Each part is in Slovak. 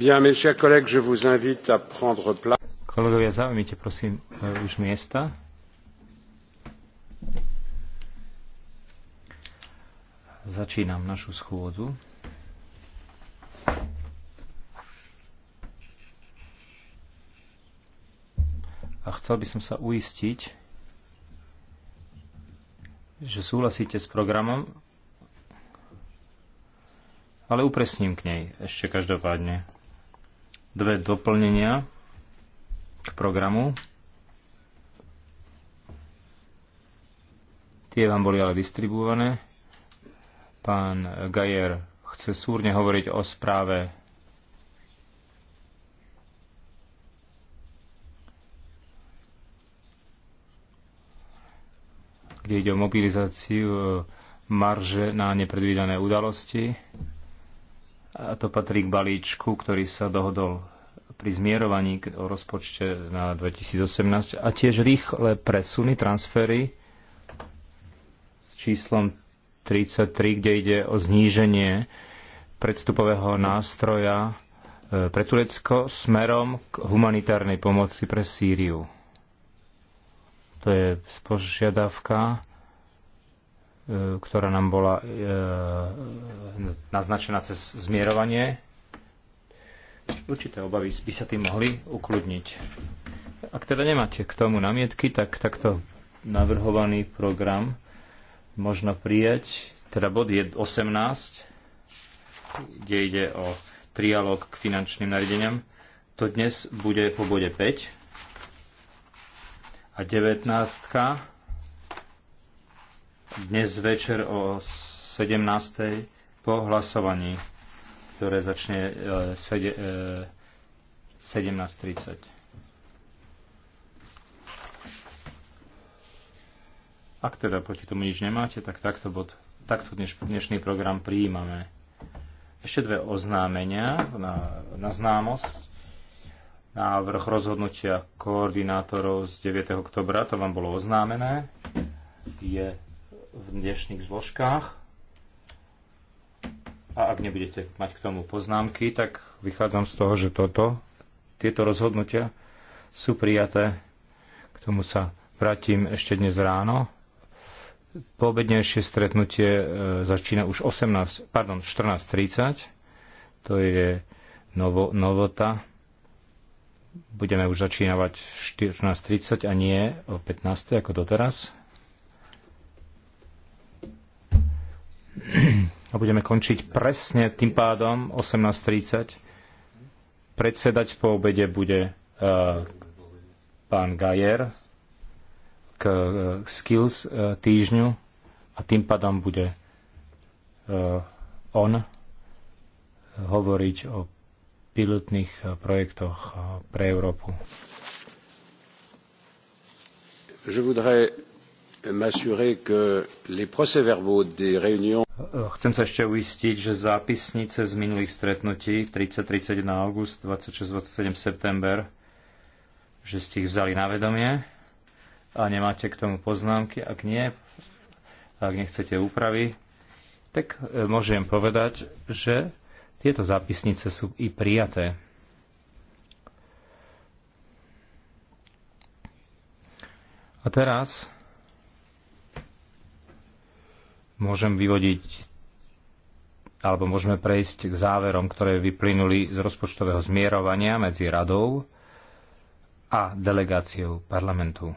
Kolegovia, zaujímite prosím eh, už miesta. Začínam našu schôdzu. A chcel by som sa uistiť, že súhlasíte s programom, ale upresním k nej ešte každopádne dve doplnenia k programu. Tie vám boli ale distribuované. Pán Gajer chce súrne hovoriť o správe kde ide o mobilizáciu e, marže na nepredvídané udalosti. A to patrí k balíčku, ktorý sa dohodol pri zmierovaní o rozpočte na 2018 a tiež rýchle presuny, transfery s číslom 33, kde ide o zníženie predstupového nástroja e, pre Turecko smerom k humanitárnej pomoci pre Sýriu. To je spožiadavka E, ktorá nám bola e, naznačená cez zmierovanie. Určité obavy by sa tým mohli ukludniť. Ak teda nemáte k tomu namietky, tak takto navrhovaný program možno prijať. Teda bod je 18, kde ide o trialog k finančným nariadeniam. To dnes bude po bode 5 a 19 dnes večer o 17. po hlasovaní, ktoré začne 17.30. E, e, Ak teda proti tomu nič nemáte, tak takto, bod, takto dneš, dnešný program prijímame. Ešte dve oznámenia na, na známosť. Návrh rozhodnutia koordinátorov z 9. oktobra, to vám bolo oznámené, je v dnešných zložkách. A ak nebudete mať k tomu poznámky, tak vychádzam z toho, že toto, tieto rozhodnutia sú prijaté. K tomu sa vrátim ešte dnes ráno. Poobednejšie stretnutie e, začína už 18, pardon, 14.30. To je novo, novota. Budeme už začínavať 14.30 a nie o 15.00 ako doteraz. A budeme končiť presne tým pádom 18.30. Predsedať po obede bude uh, pán Gajer k uh, Skills uh, týždňu a tým pádom bude uh, on hovoriť o pilotných projektoch pre Európu. Je voudrais Chcem sa ešte uistiť, že zápisnice z minulých stretnutí 30-31 august, 26-27 september, že ste ich vzali na vedomie a nemáte k tomu poznámky. Ak nie, ak nechcete úpravy, tak e, môžem povedať, že tieto zápisnice sú i prijaté. A teraz môžem vyvodiť alebo môžeme prejsť k záverom, ktoré vyplynuli z rozpočtového zmierovania medzi radou a delegáciou parlamentu.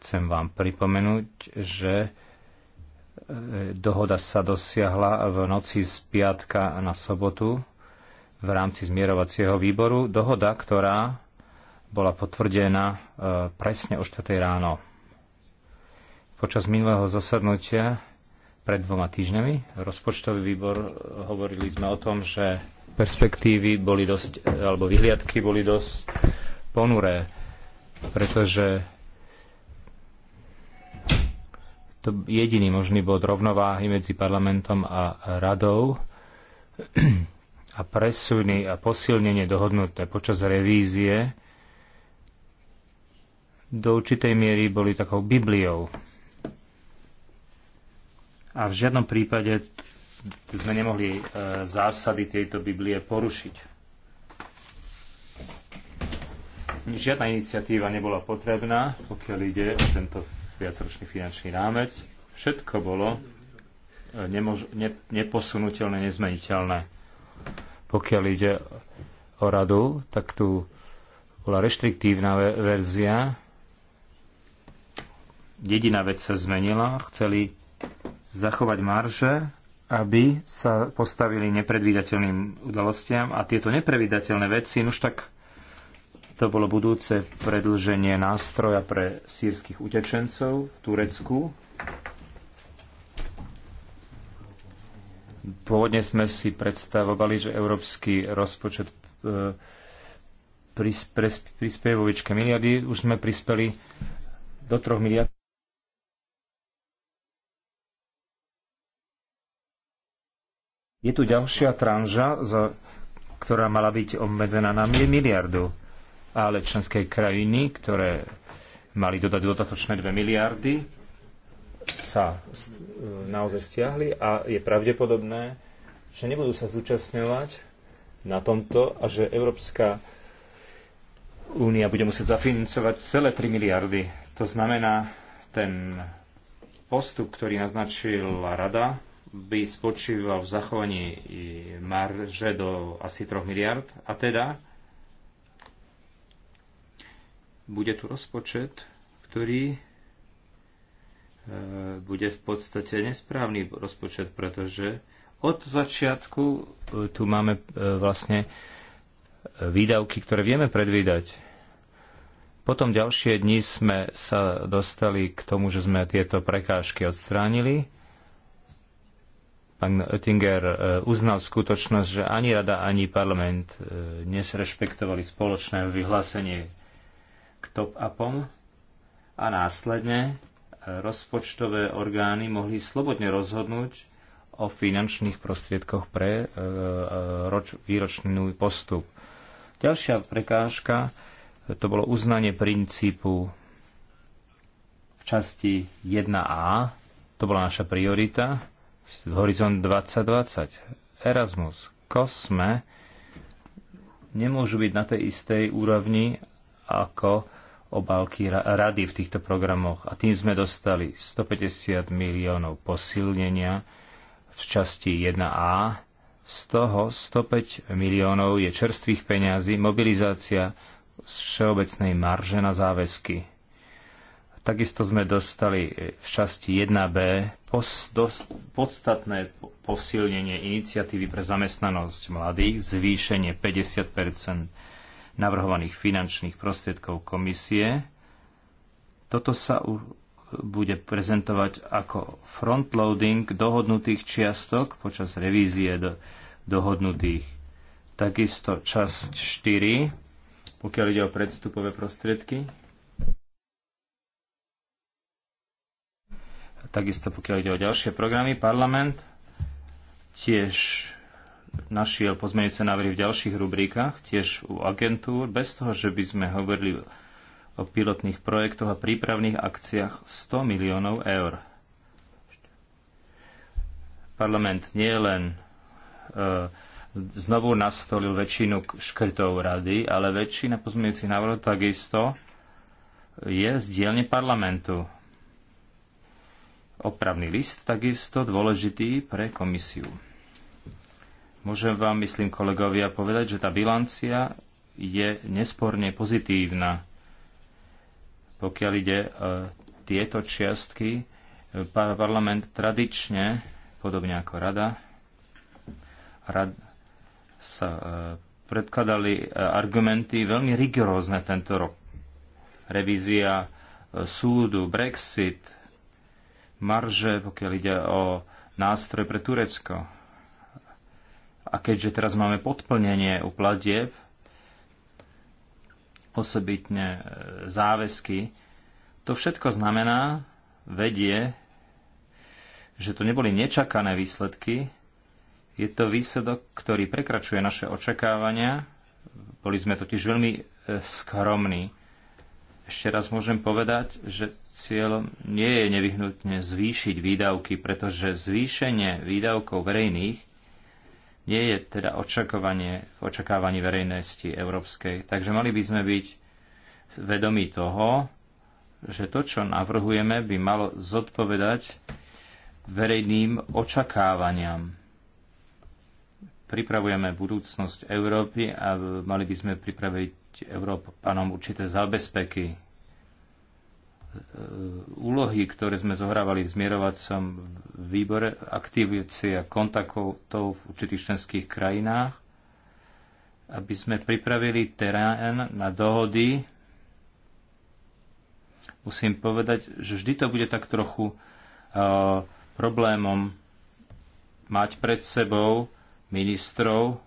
Chcem vám pripomenúť, že e, dohoda sa dosiahla v noci z piatka na sobotu v rámci zmierovacieho výboru. Dohoda, ktorá bola potvrdená e, presne o 4. ráno. Počas minulého zasadnutia pred dvoma týždňami. Rozpočtový výbor e, hovorili sme o tom, že perspektívy boli dosť, e, alebo vyhliadky boli dosť ponuré, pretože to jediný možný bod rovnováhy medzi parlamentom a radou a presuny a posilnenie dohodnuté počas revízie do určitej miery boli takou bibliou a v žiadnom prípade sme nemohli e, zásady tejto Biblie porušiť. Žiadna iniciatíva nebola potrebná, pokiaľ ide o tento viacročný finančný rámec. Všetko bolo e, nemož- ne- neposunutelné, nezmeniteľné. Pokiaľ ide o radu, tak tu bola reštriktívna verzia. Jediná vec sa zmenila. Chceli zachovať marže, aby sa postavili nepredvídateľným udalostiam a tieto nepredvídateľné veci, už tak to bolo budúce predlženie nástroja pre sírskych utečencov v Turecku. Pôvodne sme si predstavovali, že európsky rozpočet e, prispievovičke miliardy, už sme prispeli do 3 miliard. Je tu ďalšia tranža, ktorá mala byť obmedzená na miliardu, ale členské krajiny, ktoré mali dodať dodatočné 2 miliardy, sa e, naozaj stiahli a je pravdepodobné, že nebudú sa zúčastňovať na tomto a že Európska únia bude musieť zafinancovať celé 3 miliardy. To znamená, ten postup, ktorý naznačila rada, by spočíval v zachovaní marže do asi 3 miliard a teda bude tu rozpočet, ktorý e, bude v podstate nesprávny rozpočet, pretože od začiatku e, tu máme e, vlastne výdavky, ktoré vieme predvídať. Potom ďalšie dni sme sa dostali k tomu, že sme tieto prekážky odstránili Pán Oettinger e, uznal skutočnosť, že ani rada, ani parlament e, nesrešpektovali spoločné vyhlásenie k top-upom a následne e, rozpočtové orgány mohli slobodne rozhodnúť o finančných prostriedkoch pre roč, výročný postup. Ďalšia prekážka to bolo uznanie princípu v časti 1a, to bola naša priorita, Horizont 2020, Erasmus, Kosme nemôžu byť na tej istej úrovni ako obálky rady v týchto programoch. A tým sme dostali 150 miliónov posilnenia v časti 1A. Z toho 105 miliónov je čerstvých peňazí, mobilizácia z všeobecnej marže na záväzky Takisto sme dostali e, v časti 1b pos, dos, podstatné posilnenie iniciatívy pre zamestnanosť mladých, zvýšenie 50 navrhovaných finančných prostriedkov komisie. Toto sa u, bude prezentovať ako frontloading dohodnutých čiastok počas revízie do, dohodnutých. Takisto časť 4, pokiaľ ide o predstupové prostriedky Takisto pokiaľ ide o ďalšie programy, parlament tiež našiel pozmeňujúce návrhy v ďalších rubrikách, tiež u agentúr, bez toho, že by sme hovorili o pilotných projektoch a prípravných akciách 100 miliónov eur. Parlament nie len e, znovu nastolil väčšinu škrtov rady, ale väčšina pozmeňujúcich návrhov takisto je z dielne parlamentu opravný list, takisto dôležitý pre komisiu. Môžem vám, myslím, kolegovia, povedať, že tá bilancia je nesporne pozitívna. Pokiaľ ide e, tieto čiastky, e, parlament tradične, podobne ako rada, rad, sa e, predkladali e, argumenty veľmi rigorózne tento rok. Revízia e, súdu, Brexit, marže, pokiaľ ide o nástroj pre Turecko. A keďže teraz máme podplnenie u pladieb, osobitne e, záväzky, to všetko znamená, vedie, že to neboli nečakané výsledky, je to výsledok, ktorý prekračuje naše očakávania, boli sme totiž veľmi e, skromní ešte raz môžem povedať, že cieľom nie je nevyhnutne zvýšiť výdavky, pretože zvýšenie výdavkov verejných nie je teda očakovanie v očakávaní verejnosti európskej. Takže mali by sme byť vedomí toho, že to, čo navrhujeme, by malo zodpovedať verejným očakávaniam. Pripravujeme budúcnosť Európy a mali by sme pripraviť Európanom určité zabezpeky. E, úlohy, ktoré sme zohrávali v zmierovacom výbore, aktivácia kontaktov v určitých členských krajinách, aby sme pripravili terén na dohody. Musím povedať, že vždy to bude tak trochu e, problémom mať pred sebou ministrov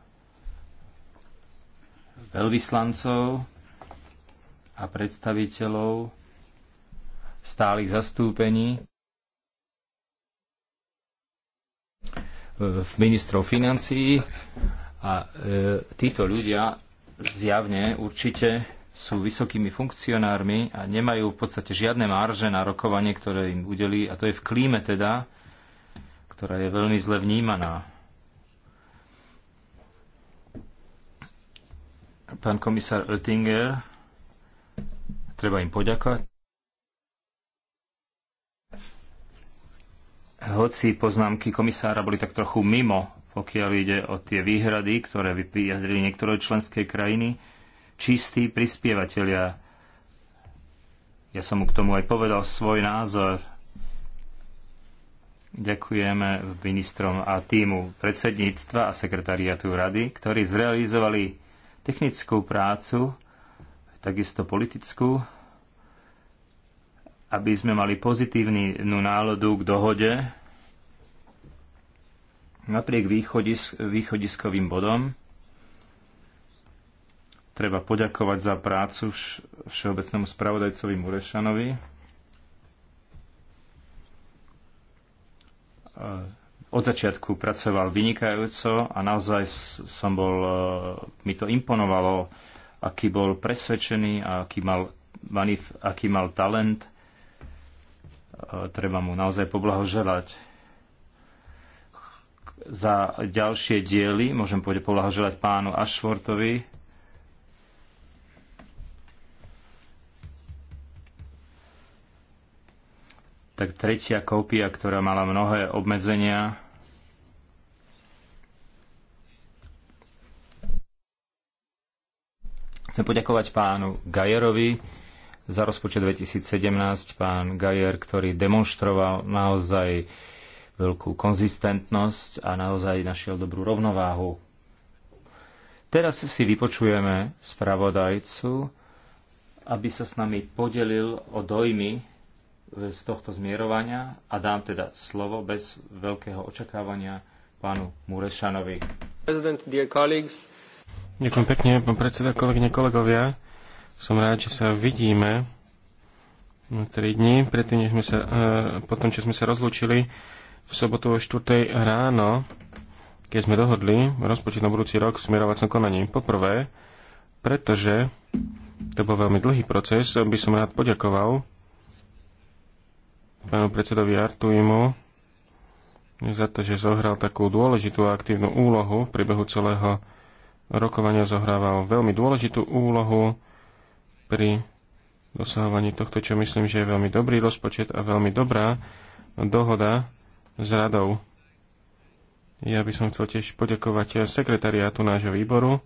veľvyslancov a predstaviteľov stálych zastúpení e, ministrov financií a e, títo ľudia zjavne určite sú vysokými funkcionármi a nemajú v podstate žiadne marže na rokovanie, ktoré im udelí, a to je v klíme teda, ktorá je veľmi zle vnímaná. Pán komisár Oettinger, treba im poďakovať. Hoci poznámky komisára boli tak trochu mimo, pokiaľ ide o tie výhrady, ktoré vyjadrili niektoré členské krajiny, čistí prispievateľia. Ja som mu k tomu aj povedal svoj názor. Ďakujeme ministrom a týmu predsedníctva a sekretariatu rady, ktorí zrealizovali technickú prácu, takisto politickú, aby sme mali pozitívnu náladu k dohode napriek východis- východiskovým bodom. Treba poďakovať za prácu všeobecnému spravodajcovi Murešanovi od začiatku pracoval vynikajúco a naozaj som bol, e, mi to imponovalo, aký bol presvedčený a aký mal, manif, aký mal talent. E, treba mu naozaj poblahoželať za ďalšie diely. Môžem poblahoželať pánu Ashwortovi tak tretia kópia, ktorá mala mnohé obmedzenia, Chcem poďakovať pánu Gajerovi za rozpočet 2017, pán Gajer, ktorý demonstroval naozaj veľkú konzistentnosť a naozaj našiel dobrú rovnováhu. Teraz si vypočujeme spravodajcu, aby sa s nami podelil o dojmy z tohto zmierovania a dám teda slovo bez veľkého očakávania pánu Murešanovi. Ďakujem pekne, pán predseda, kolegyne, kolegovia. Som rád, že sa vidíme 3 dní, predtým, než sme sa, eh, potom, čo sme sa rozlúčili v sobotu o 4. ráno, keď sme dohodli rozpočet na budúci rok v smerovacom konaní. Poprvé, pretože to bol veľmi dlhý proces, by som rád poďakoval pánu predsedovi Artuimu za to, že zohral takú dôležitú a aktívnu úlohu. V priebehu celého rokovania zohrával veľmi dôležitú úlohu pri dosahovaní tohto, čo myslím, že je veľmi dobrý rozpočet a veľmi dobrá dohoda s radou. Ja by som chcel tiež poďakovať sekretariátu nášho výboru,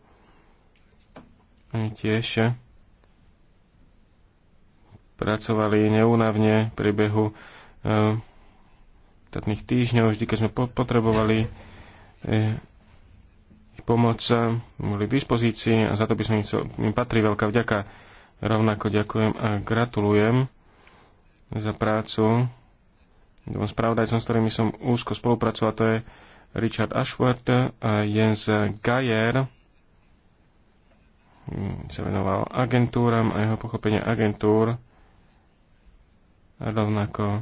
tiež pracovali neúnavne v priebehu eh, ostatných týždňov, vždy keď sme potrebovali eh, ich pomoc, eh, boli k dispozícii a za to by som im, chcel, im patrí veľká vďaka. Rovnako ďakujem a gratulujem za prácu dvom spravodajcom, s ktorými som úzko spolupracoval, to je Richard Ashworth a Jens Geyer hm, sa venoval agentúram a jeho pochopenie agentúr rovnako e,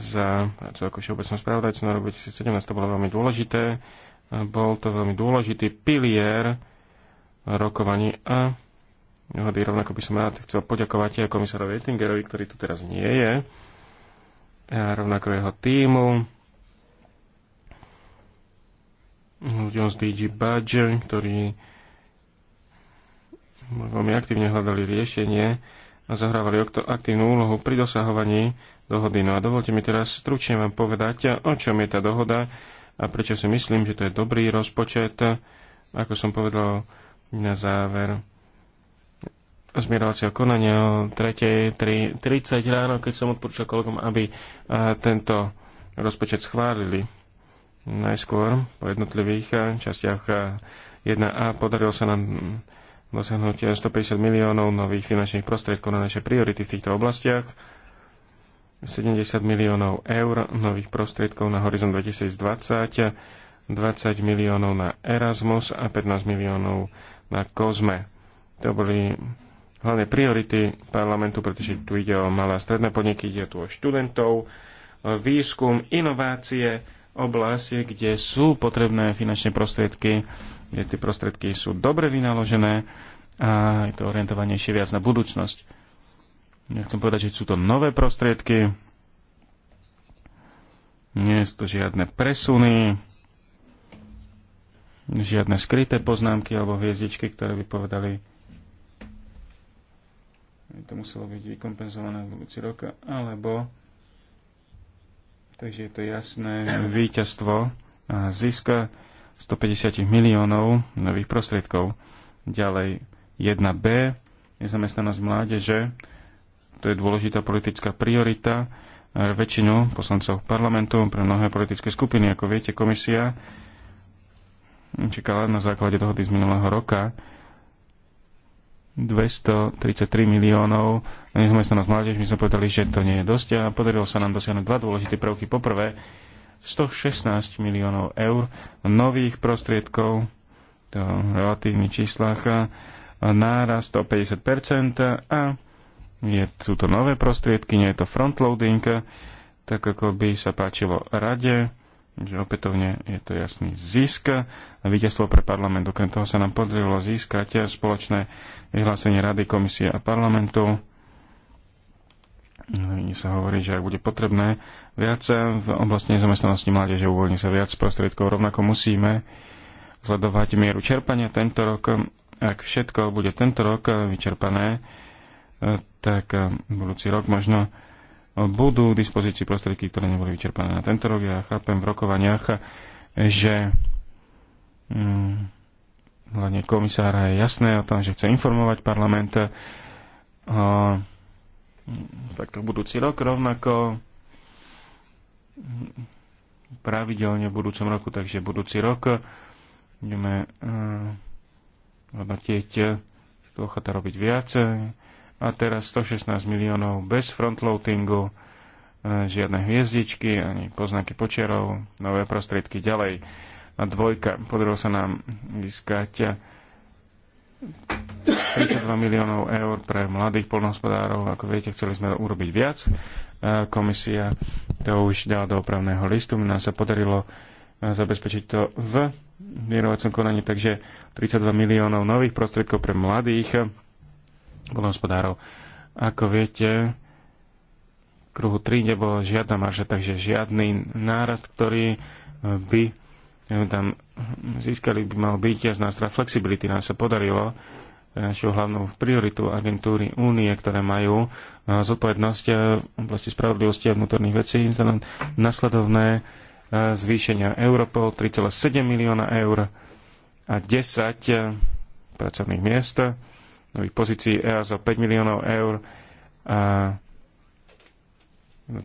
za prácu ako všeobecnú spravodajcu na rok 2017. To bolo veľmi dôležité. E, bol to veľmi dôležitý pilier rokovaní a hody. Rovnako by som rád chcel poďakovať aj komisárovi Ettingerovi, ktorý tu teraz nie je, a rovnako jeho týmu, ľuďom z DG Badger, ktorí veľmi aktívne hľadali riešenie zohrávali aktívnu úlohu pri dosahovaní dohody. No a dovolte mi teraz stručne vám povedať, o čom je tá dohoda a prečo si myslím, že to je dobrý rozpočet. Ako som povedal na záver zmierovacieho konania o 3.30 ráno, keď som odporúčal kolegom, aby tento rozpočet schválili. Najskôr po jednotlivých častiach 1a podarilo sa nám dosiahnutia 150 miliónov nových finančných prostriedkov na naše priority v týchto oblastiach, 70 miliónov eur nových prostriedkov na Horizon 2020, 20 miliónov na Erasmus a 15 miliónov na Kozme. To boli hlavné priority parlamentu, pretože tu ide o malé a stredné podniky, ide tu o študentov, výskum, inovácie, oblasti, kde sú potrebné finančné prostriedky kde tie prostriedky sú dobre vynaložené a je to orientovanejšie viac na budúcnosť. Ja chcem povedať, že sú to nové prostriedky, nie sú to žiadne presuny, žiadne skryté poznámky alebo hviezdičky, ktoré by povedali, to muselo byť vykompenzované v budúci roka, alebo takže je to jasné víťazstvo a získa. 150 miliónov nových prostriedkov. Ďalej 1B, nezamestnanosť mládeže, to je dôležitá politická priorita väčšinu poslancov parlamentu pre mnohé politické skupiny. Ako viete, komisia čakala na základe dohody z minulého roka 233 miliónov na nezamestnanosť mládež. My sme povedali, že to nie je dosť a podarilo sa nám dosiahnuť dva dôležité prvky. Poprvé, 116 miliónov eur nových prostriedkov to v relatívnych číslach nárast o 50% a je, sú to nové prostriedky, nie je to frontloading, tak ako by sa páčilo rade, že opätovne je to jasný zisk a víťazstvo pre parlament. Okrem toho sa nám podarilo získať spoločné vyhlásenie Rady, komisie a parlamentu sa hovorí, že ak bude potrebné viac v oblasti nezamestnanosti mládeže uvoľní sa viac prostriedkov, rovnako musíme sledovať mieru čerpania tento rok. Ak všetko bude tento rok vyčerpané, tak budúci rok možno budú v dispozícii prostriedky, ktoré neboli vyčerpané na tento rok. Ja chápem v rokovaniach, že mm, hlavne komisára je jasné o tom, že chce informovať parlament o takto budúci rok, rovnako pravidelne v budúcom roku, takže budúci rok budeme eh, hodnotiť, tu ochota robiť viac. A teraz 116 miliónov bez frontloadingu, eh, žiadne hviezdičky, ani poznáky počiarov, nové prostriedky ďalej. A dvojka, podarilo sa nám získať eh, 32 miliónov eur pre mladých polnohospodárov. Ako viete, chceli sme urobiť viac. E, komisia to už dala do opravného listu. Nám sa podarilo e, zabezpečiť to v mierovacom konaní, takže 32 miliónov nových prostriedkov pre mladých polnohospodárov. Ako viete, v kruhu 3 nebola žiadna marža, takže žiadny nárast, ktorý by tam získali, by mal byť z nástroja flexibility. Nám sa podarilo eh, našou hlavnou prioritu agentúry únie, ktoré majú eh, zodpovednosť eh, v oblasti spravodlivosti a vnútorných vecí, nasledovné zvýšenia Europol 3,7 milióna eur a 10 pracovných miest, nových pozícií EASO 5 miliónov eur a 8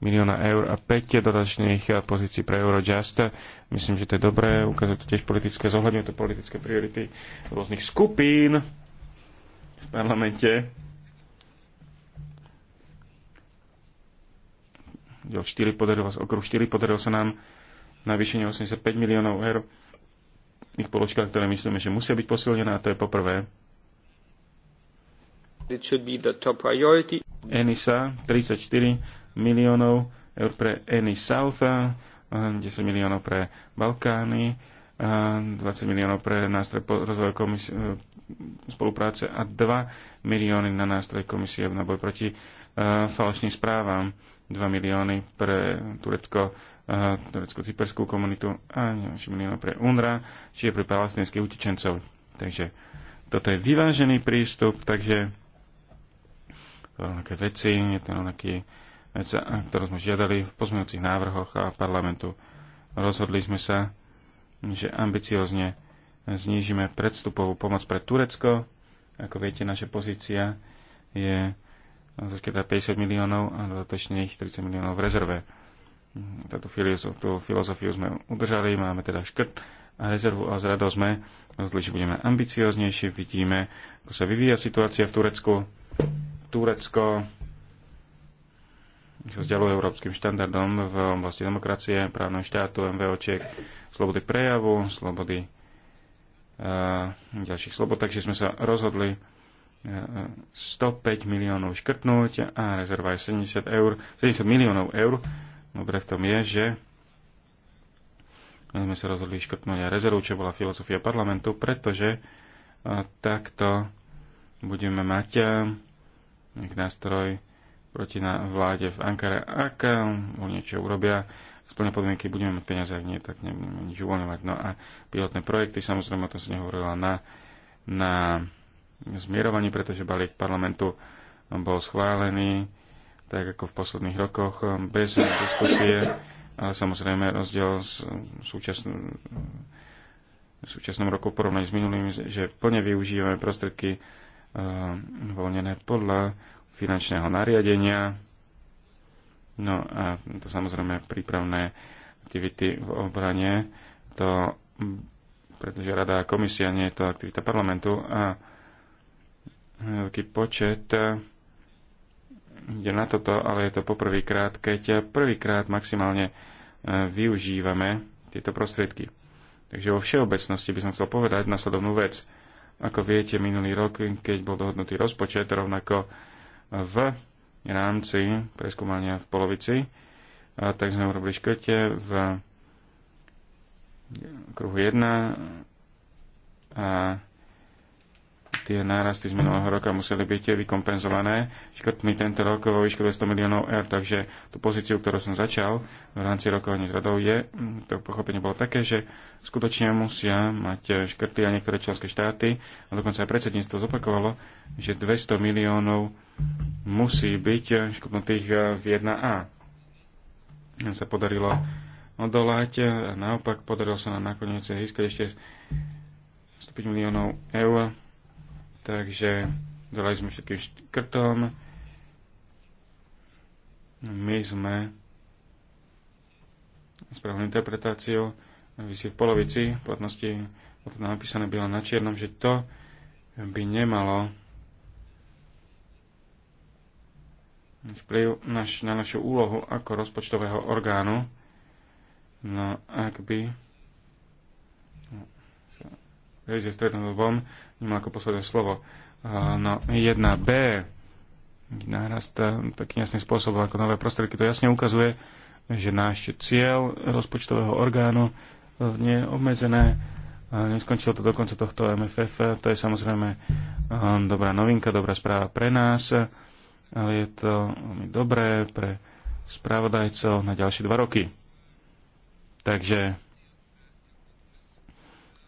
milióna eur a 5 dodatočných pozícií pre Eurojust. Myslím, že to je dobré, ukazuje to tiež politické, zohľadňuje to politické priority rôznych skupín v parlamente. Diel 4 podarilo, okruh 4 podarilo sa nám navýšenie 85 miliónov eur ich tých položkách, ktoré myslíme, že musia byť posilnené a to je poprvé. It should be the top priority. ENISA 34 miliónov eur pre ENI South, 10 miliónov pre Balkány, 20 miliónov pre nástroj rozvoja e, spolupráce a 2 milióny na nástroj komisie na boj proti e, falošným správam, 2 milióny pre Turecko, e, turecko-cyperskú komunitu a ďalšie milióny pre UNRA, čiže pre palestinských utečencov. Takže toto je vyvážený prístup, takže rovnaké veci, je to rovnaký vec, ktorú sme žiadali v pozmeňujúcich návrhoch a parlamentu. Rozhodli sme sa, že ambiciozne znížime predstupovú pomoc pre Turecko. Ako viete, naša pozícia je zo 50 miliónov a dodatočných 30 miliónov v rezerve. Táto filozofiu, filozofiu sme udržali, máme teda škrt a rezervu a z radosť sme rozhodli, že budeme ambicioznejší, vidíme, ako sa vyvíja situácia v Turecku Turecko sa vzdialuje európskym štandardom v oblasti demokracie, právneho štátu, MVOčiek, slobody prejavu, slobody a eh, ďalších slobod. Takže sme sa rozhodli 105 eh, miliónov škrtnúť a rezerva je 70, eur, 70 miliónov eur. Dobre v tom je, že sme sa rozhodli škrtnúť aj rezervu, čo bola filozofia parlamentu, pretože eh, takto budeme mať nástroj proti na vláde v Ankare. Ak um, niečo urobia, splňa podmienky, budeme mať peniaze, ak nie, tak nebudeme nič uvoľňovať. No a pilotné projekty, samozrejme, to som nehovorila na, na zmierovaní, pretože balík parlamentu bol schválený, tak ako v posledných rokoch, um, bez diskusie, ale samozrejme rozdiel s um, súčasným v súčasnom roku v porovnaní s minulým, že plne využívame prostriedky Eh, uvoľnené podľa finančného nariadenia. No a to samozrejme prípravné aktivity v obrane, to, pretože Rada a komisia nie je to aktivita parlamentu a veľký počet ide na toto, ale je to poprvýkrát, keď prvýkrát maximálne eh, využívame tieto prostriedky. Takže vo všeobecnosti by som chcel povedať nasledovnú vec. Ako viete, minulý rok, keď bol dohodnutý rozpočet, rovnako v rámci preskúmania v polovici, a tak sme urobili škrte v kruhu 1 a tie nárasty z minulého roka museli byť vykompenzované škrtmi tento rok vo výške 200 miliónov eur, takže tú pozíciu, ktorú som začal v rámci rokovania s radou je, mm, to pochopenie bolo také, že skutočne musia mať škrty a niektoré členské štáty a dokonca aj predsedníctvo zopakovalo, že 200 miliónov musí byť škrtnutých v 1A. Sa podarilo odolať a naopak podarilo sa nám nakoniec získať ešte 105 miliónov eur Takže dolali sme všetkým škrtom. My sme spravili interpretáciu si v polovici platnosti, bolo to napísané bylo na čiernom, že to by nemalo vplyv naš, na našu úlohu ako rozpočtového orgánu. No ak by revízie strednodobom no ako posledné slovo. No 1B nárast e, taký jasný spôsob ako nové prostriedky. To jasne ukazuje, že náš cieľ rozpočtového orgánu e, nie je obmedzené. Neskončilo to do konca tohto MFF. To je samozrejme e, dobrá novinka, dobrá správa pre nás, ale je to veľmi dobré pre správodajcov na ďalšie dva roky. Takže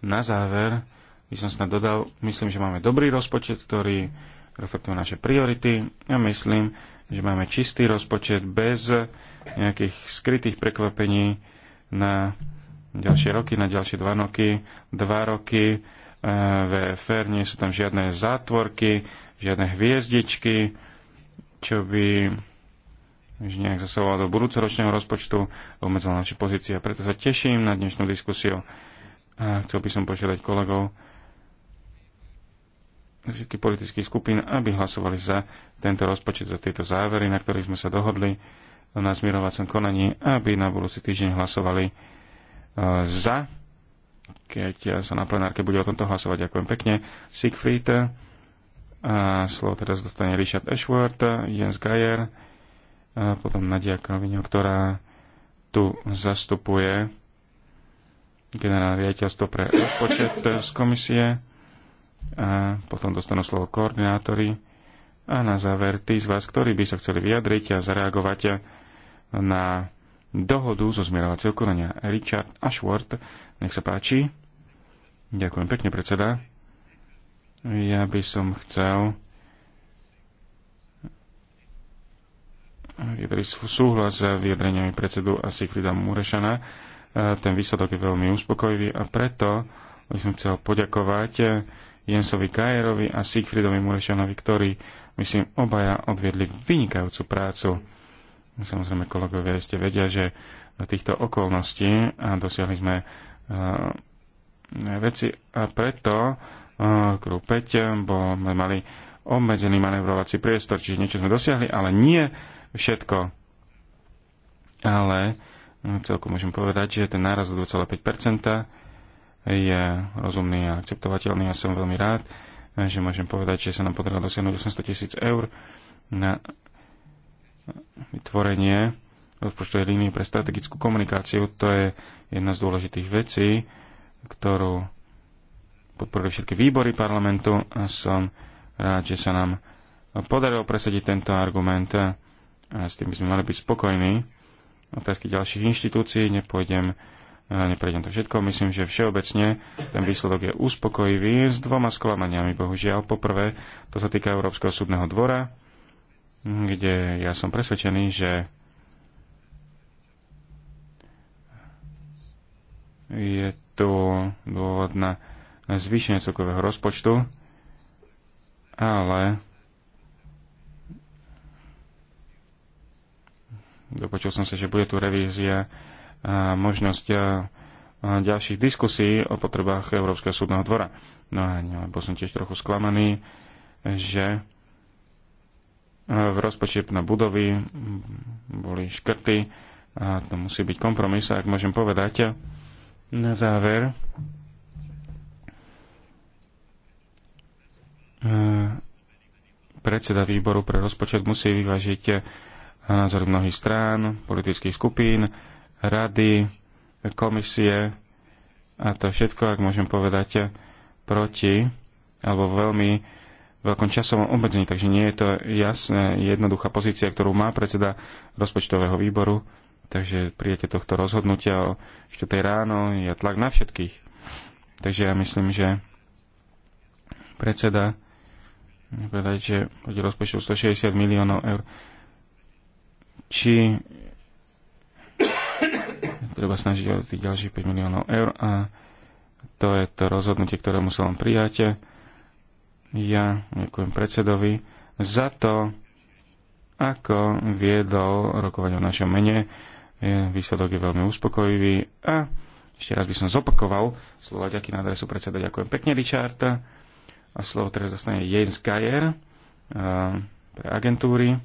na záver by som snad dodal, myslím, že máme dobrý rozpočet, ktorý reflektuje naše priority a ja myslím, že máme čistý rozpočet bez nejakých skrytých prekvapení na ďalšie roky, na ďalšie dva roky, dva roky e, VFR, nie sú tam žiadne zátvorky, žiadne hviezdičky, čo by že nejak zasahovalo do budúcoročného rozpočtu, obmedzila naše pozície. Preto sa teším na dnešnú diskusiu a chcel by som požiadať kolegov, všetkých politických skupín, aby hlasovali za tento rozpočet, za tieto závery, na ktorých sme sa dohodli na zmierovacom konaní, aby na budúci týždeň hlasovali e, za, keď sa na plenárke bude o tomto hlasovať. Ďakujem pekne. Siegfried, e, a slovo teraz dostane Richard Ashworth, Jens Geier, a potom Nadia Kalvinio, ktorá tu zastupuje generálne riaditeľstvo pre rozpočet z komisie a potom dostanú slovo koordinátori a na záver tí z vás, ktorí by sa chceli vyjadriť a zareagovať na dohodu zo zmierovacieho konania. Richard Ashworth, nech sa páči. Ďakujem pekne, predseda. Ja by som chcel vyjadriť súhlas s vyjadreniami predsedu a Sigfrida Murešana. Ten výsledok je veľmi uspokojivý a preto by som chcel poďakovať Jensovi Kajerovi a Siegfriedovi Murešanovi, ktorí, myslím, obaja odviedli vynikajúcu prácu. Samozrejme, kolegovia, ste vedia, že do týchto okolností a dosiahli sme uh, veci a preto uh, eh, kruh 5, bo sme mali obmedzený manevrovací priestor, čiže niečo sme dosiahli, ale nie všetko. Ale eh, celkom môžem povedať, že ten náraz o 2,5% je rozumný a akceptovateľný. Ja som veľmi rád, že môžem povedať, že sa nám podarilo dosiahnuť 800 tisíc eur na vytvorenie rozpočtovej línie pre strategickú komunikáciu. To je jedna z dôležitých vecí, ktorú podporili všetky výbory parlamentu a som rád, že sa nám podarilo presadiť tento argument a s tým by sme mali byť spokojní. Otázky ďalších inštitúcií nepôjdem neprejdem to všetko, myslím, že všeobecne ten výsledok je uspokojivý s dvoma sklamaniami, bohužiaľ. Poprvé, to sa týka Európskeho súdneho dvora, kde ja som presvedčený, že je tu dôvod na zvýšenie celkového rozpočtu, ale dopočul som sa, že bude tu revízia možnosť ďalších diskusí o potrebách Európskeho súdneho dvora. No a bol som tiež trochu sklamaný, že e, v rozpočet na budovy boli škrty a to musí byť kompromis, ak môžem povedať. Na záver e, predseda výboru pre rozpočet musí vyvážiť e, názory mnohých strán, politických skupín, rady, komisie a to všetko, ak môžem povedať, proti alebo veľmi veľkom časovom obmedzení, takže nie je to jasné, jednoduchá pozícia, ktorú má predseda rozpočtového výboru, takže prijete tohto rozhodnutia o 4. ráno je tlak na všetkých. Takže ja myslím, že predseda povedať, že bude rozpočtu 160 miliónov eur. Či treba snažiť o tých ďalších 5 miliónov eur a to je to rozhodnutie, ktoré musel on prijať. Ja ďakujem predsedovi za to, ako viedol rokovanie o našom mene. Výsledok je veľmi uspokojivý a ešte raz by som zopakoval slova ďaký na adresu predseda. Ďakujem pekne, Richard. A slovo teraz zastane Jens Geier eh, pre agentúry.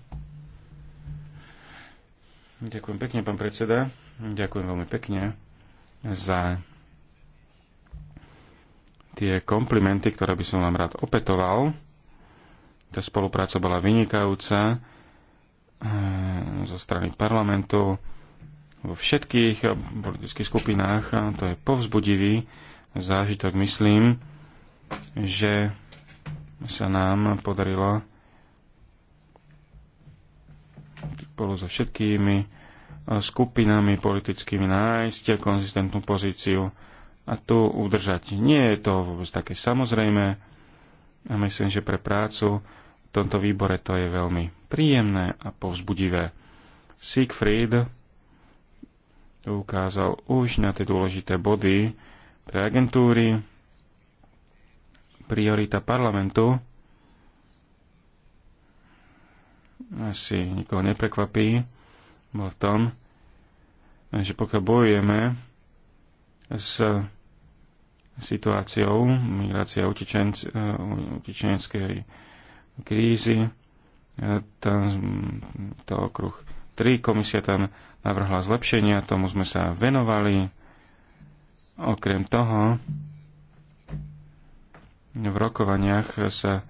Ďakujem pekne, pán predseda. Ďakujem veľmi pekne za tie komplimenty, ktoré by som vám rád opetoval. Tá spolupráca bola vynikajúca eh, zo strany parlamentu vo všetkých politických skupinách. to je povzbudivý zážitok. Myslím, že sa nám podarilo spolu so všetkými skupinami politickými nájsť konzistentnú pozíciu a tu udržať. Nie je to vôbec také samozrejme a myslím, že pre prácu v tomto výbore to je veľmi príjemné a povzbudivé. Siegfried ukázal už na tie dôležité body pre agentúry, priorita parlamentu, asi nikoho neprekvapí, bol v tom, že pokiaľ bojujeme s situáciou migrácia utečenskej e, krízy, e, tam to okruh 3, komisia tam navrhla zlepšenia, tomu sme sa venovali. Okrem toho, v rokovaniach sa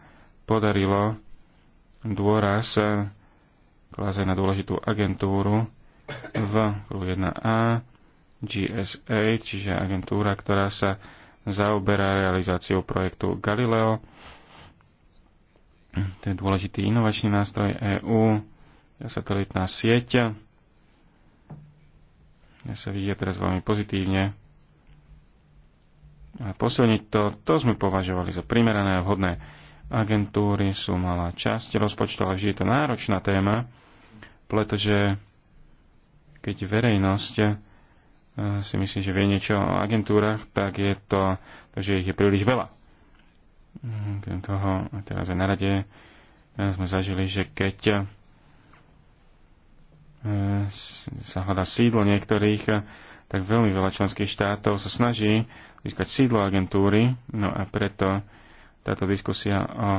podarilo dôraz klase na dôležitú agentúru v 1A GSA, čiže agentúra, ktorá sa zaoberá realizáciou projektu Galileo. To je dôležitý inovačný nástroj EU, satelitná sieť. Ja sa vidia teraz veľmi pozitívne. A posilniť to, to sme považovali za primerané a vhodné. Agentúry sú malá časť rozpočtu, ale vždy je to náročná téma pretože keď verejnosť eh, si myslí, že vie niečo o agentúrach, tak je to, že ich je príliš veľa. Mm, krem toho, teraz aj na rade eh, sme zažili, že keď eh, sa hľadá sídlo niektorých, tak veľmi veľa členských štátov sa snaží získať sídlo agentúry, no a preto táto diskusia o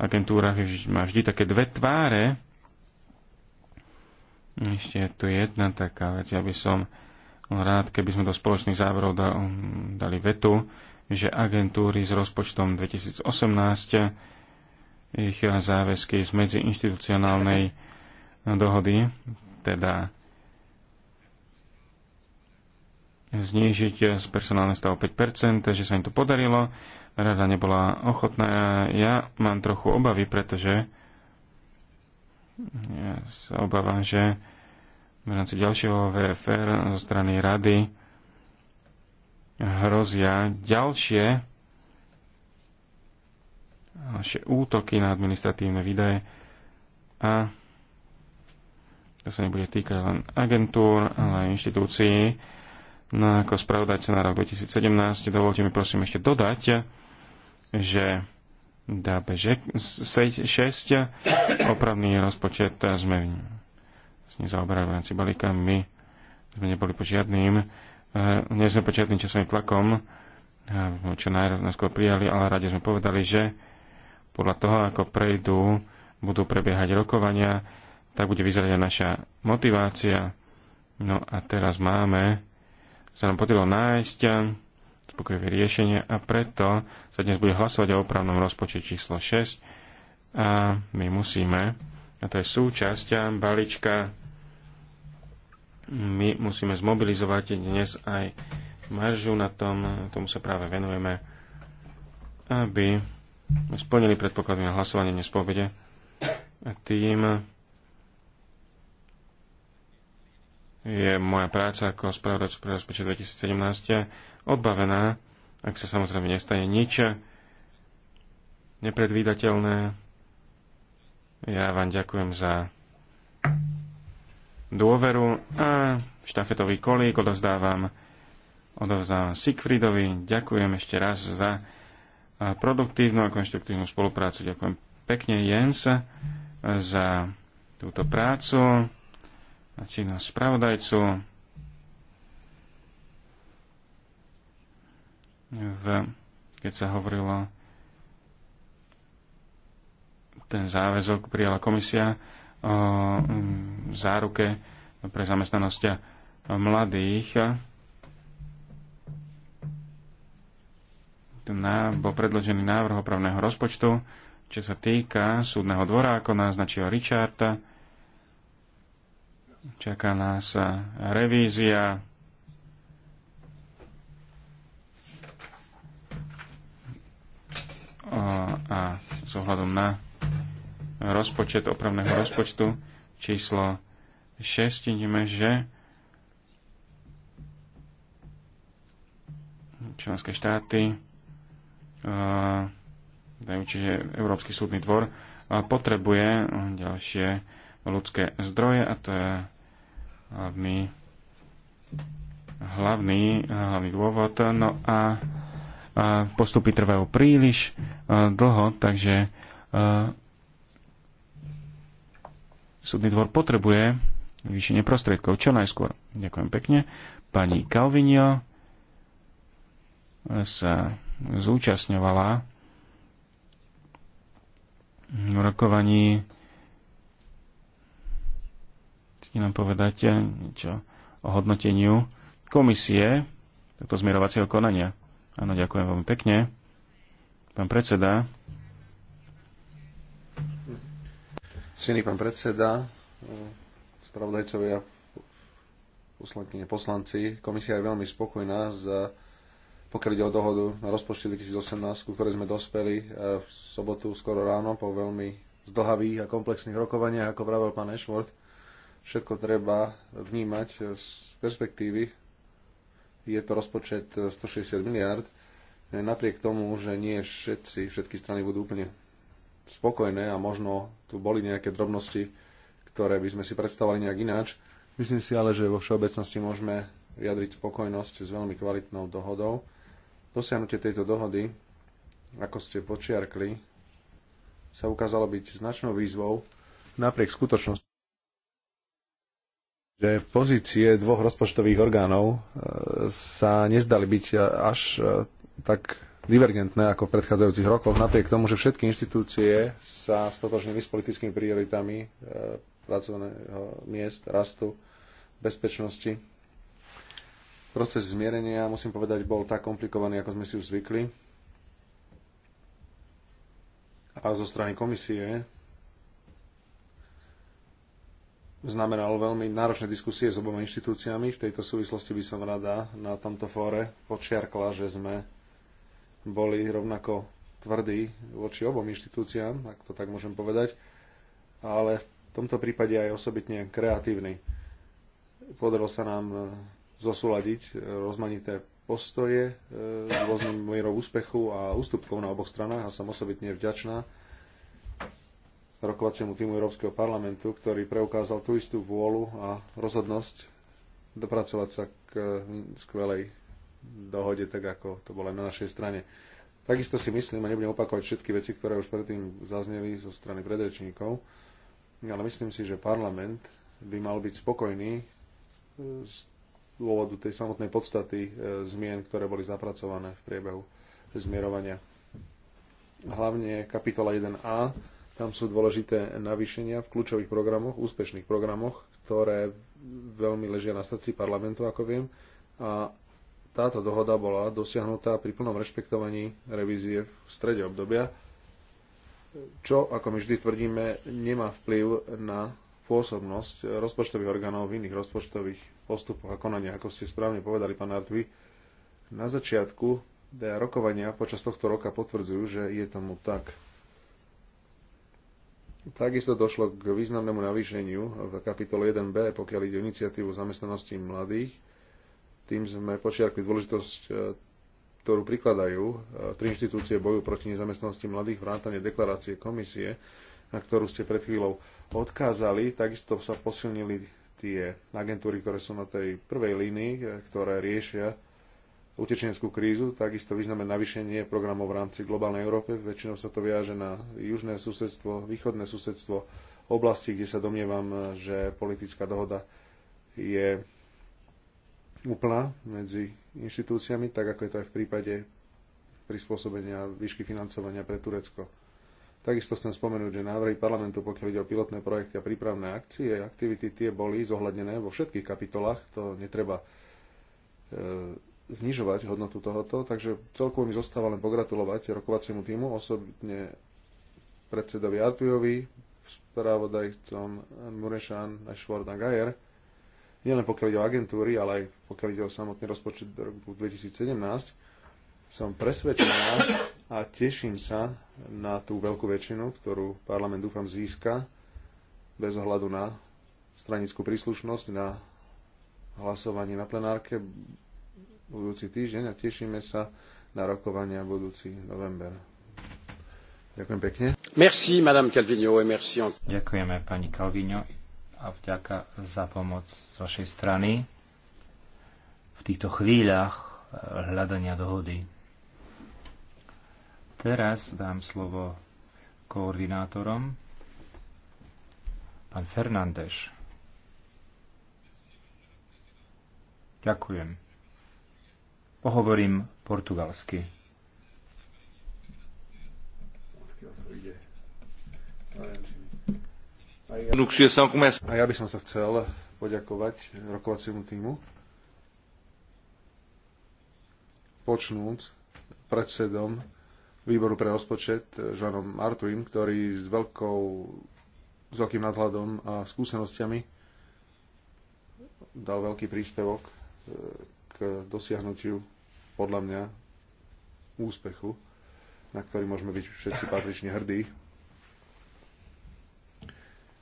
agentúrach má vždy také dve tváre, ešte je tu jedna taká vec. Ja by som rád, keby sme do spoločných záverov um, dali vetu, že agentúry s rozpočtom 2018 ich záväzky z medziinstitucionálnej dohody, teda znížiť z personálne stav 5%, že sa im to podarilo. Rada nebola ochotná. Ja mám trochu obavy, pretože ja sa obávam, že v rámci ďalšieho VFR zo strany rady hrozia ďalšie, ďalšie útoky na administratívne výdaje a to sa nebude týkať len agentúr, ale aj inštitúcií. No ako spravodajca na rok 2017, dovolte mi prosím ešte dodať, že DAB 6, opravný rozpočet sme s ním zaoberali v rámci balíka. My sme neboli pod žiadnym, e, nie sme pod žiadnym časovým tlakom, čo najskôr prijali, ale rade sme povedali, že podľa toho, ako prejdú, budú prebiehať rokovania, tak bude vyzerať aj naša motivácia. No a teraz máme, sa nám podarilo nájsť uspokojivé riešenie a preto sa dnes bude hlasovať o opravnom rozpočte číslo 6 a my musíme, a to je súčasť balíčka, my musíme zmobilizovať dnes aj maržu na tom, tomu sa práve venujeme, aby splnili predpoklady na hlasovanie dnes po obede. A tým je moja práca ako spravodajcu pre rozpočet 2017 odbavená, ak sa samozrejme nestane nič nepredvídateľné. Ja vám ďakujem za dôveru a štafetový kolík odovzdávam, odovzdávam Sigfridovi. Ďakujem ešte raz za produktívnu a konštruktívnu spoluprácu. Ďakujem pekne Jens za túto prácu na spravodajcu v, keď sa hovorilo ten záväzok prijala komisia o mm, záruke pre zamestnanosť mladých. Na, bol predložený návrh opravného rozpočtu, čo sa týka súdneho dvora, ako naznačil Richard. Čaká nás eh, revízia. a s ohľadom na rozpočet opravného rozpočtu číslo 6 vidíme, že členské štáty eh, dajú, čiže Európsky súdny dvor eh, potrebuje ďalšie ľudské zdroje a to je hlavný, hlavný, hlavný dôvod. No a postupy trvajú príliš e, dlho, takže e, súdny dvor potrebuje vyššie prostriedkov čo najskôr. Ďakujem pekne. Pani Calvinio sa zúčastňovala v rokovaní Môžete nám povedať eh, niečo o hodnoteniu komisie tohto zmierovacieho konania? Áno, ďakujem veľmi pekne. Pán predseda. Silný pán predseda, spravodajcovia, poslankyne, poslanci. Komisia je veľmi spokojná za pokiaľ ide o dohodu na rozpočte 2018, ku ktorej sme dospeli eh, v sobotu skoro ráno po veľmi zdlhavých a komplexných rokovaniach, ako vravel pán Ashworth Všetko treba vnímať z perspektívy. Je to rozpočet 160 miliard, Napriek tomu, že nie všetci, všetky strany budú úplne spokojné a možno tu boli nejaké drobnosti, ktoré by sme si predstavovali nejak ináč. Myslím si ale, že vo všeobecnosti môžeme vyjadriť spokojnosť s veľmi kvalitnou dohodou. Dosiahnutie tejto dohody, ako ste počiarkli, sa ukázalo byť značnou výzvou napriek skutočnosti, že pozície dvoch rozpočtových orgánov e, sa nezdali byť e, až e, tak divergentné ako v predchádzajúcich rokoch, napriek tomu, že všetky inštitúcie sa stotožnili s politickými prioritami pracovného miest, rastu, bezpečnosti. Proces zmierenia, musím povedať, bol tak komplikovaný, ako sme si už zvykli. A zo strany komisie znamenalo veľmi náročné diskusie s oboma inštitúciami. V tejto súvislosti by som rada na tomto fóre počiarkla, že sme boli rovnako tvrdí voči obom inštitúciám, ak to tak môžem povedať, ale v tomto prípade aj osobitne kreatívny. Podarilo sa nám e, zosúľadiť e, rozmanité postoje e, s rôznym mierou úspechu a ústupkov na oboch stranách a som osobitne vďačná rokovaciemu týmu Európskeho parlamentu, ktorý preukázal tú istú vôľu a rozhodnosť dopracovať sa k mm, skvelej dohode, tak ako to bolo aj na našej strane. Takisto si myslím, a nebudem opakovať všetky veci, ktoré už predtým zazneli zo strany predrečníkov, ale myslím si, že parlament by mal byť spokojný e, z dôvodu tej samotnej podstaty e, zmien, ktoré boli zapracované v priebehu zmierovania. Hlavne kapitola 1a tam sú dôležité navýšenia v kľúčových programoch, úspešných programoch, ktoré veľmi ležia na srdci parlamentu, ako viem. A táto dohoda bola dosiahnutá pri plnom rešpektovaní revízie v strede obdobia, čo, ako my vždy tvrdíme, nemá vplyv na pôsobnosť rozpočtových orgánov v iných rozpočtových postupoch a konania, ako ste správne povedali, pán Artvi. Na začiatku rokovania počas tohto roka potvrdzujú, že je tomu tak. Takisto došlo k významnému navýšeniu v kapitole 1b, pokiaľ ide o iniciatívu zamestnanosti mladých. Tým sme počiarkli dôležitosť, e, ktorú prikladajú e, tri inštitúcie boju proti nezamestnanosti mladých, vrátane deklarácie komisie, na ktorú ste pred chvíľou odkázali. Takisto sa posilnili tie agentúry, ktoré sú na tej prvej línii, e, ktoré riešia utečeneckú krízu, takisto význame navýšenie programov v rámci globálnej Európy. Väčšinou sa to viaže na južné susedstvo, východné susedstvo, oblasti, kde sa domnievam, že politická dohoda je úplná medzi inštitúciami, tak ako je to aj v prípade prispôsobenia výšky financovania pre Turecko. Takisto chcem spomenúť, že návrhy parlamentu, pokiaľ ide o pilotné projekty a prípravné akcie, aktivity tie boli zohľadnené vo všetkých kapitolách, to netreba e, znižovať hodnotu tohoto, takže celkovo mi zostáva len pogratulovať rokovaciemu týmu, osobitne predsedovi Artujovi, spravodajcom Murešan a Švord a Gajer, nielen pokiaľ ide o agentúry, ale aj pokiaľ ide o samotný rozpočet roku 2017, som presvedčená a teším sa na tú veľkú väčšinu, ktorú parlament dúfam získa bez ohľadu na stranickú príslušnosť, na hlasovanie na plenárke budúci týždeň a tešíme sa na rokovania budúci november. Ďakujem pekne. Merci, madame Calvino, et merci. Ďakujeme, pani Calvino, a vďaka za pomoc z vašej strany v týchto chvíľach eh, hľadania dohody. Teraz dám slovo koordinátorom, pán Fernández. Ďakujem. Pohovorím portugalsky. A ja by som sa chcel poďakovať rokovaciemu týmu. Počnúc predsedom výboru pre rozpočet Žanom Artuim, ktorý s, veľkou, s veľkým nadhľadom a skúsenostiami dal veľký príspevok eh, k dosiahnutiu podľa mňa úspechu, na ktorý môžeme byť všetci patrične hrdí.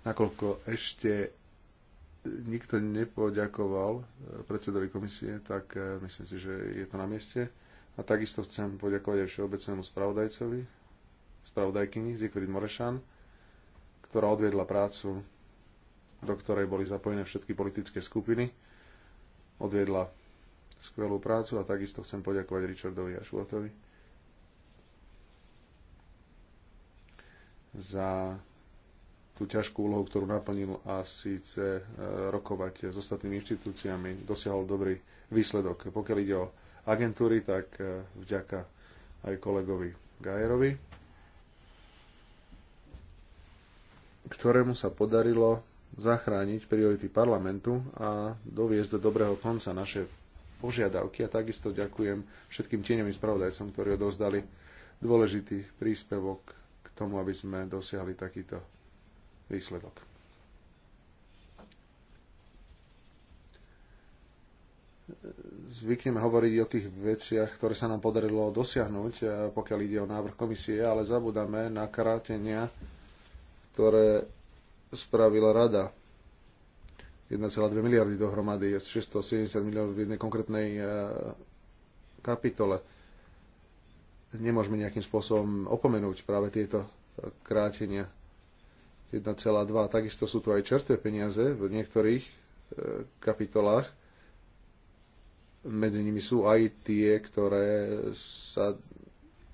Nakoľko ešte nikto nepoďakoval eh, predsedovi komisie, tak eh, myslím si, že je to na mieste. A takisto chcem poďakovať aj všeobecnému spravodajcovi, spravodajkyni Zikvid Morešan, ktorá odviedla prácu, do ktorej boli zapojené všetky politické skupiny. Odviedla skvelú prácu a takisto chcem poďakovať Richardovi a Šulatovi za tú ťažkú úlohu, ktorú naplnil a síce e, rokovať s ostatnými inštitúciami, dosiahol dobrý výsledok. Pokiaľ ide o agentúry, tak e, vďaka aj kolegovi Gajerovi, ktorému sa podarilo zachrániť priority parlamentu a doviesť do dobrého konca naše požiadavky a takisto ďakujem všetkým tieňovým spravodajcom, ktorí odovzdali dôležitý príspevok k tomu, aby sme dosiahli takýto výsledok. Zvykneme hovoriť o tých veciach, ktoré sa nám podarilo dosiahnuť, eh, pokiaľ ide o návrh komisie, ale zabudáme na krátenia, ktoré spravila rada 1,2 miliardy dohromady, 670 miliónov v jednej konkrétnej e, kapitole. Nemôžeme nejakým spôsobom opomenúť práve tieto e, krátenia. 1,2. Takisto sú tu aj čerstvé peniaze v niektorých e, kapitolách. Medzi nimi sú aj tie, ktoré sa,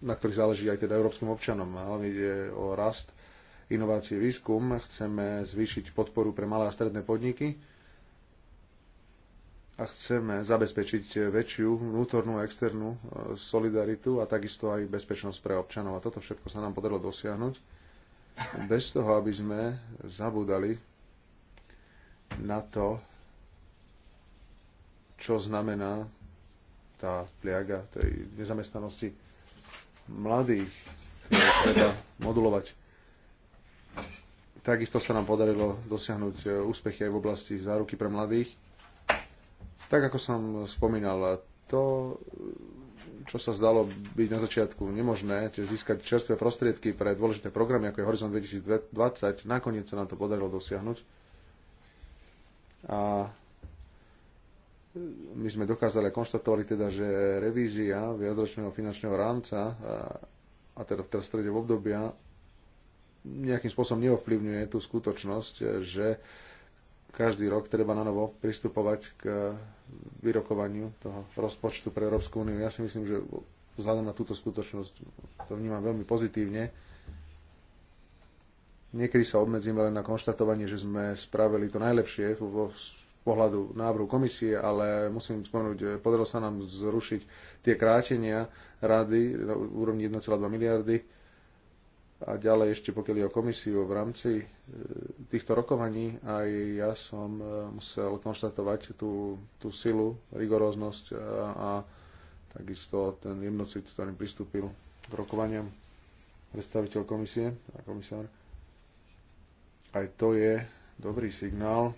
na ktorých záleží aj teda európskym občanom. Hlavne ide o rast inovácie, výskum. Chceme zvýšiť podporu pre malé a stredné podniky a chceme zabezpečiť väčšiu vnútornú a externú e, solidaritu a takisto aj bezpečnosť pre občanov. A toto všetko sa nám podarilo dosiahnuť bez toho, aby sme zabúdali na to, čo znamená tá pliaga tej nezamestnanosti mladých, ktorú treba modulovať. Takisto sa nám podarilo dosiahnuť e, úspechy aj v oblasti záruky pre mladých. Tak ako som spomínal, to, čo sa zdalo byť na začiatku nemožné, čiže získať čerstvé prostriedky pre dôležité programy, ako je Horizon 2020, nakoniec sa nám to podarilo dosiahnuť. A my sme dokázali konštatovali teda, že revízia viacročného finančného rámca a, a teda v teda strede obdobia nejakým spôsobom neovplyvňuje tú skutočnosť, že každý rok treba na novo pristupovať k vyrokovaniu toho rozpočtu pre Európsku úniu. Ja si myslím, že vzhľadom na túto skutočnosť to vnímam veľmi pozitívne. Niekedy sa obmedzíme len na konštatovanie, že sme spravili to najlepšie vo pohľadu návrhu komisie, ale musím spomenúť, eh, podarilo sa nám zrušiť tie krátenia rady na úrovni 1,2 miliardy a ďalej ešte pokiaľ je o komisiu, v rámci e, týchto rokovaní aj ja som e, musel konštatovať tú, tú silu, rigoróznosť a, e, a takisto ten jednocit, ktorým pristúpil k rokovaniam predstaviteľ komisie a komisár. Aj to je dobrý signál,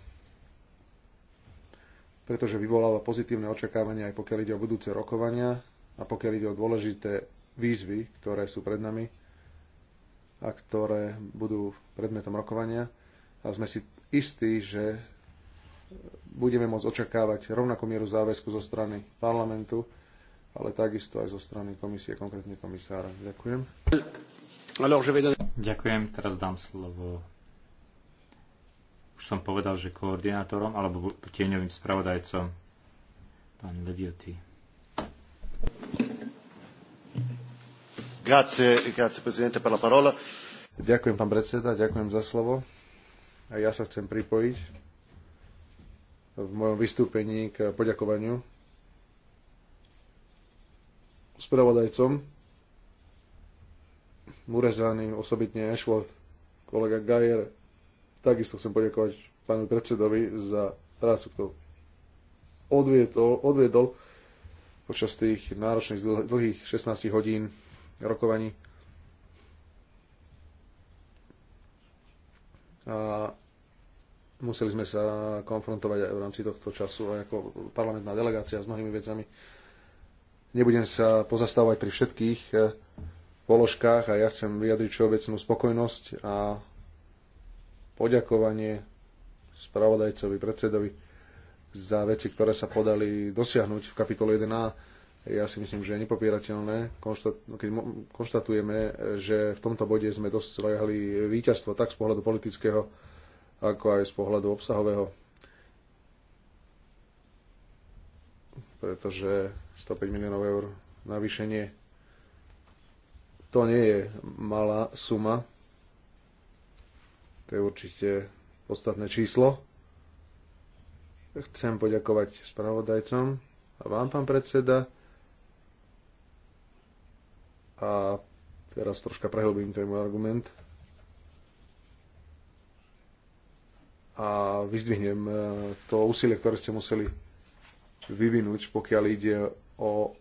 pretože vyvoláva pozitívne očakávania aj pokiaľ ide o budúce rokovania a pokiaľ ide o dôležité výzvy, ktoré sú pred nami a ktoré budú predmetom rokovania. A sme si istí, že budeme môcť očakávať rovnakú mieru záväzku zo strany parlamentu, ale takisto aj zo strany komisie, konkrétne komisára. Ďakujem. Ďakujem, teraz dám slovo už som povedal, že koordinátorom alebo tieňovým spravodajcom, pán Levioty. Ďakujem, pán predseda, ďakujem za slovo. A ja sa chcem pripojiť v mojom vystúpení k poďakovaniu spravodajcom Murezanin, osobitne Ashworth, kolega Gajer. Takisto chcem poďakovať pánu predsedovi za prácu, ktorú odviedol, odviedol počas tých náročných dlhých 16 hodín rokovaní. A museli sme sa konfrontovať aj v rámci tohto času aj ako parlamentná delegácia s mnohými vecami. Nebudem sa pozastávať pri všetkých eh, položkách a ja chcem vyjadriť všeobecnú spokojnosť a poďakovanie spravodajcovi, predsedovi za veci, ktoré sa podali dosiahnuť v kapitole 1a ja si myslím, že je nepopierateľné, keď konštatujeme, že v tomto bode sme dosiahli víťazstvo tak z pohľadu politického, ako aj z pohľadu obsahového. Pretože 105 miliónov eur navýšenie to nie je malá suma. To je určite podstatné číslo. Chcem poďakovať spravodajcom a vám, pán predseda a teraz troška prehlbím ten môj argument. A vyzdvihnem e, to úsilie, ktoré ste museli vyvinúť, pokiaľ ide o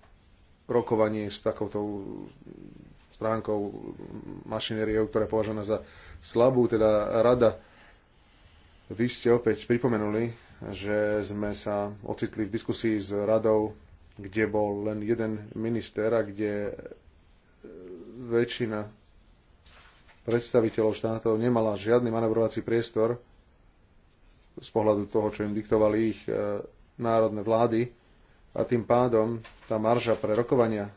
rokovanie s takouto stránkou mašinériou, ktorá je považovaná za slabú, teda rada. Vy ste opäť pripomenuli, že sme sa ocitli v diskusii s radou, kde bol len jeden minister a kde väčšina predstaviteľov štátov nemala žiadny manevrovací priestor z pohľadu toho, čo im diktovali ich e, národné vlády a tým pádom tá marža pre rokovania e,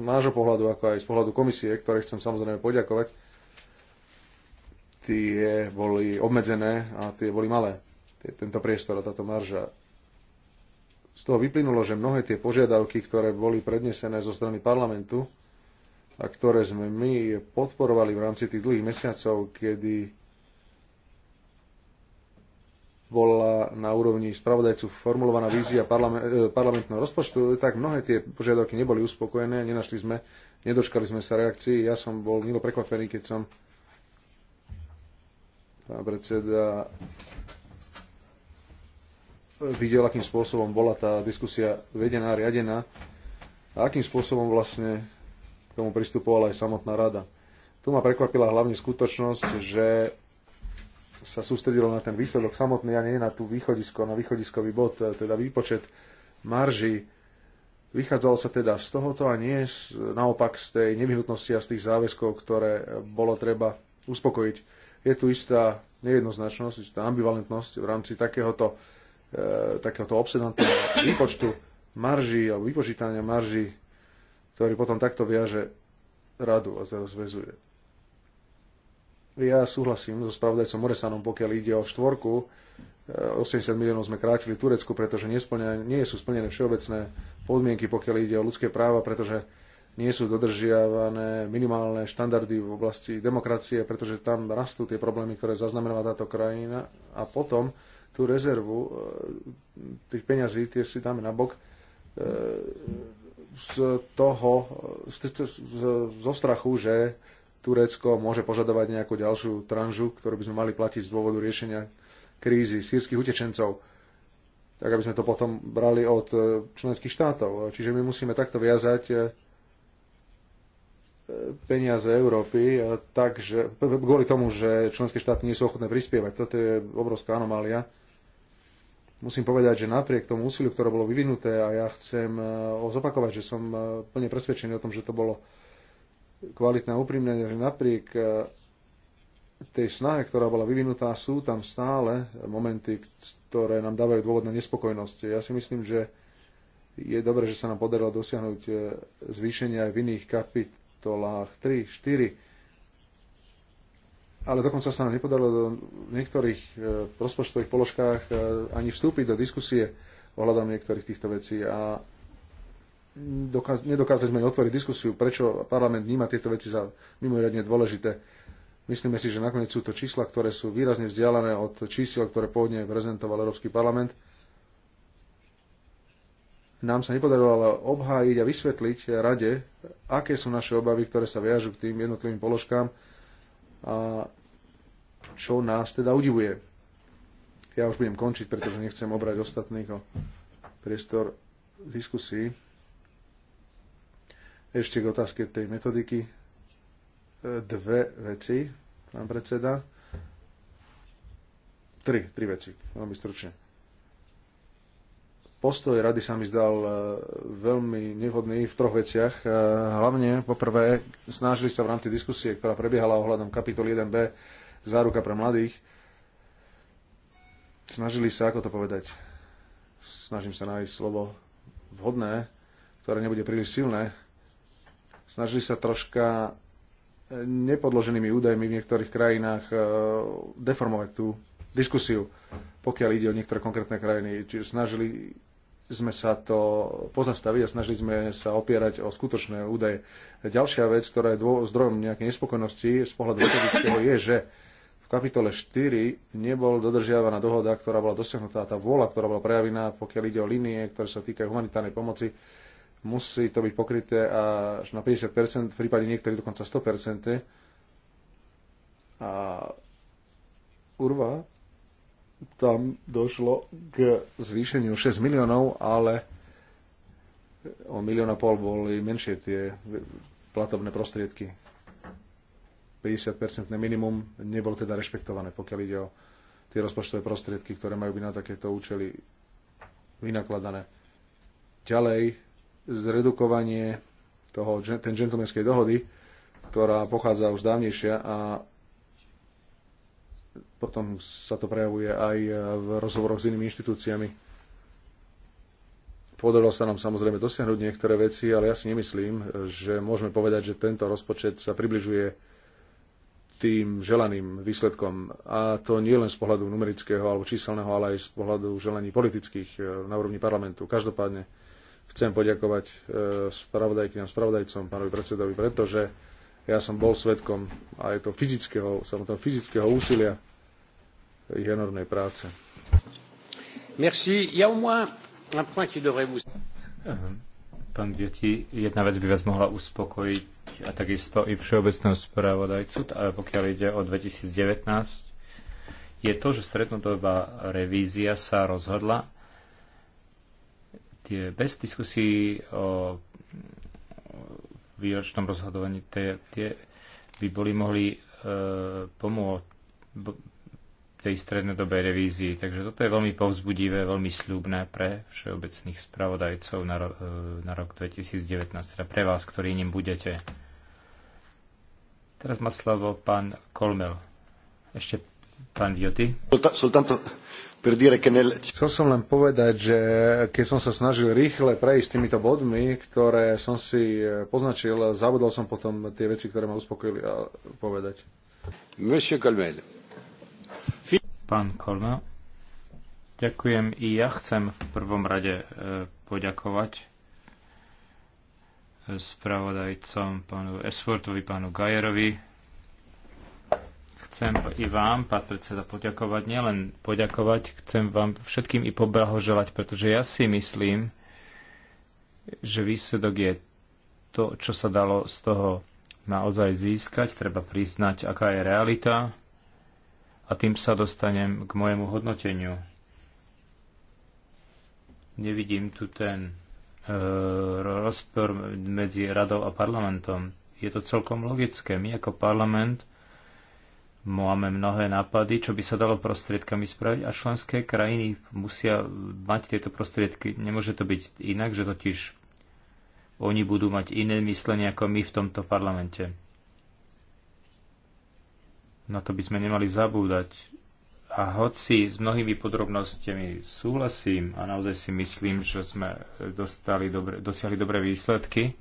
z nášho pohľadu, ako aj z pohľadu komisie, ktoré chcem samozrejme poďakovať, tie boli obmedzené a tie boli malé. Tento priestor a táto marža. Z toho vyplynulo, že mnohé tie požiadavky, ktoré boli prednesené zo strany parlamentu, a ktoré sme my podporovali v rámci tých dlhých mesiacov, kedy bola na úrovni spravodajcu formulovaná vízia parlament, e, parlamentného rozpočtu, tak mnohé tie požiadavky neboli uspokojené, nenašli sme, nedočkali sme sa reakcií. Ja som bol milo prekvapený, keď som pán predseda videl, akým spôsobom bola tá diskusia vedená, riadená a akým spôsobom vlastne k tomu pristupovala aj samotná rada. Tu ma prekvapila hlavne skutočnosť, že sa sústredilo na ten výsledok samotný a nie na tú východisko, na východiskový bod, e, teda výpočet marží. Vychádzalo sa teda z tohoto a nie z, naopak z tej nevyhnutnosti a z tých záväzkov, ktoré e, bolo treba uspokojiť. Je tu istá nejednoznačnosť, istá ambivalentnosť v rámci takéhoto, e, takéhoto obsedantného výpočtu marží alebo vypočítania marží ktorý potom takto viaže radu a zväzuje. Ja súhlasím so spravodajcom Moresanom, pokiaľ ide o štvorku. 80 e, miliónov sme krátili Turecku, pretože nie sú splnené všeobecné podmienky, pokiaľ ide o ľudské práva, pretože nie sú dodržiavané minimálne štandardy v oblasti demokracie, pretože tam rastú tie problémy, ktoré zaznamenáva táto krajina. A potom tú rezervu e, tých peňazí, tie si dáme bok. E, z toho, z, z, zo strachu, že Turecko môže požadovať nejakú ďalšiu tranžu, ktorú by sme mali platiť z dôvodu riešenia krízy sírskych utečencov, tak aby sme to potom brali od e, členských štátov. Čiže my musíme takto viazať e, peniaze Európy, e, takže kvôli tomu, že členské štáty nie sú ochotné prispievať. Toto je obrovská anomália musím povedať, že napriek tomu úsiliu, ktoré bolo vyvinuté, a ja chcem e, zopakovať, že som e, plne presvedčený o tom, že to bolo kvalitné a úprimné, že napriek e, tej snahe, ktorá bola vyvinutá, sú tam stále momenty, ktoré nám dávajú dôvod na nespokojnosť. Ja si myslím, že je dobré, že sa nám podarilo dosiahnuť zvýšenie aj v iných kapitolách 3, 4, ale dokonca sa nám nepodarilo do niektorých e, rozpočtových položkách e, ani vstúpiť do diskusie ohľadom niektorých týchto vecí a dokaz, nedokázali sme otvoriť diskusiu, prečo parlament vníma tieto veci za mimoriadne dôležité. Myslíme si, že nakoniec sú to čísla, ktoré sú výrazne vzdialené od čísiel, ktoré pôvodne prezentoval Európsky parlament. Nám sa nepodarilo ale obhájiť a vysvetliť rade, aké sú naše obavy, ktoré sa viažu k tým jednotlivým položkám, a čo nás teda udivuje. Ja už budem končiť, pretože nechcem obrať ostatných o priestor diskusí. Ešte k otázke tej metodiky. E, dve veci, pán predseda. Tri, tri veci, veľmi stručne postoj rady sa mi zdal e, veľmi nevhodný v troch veciach. E, hlavne, poprvé, snažili sa v rámci diskusie, ktorá prebiehala ohľadom kapitol 1b, záruka pre mladých, snažili sa, ako to povedať, snažím sa nájsť slovo vhodné, ktoré nebude príliš silné, snažili sa troška e, nepodloženými údajmi v niektorých krajinách deformovať tú diskusiu, pokiaľ ide o niektoré konkrétne krajiny. Čiže snažili sme sa to pozastavili a snažili sme sa opierať o skutočné údaje. Ďalšia vec, ktorá je dvo- zdrojom nejakej nespokojnosti z pohľadu metodického je, že v kapitole 4 nebol dodržiavaná dohoda, ktorá bola dosiahnutá, tá vôľa, ktorá bola prejavená, pokiaľ ide o linie, ktoré sa týkajú humanitárnej pomoci, musí to byť pokryté až na 50%, v prípade niektorých dokonca 100%. A Urva, tam došlo k zvýšeniu 6 miliónov, ale o milión a pol boli menšie tie platobné prostriedky. 50-percentné minimum nebolo teda rešpektované, pokiaľ ide o tie rozpočtové prostriedky, ktoré majú byť na takéto účely vynakladané. Ďalej, zredukovanie toho, ten džentlmenskej dohody, ktorá pochádza už dávnejšia a potom sa to prejavuje aj v rozhovoroch s inými inštitúciami. Podarilo sa nám samozrejme dosiahnuť niektoré veci, ale ja si nemyslím, že môžeme povedať, že tento rozpočet sa približuje tým želaným výsledkom. A to nie len z pohľadu numerického alebo číselného, ale aj z pohľadu želaní politických e, na úrovni parlamentu. Každopádne chcem poďakovať e, a spravodajcom, pánovi predsedovi, pretože ja som bol svetkom aj toho fyzického, samotného fyzického úsilia enormnej práce. Ehm, pán Vioti, jedna vec by vás mohla uspokojiť a takisto i všeobecného správodajcu, ale pokiaľ ide o 2019, je to, že strednodobá revízia sa rozhodla tie, bez diskusí o výročnom rozhodovaní tie, tie by boli mohli e, ehm, pomôcť tej strednodobej revízii. Takže toto je veľmi povzbudivé, veľmi sľubné pre všeobecných spravodajcov na, ro- e, na rok 2019, teda pre vás, ktorí ním budete. Teraz má slovo pán Kolmel. Ešte pán Vioty. Chcel som len povedať, že keď som sa snažil rýchle prejsť týmito bodmi, ktoré som si e, poznačil, zabudol som potom tie veci, ktoré ma uspokojili a povedať. Monsieur Colmel. Pán Ďakujem i ja chcem v prvom rade e, poďakovať e, spravodajcom pánu Esfortovi, pánu Gajerovi. Chcem i vám, pán predseda, poďakovať, nielen poďakovať, chcem vám všetkým i poblahoželať, pretože ja si myslím, že výsledok je to, čo sa dalo z toho naozaj získať. Treba priznať, aká je realita. A tým sa dostanem k mojemu hodnoteniu. Nevidím tu ten e, rozpor medzi radou a parlamentom. Je to celkom logické. My ako parlament máme mnohé nápady, čo by sa dalo prostriedkami spraviť a členské krajiny musia mať tieto prostriedky. Nemôže to byť inak, že totiž oni budú mať iné myslenie ako my v tomto parlamente. Na to by sme nemali zabúdať. A hoci s mnohými podrobnostiami súhlasím a naozaj si myslím, že sme dostali dobre, dosiahli dobré výsledky,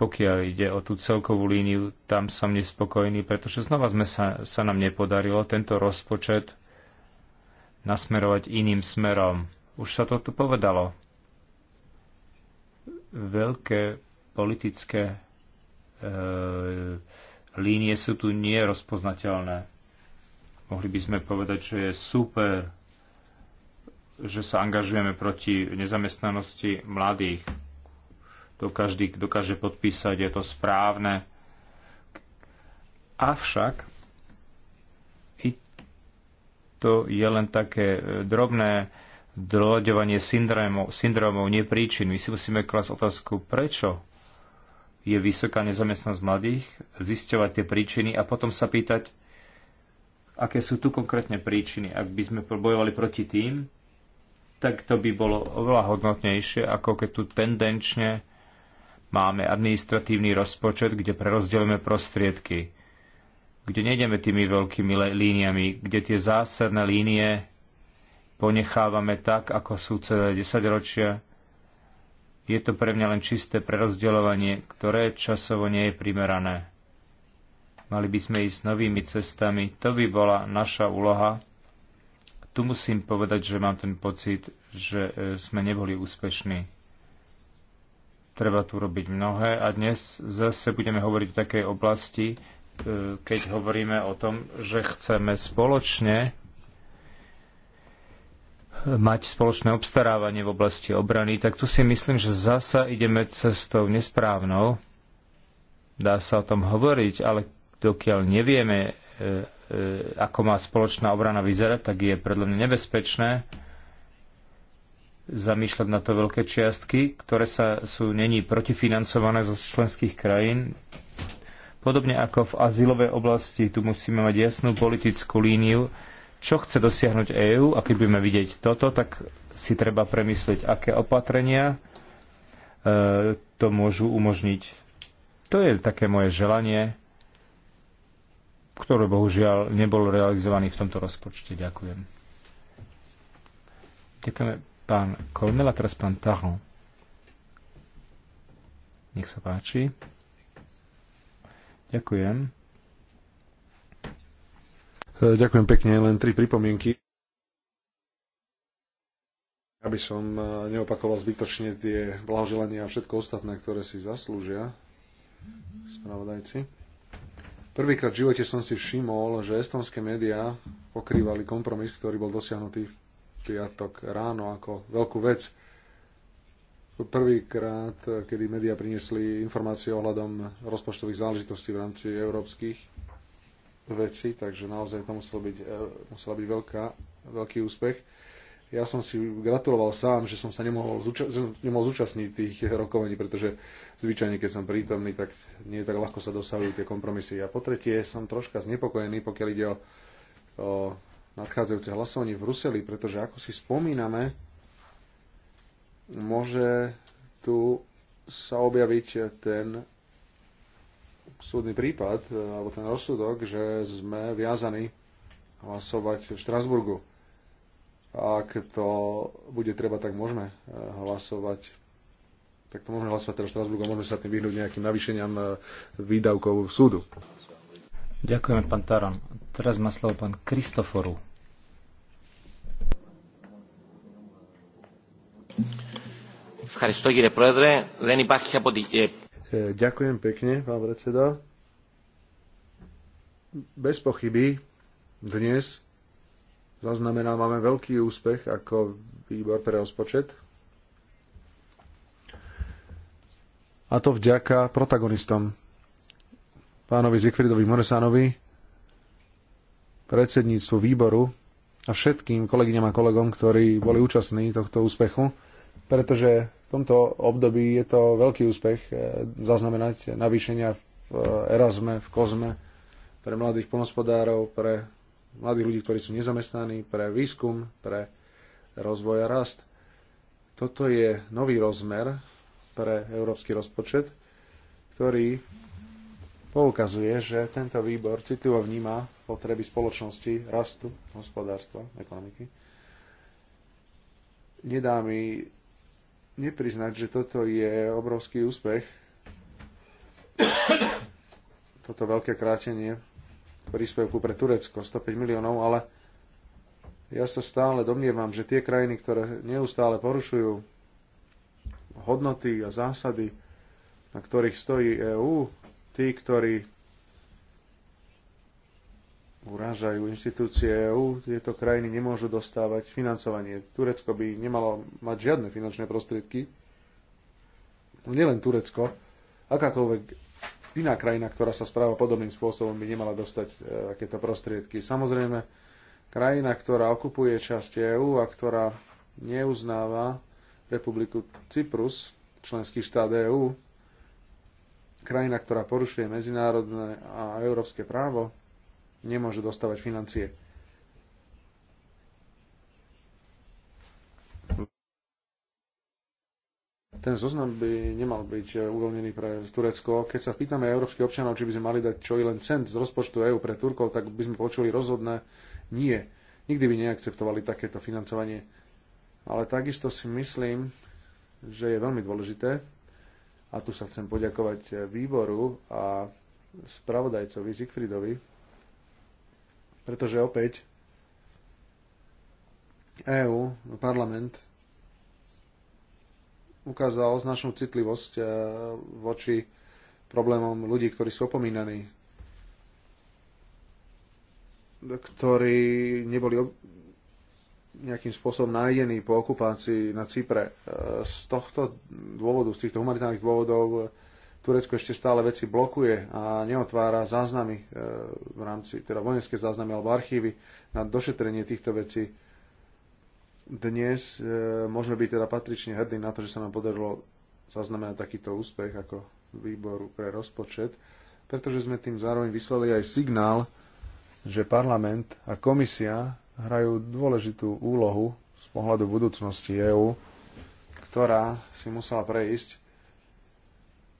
pokiaľ ide o tú celkovú líniu, tam som nespokojný, pretože znova sme sa, sa nám nepodarilo tento rozpočet nasmerovať iným smerom. Už sa to tu povedalo. Veľké politické e, línie sú tu nerozpoznateľné. Mohli by sme povedať, že je super, že sa angažujeme proti nezamestnanosti mladých. To každý dokáže podpísať, je to správne. Avšak i to je len také e, drobné doľaďovanie syndrómov, nie príčin. My si musíme klasť otázku, prečo je vysoká nezamestnanosť mladých, zisťovať tie príčiny a potom sa pýtať, aké sú tu konkrétne príčiny. Ak by sme bojovali proti tým, tak to by bolo oveľa hodnotnejšie, ako keď tu tendenčne máme administratívny rozpočet, kde prerozdelujeme prostriedky, kde nejdeme tými veľkými líniami, kde tie zásadné línie ponechávame tak, ako sú celé 10 ročia, je to pre mňa len čisté prerozdeľovanie, ktoré časovo nie je primerané. Mali by sme ísť novými cestami, to by bola naša úloha. Tu musím povedať, že mám ten pocit, že e, sme neboli úspešní. Treba tu robiť mnohé a dnes zase budeme hovoriť o takej oblasti, e, keď hovoríme o tom, že chceme spoločne mať spoločné obstarávanie v oblasti obrany, tak tu si myslím, že zasa ideme cestou nesprávnou. Dá sa o tom hovoriť, ale dokiaľ nevieme, e, e, ako má spoločná obrana vyzerať, tak je predľa mňa nebezpečné zamýšľať na to veľké čiastky, ktoré sa sú není protifinancované zo členských krajín. Podobne ako v azylovej oblasti, tu musíme mať jasnú politickú líniu, čo chce dosiahnuť EÚ a keď budeme vidieť toto, tak si treba premyslieť, aké opatrenia e, to môžu umožniť. To je také moje želanie, ktoré bohužiaľ nebolo realizované v tomto rozpočte. Ďakujem. Ďakujeme pán Kolmel a teraz pán Taron. Nech sa páči. Ďakujem E, ďakujem pekne, len tri pripomienky. Aby som e, neopakoval zbytočne tie blahoželania a všetko ostatné, ktoré si zaslúžia spravodajci. Prvýkrát v živote som si všimol, že estonské médiá pokrývali kompromis, ktorý bol dosiahnutý v piatok ráno ako veľkú vec. Prvýkrát, kedy médiá priniesli informácie ohľadom rozpočtových záležitostí v rámci európskych veci, takže naozaj to muselo byť, e, musela byť veľká, veľký úspech. Ja som si gratuloval sám, že som sa nemohol, zúča- nemohol zúčastniť tých rokovaní, pretože zvyčajne, keď som prítomný, tak nie tak ľahko sa dosahujú tie kompromisy. A po tretie, som troška znepokojený, pokiaľ ide o, o nadchádzajúce hlasovanie v Bruseli, pretože ako si spomíname, môže tu sa objaviť ten súdny prípad, e, alebo ten rozsudok, že sme viazaní hlasovať v Štrasburgu. Ak to bude treba, tak môžeme e, hlasovať tak to môžeme hlasovať teraz v Strasburgu a môžeme sa tým vyhnúť nejakým navýšeniam e, výdavkov súdu. Ďakujeme, pán Taran. Teraz má slovo pán Kristoforu. Ευχαριστώ κύριε Πρόεδρε. Len υπάρχει E, ďakujem pekne, pán predseda. Bez pochyby dnes zaznamená, máme veľký úspech ako výbor pre rozpočet. A to vďaka protagonistom, pánovi Zikfridovi Moresánovi, predsedníctvu výboru a všetkým kolegyňam a kolegom, ktorí boli účastní tohto úspechu pretože v tomto období je to veľký úspech eh, zaznamenať navýšenia v eh, Erasme, v Kozme, pre mladých polnospodárov, pre mladých ľudí, ktorí sú nezamestnaní, pre výskum, pre rozvoj a rast. Toto je nový rozmer pre európsky rozpočet, ktorý poukazuje, že tento výbor citlivo vníma potreby spoločnosti, rastu, hospodárstva, ekonomiky. Nedá mi nepriznať, že toto je obrovský úspech, toto veľké krátenie príspevku pre Turecko, 105 miliónov, ale ja sa stále domnievam, že tie krajiny, ktoré neustále porušujú hodnoty a zásady, na ktorých stojí EÚ, tí, ktorí urážajú inštitúcie EÚ. Tieto krajiny nemôžu dostávať financovanie. Turecko by nemalo mať žiadne finančné prostriedky. No, nielen Turecko, akákoľvek iná krajina, ktorá sa správa podobným spôsobom, by nemala dostať e, takéto prostriedky. Samozrejme, krajina, ktorá okupuje časť EÚ a ktorá neuznáva Republiku Cyprus, členský štát EÚ, krajina, ktorá porušuje medzinárodné a európske právo, nemôže dostávať financie. ten zoznam by nemal byť eh, uvoľnený pre Turecko. Keď sa pýtame európskych občanov, či by sme mali dať čo i len cent z rozpočtu EÚ pre Turkov, tak by sme počuli rozhodné nie. Nikdy by neakceptovali takéto financovanie. Ale takisto si myslím, že je veľmi dôležité, a tu sa chcem poďakovať eh, výboru a spravodajcovi Zigfridovi, pretože opäť EÚ, parlament, ukázal značnú citlivosť e, voči problémom ľudí, ktorí sú opomínaní, ktorí neboli nejakým spôsobom nájdení po okupácii na Cypre. E, z tohto dôvodu, z týchto humanitárnych dôvodov Turecko ešte stále veci blokuje a neotvára záznamy e, v rámci, teda vojenské záznamy alebo archívy na došetrenie týchto vecí. Dnes e, môžeme byť teda patrične hrdí na to, že sa nám podarilo zaznamenať takýto úspech ako výboru pre rozpočet, pretože sme tým zároveň vyslali aj signál, že parlament a komisia hrajú dôležitú úlohu z pohľadu budúcnosti EÚ, ktorá si musela prejsť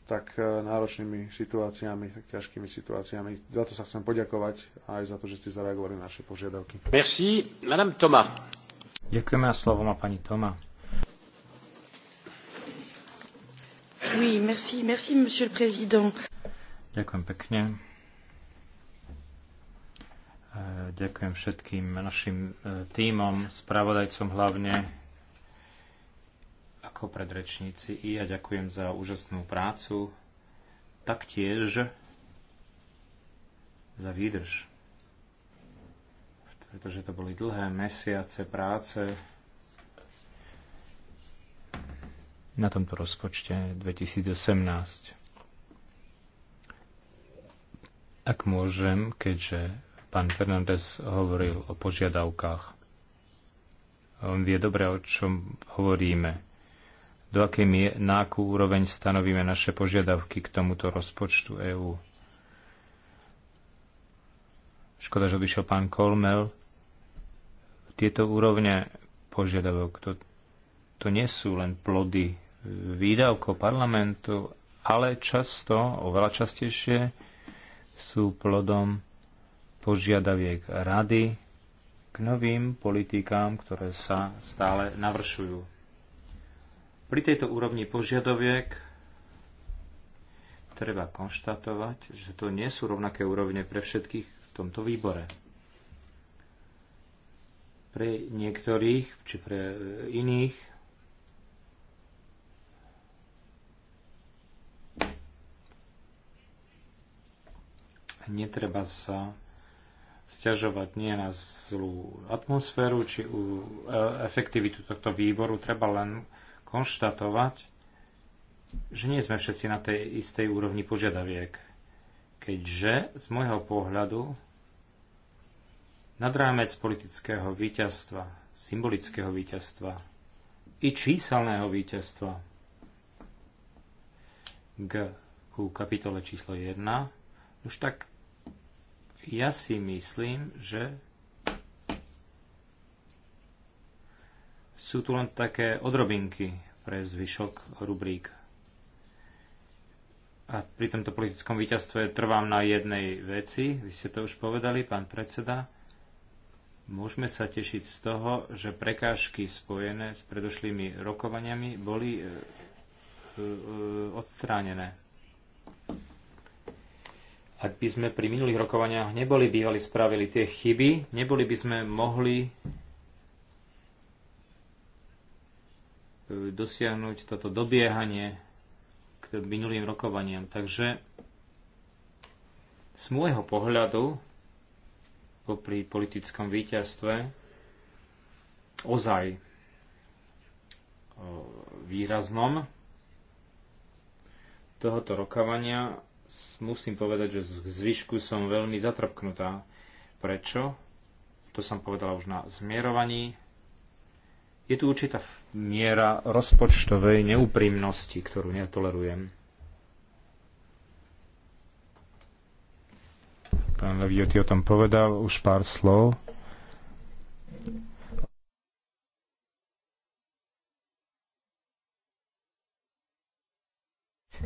tak e, náročnými situáciami, tak ťažkými situáciami. Za to sa chcem poďakovať aj za to, že ste zareagovali na naše požiadavky. Merci, madame Toma. Ďakujeme a slovo má pani Toma. Oui, merci, merci, monsieur le président. Ďakujem pekne. E, ďakujem všetkým našim e, týmom, spravodajcom hlavne, ako predrečníci. I ja ďakujem za úžasnú prácu, taktiež za výdrž, pretože to boli dlhé mesiace práce na tomto rozpočte 2018. Ak môžem, keďže pán Fernández hovoril o požiadavkách, on vie dobre, o čom hovoríme do akej mie- na akú úroveň stanovíme naše požiadavky k tomuto rozpočtu EÚ. Škoda, že odišiel pán Kolmel. Tieto úrovne požiadavok, to, to nie sú len plody výdavkov parlamentu, ale často, oveľa častejšie, sú plodom požiadaviek rady k novým politikám, ktoré sa stále navršujú. Pri tejto úrovni požiadoviek treba konštatovať, že to nie sú rovnaké úrovne pre všetkých v tomto výbore. Pre niektorých či pre e, iných netreba sa stiažovať nie na zlú atmosféru či e, efektivitu tohto výboru, treba len konštatovať, že nie sme všetci na tej istej úrovni požiadaviek, keďže z môjho pohľadu nad rámec politického víťazstva, symbolického víťazstva i číselného víťazstva k, ku kapitole číslo 1, už tak ja si myslím, že Sú tu len také odrobinky pre zvyšok rubrík. A pri tomto politickom víťazstve trvám na jednej veci, vy ste to už povedali, pán predseda. Môžeme sa tešiť z toho, že prekážky spojené s predošlými rokovaniami boli e, e, e, odstránené. Ak by sme pri minulých rokovaniach neboli bývali spravili tie chyby, neboli by sme mohli dosiahnuť toto dobiehanie k minulým rokovaniam. Takže z môjho pohľadu pri politickom víťazstve ozaj výraznom tohoto rokovania musím povedať, že k zvyšku som veľmi zatrpknutá. Prečo? To som povedala už na zmierovaní. Je tu určitá miera rozpočtovej neúprimnosti, ktorú netolerujem. Pán Levioti o tom povedal už pár slov.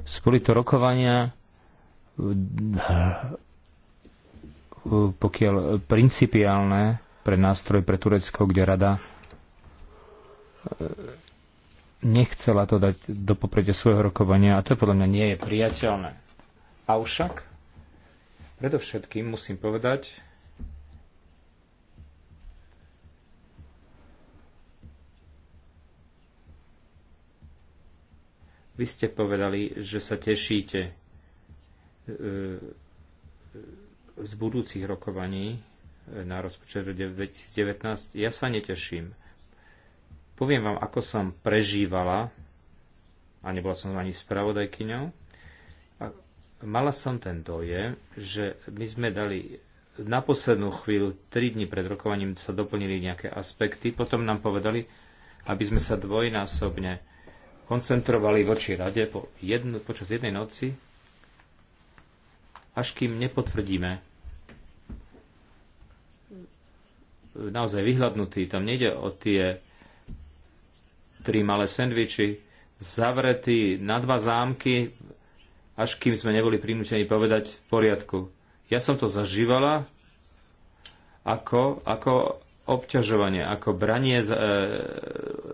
Skôli to rokovania, eh, pokiaľ eh, principiálne pre nástroj pre Turecko, kde rada nechcela to dať do popredia svojho rokovania a to podľa mňa nie je priateľné. Avšak, predovšetkým musím povedať, Vy ste povedali, že sa tešíte e, e, z budúcich rokovaní e, na rozpočet 2019. Ja sa neteším Poviem vám, ako som prežívala, a nebola som ani spravodajkyňou, mala som ten dojem, že my sme dali na poslednú chvíľu, tri dni pred rokovaním sa doplnili nejaké aspekty, potom nám povedali, aby sme sa dvojnásobne koncentrovali voči rade po jednu, počas jednej noci, až kým nepotvrdíme naozaj vyhľadnutý. Tam nejde o tie tri malé sendviči, zavretí na dva zámky, až kým sme neboli prinútení povedať v poriadku. Ja som to zažívala ako, ako obťažovanie, ako branie z, e,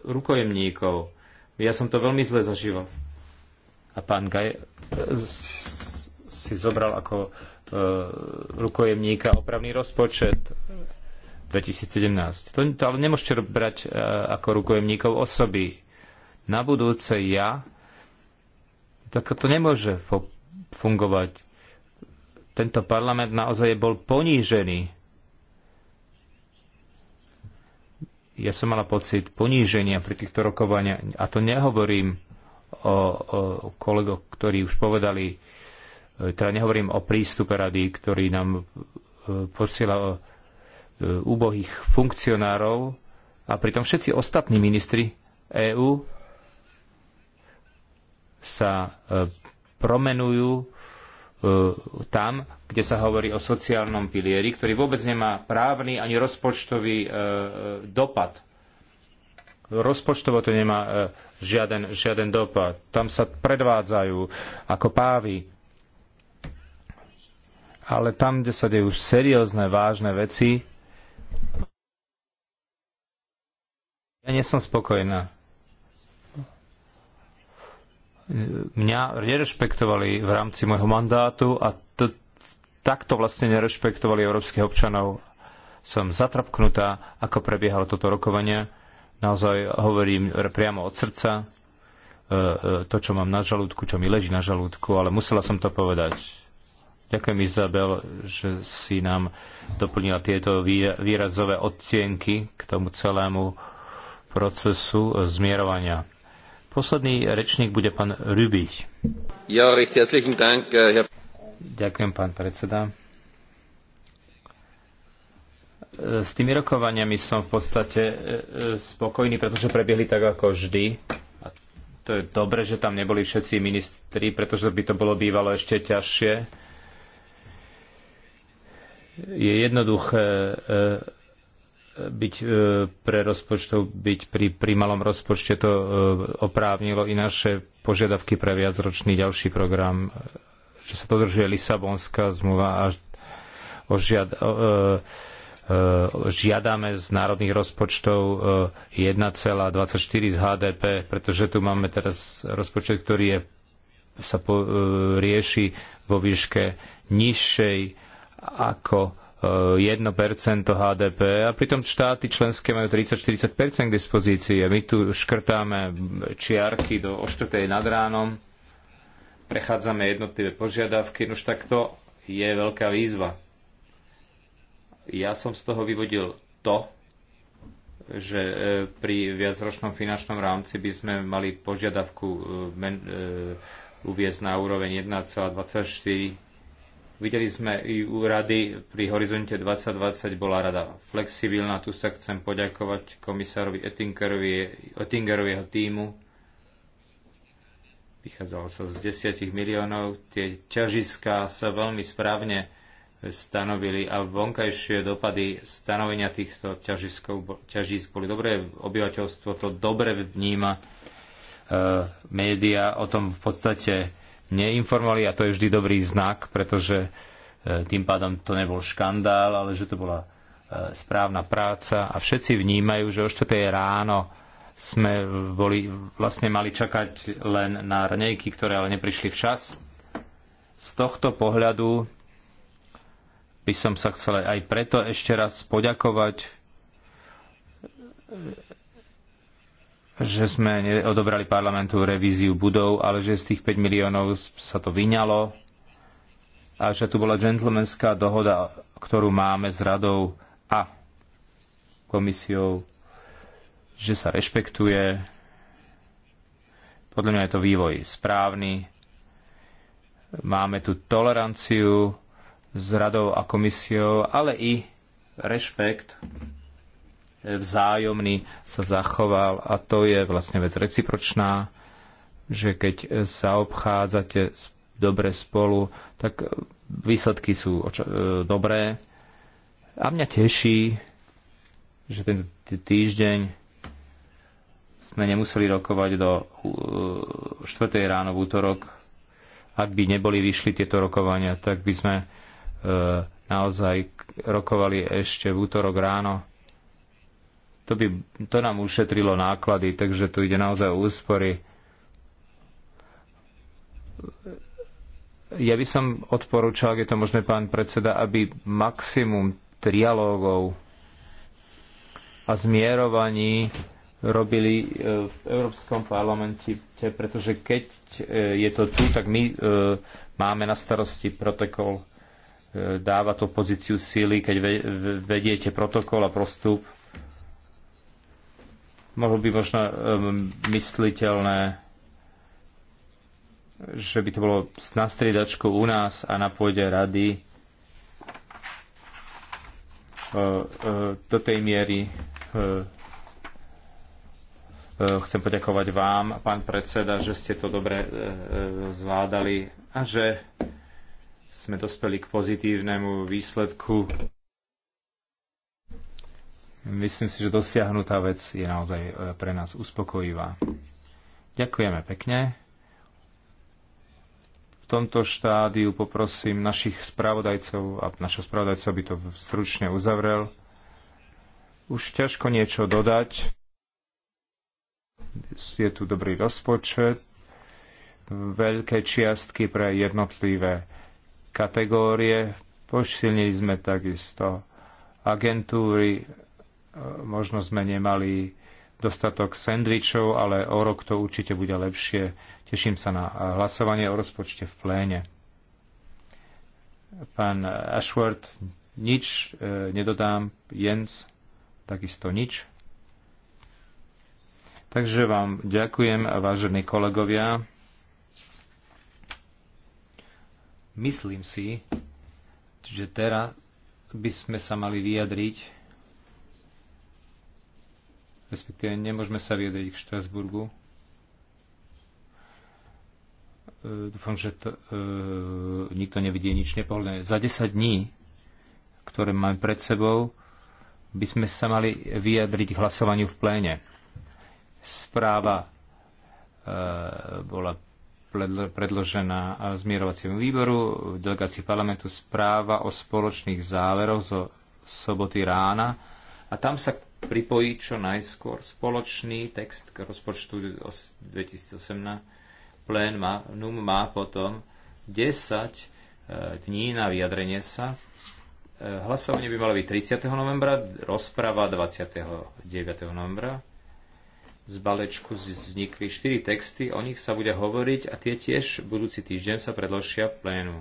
rukojemníkov. Ja som to veľmi zle zažíval. A pán Gaj e, si zobral ako e, rukojemníka opravný rozpočet 2017. To, to ale nemôžete brať e, ako rukojemníkov osoby. Na budúce ja, tak to nemôže fungovať. Tento parlament naozaj bol ponížený. Ja som mala pocit poníženia pri týchto rokovaniach. A to nehovorím o, o kolegoch, ktorí už povedali, e, teda nehovorím o prístupe rady, ktorý nám e, posielal E, úbohých funkcionárov a pritom všetci ostatní ministri EÚ sa e, promenujú e, tam, kde sa hovorí o sociálnom pilieri, ktorý vôbec nemá právny ani rozpočtový dopad. Rozpočtovo to nemá žiaden, žiaden dopad. Tam sa predvádzajú ako pávy. Ale tam, kde sa dejú seriózne, vážne veci, ja nie som spokojná. Mňa nerešpektovali v rámci môjho mandátu a to, takto vlastne nerešpektovali európskych občanov. Som zatrapknutá, ako prebiehalo toto rokovanie. Naozaj hovorím priamo od srdca e, e, to, čo mám na žalúdku, čo mi leží na žalúdku, ale musela som to povedať Ďakujem, Izabel, že si nám doplnila tieto výrazové odtienky k tomu celému procesu e, zmierovania. Posledný rečník bude pán Rübich. Ja, recht herzlichen Dank, äh, Herr... Ďakujem, pán predseda. E, s tými rokovaniami som v podstate e, spokojný, pretože prebiehli tak ako vždy. A to je dobre, že tam neboli všetci ministri, pretože by to bolo bývalo ešte ťažšie je jednoduché e, e, byť e, pre rozpočtov, byť pri, pri malom rozpočte to oprávnilo i naše požiadavky pre viacročný ďalší program, že sa dodržuje Lisabonská zmluva a o, o, o, žiadame z národných rozpočtov 1,24 z HDP, pretože tu máme teraz rozpočet, ktorý je, sa po, rieši vo výške nižšej ako 1% e, HDP a pritom štáty členské majú 30-40% k dispozícii a my tu škrtáme čiarky do o 4. nad ránom, prechádzame jednotlivé požiadavky, no už tak to je veľká výzva. Ja som z toho vyvodil to, že e, pri viacročnom finančnom rámci by sme mali požiadavku e, uviezť na úroveň 1,24 Videli sme EU rady pri Horizonte 2020 bola rada flexibilná. Tu sa chcem poďakovať komisárovi Ettingerovi, Ettingerovi jeho týmu. Vychádzalo sa z 10 miliónov. Tie ťažiská sa veľmi správne stanovili a vonkajšie dopady stanovenia týchto ťažisk boli dobré. Obyvateľstvo to dobre vníma. E, média o tom v podstate neinformovali a to je vždy dobrý znak, pretože e, tým pádom to nebol škandál, ale že to bola e, správna práca a všetci vnímajú, že o 4. ráno sme boli, vlastne mali čakať len na rnejky, ktoré ale neprišli včas. Z tohto pohľadu by som sa chcel aj preto ešte raz poďakovať že sme neodobrali parlamentu revíziu budov, ale že z tých 5 miliónov sa to vyňalo a že tu bola džentlmenská dohoda, ktorú máme s radou a komisiou, že sa rešpektuje. Podľa mňa je to vývoj správny. Máme tu toleranciu s radou a komisiou, ale i rešpekt vzájomný sa zachoval a to je vlastne vec recipročná, že keď sa obchádzate dobre spolu, tak výsledky sú e, dobré. A mňa teší, že ten týždeň sme nemuseli rokovať do 4. E, ráno v útorok. Ak by neboli vyšli tieto rokovania, tak by sme e, naozaj rokovali ešte v útorok ráno to, by, to nám ušetrilo náklady, takže tu ide naozaj o úspory. Ja by som odporúčal, ak je to možné, pán predseda, aby maximum trialógov a zmierovaní robili e, v Európskom parlamente, pretože keď e, je to tu, tak my e, máme na starosti protokol, dáva to pozíciu síly, keď vediete protokol a prostup Mohlo by možno um, mysliteľné, že by to bolo na striedačku u nás a na pôde rady do tej miery chcem poďakovať vám, pán predseda, že ste to dobre e, e, zvládali a že sme dospeli k pozitívnemu výsledku. Myslím si, že dosiahnutá vec je naozaj e, pre nás uspokojivá. Ďakujeme pekne. V tomto štádiu poprosím našich spravodajcov, a našho spravodajcov by to stručne uzavrel. Už ťažko niečo dodať. Je tu dobrý rozpočet, veľké čiastky pre jednotlivé kategórie. Pošilnili sme takisto agentúry E, možno sme nemali dostatok sendvičov, ale o rok to určite bude lepšie. Teším sa na e, hlasovanie o rozpočte v pléne. Pán Ashworth, nič e, nedodám. Jens, takisto nič. Takže vám ďakujem, vážení kolegovia. Myslím si, že teraz by sme sa mali vyjadriť respektíve nemôžeme sa vyjadriť k Štrasburgu. E, dúfam, že to, e, nikto nevidie nič nepohľadné. Za 10 dní, ktoré máme pred sebou, by sme sa mali vyjadriť k hlasovaniu v pléne. Správa e, bola predložená zmierovaciemu výboru v delegácii parlamentu správa o spoločných záveroch zo soboty rána a tam sa pripojiť čo najskôr spoločný text k rozpočtu 2018. Plén má, NUM má potom 10 e, dní na vyjadrenie sa. E, hlasovanie by malo byť 30. novembra, rozprava 29. novembra. Z balečku vznikli 4 texty, o nich sa bude hovoriť a tie tiež budúci týždeň sa predložia plénu.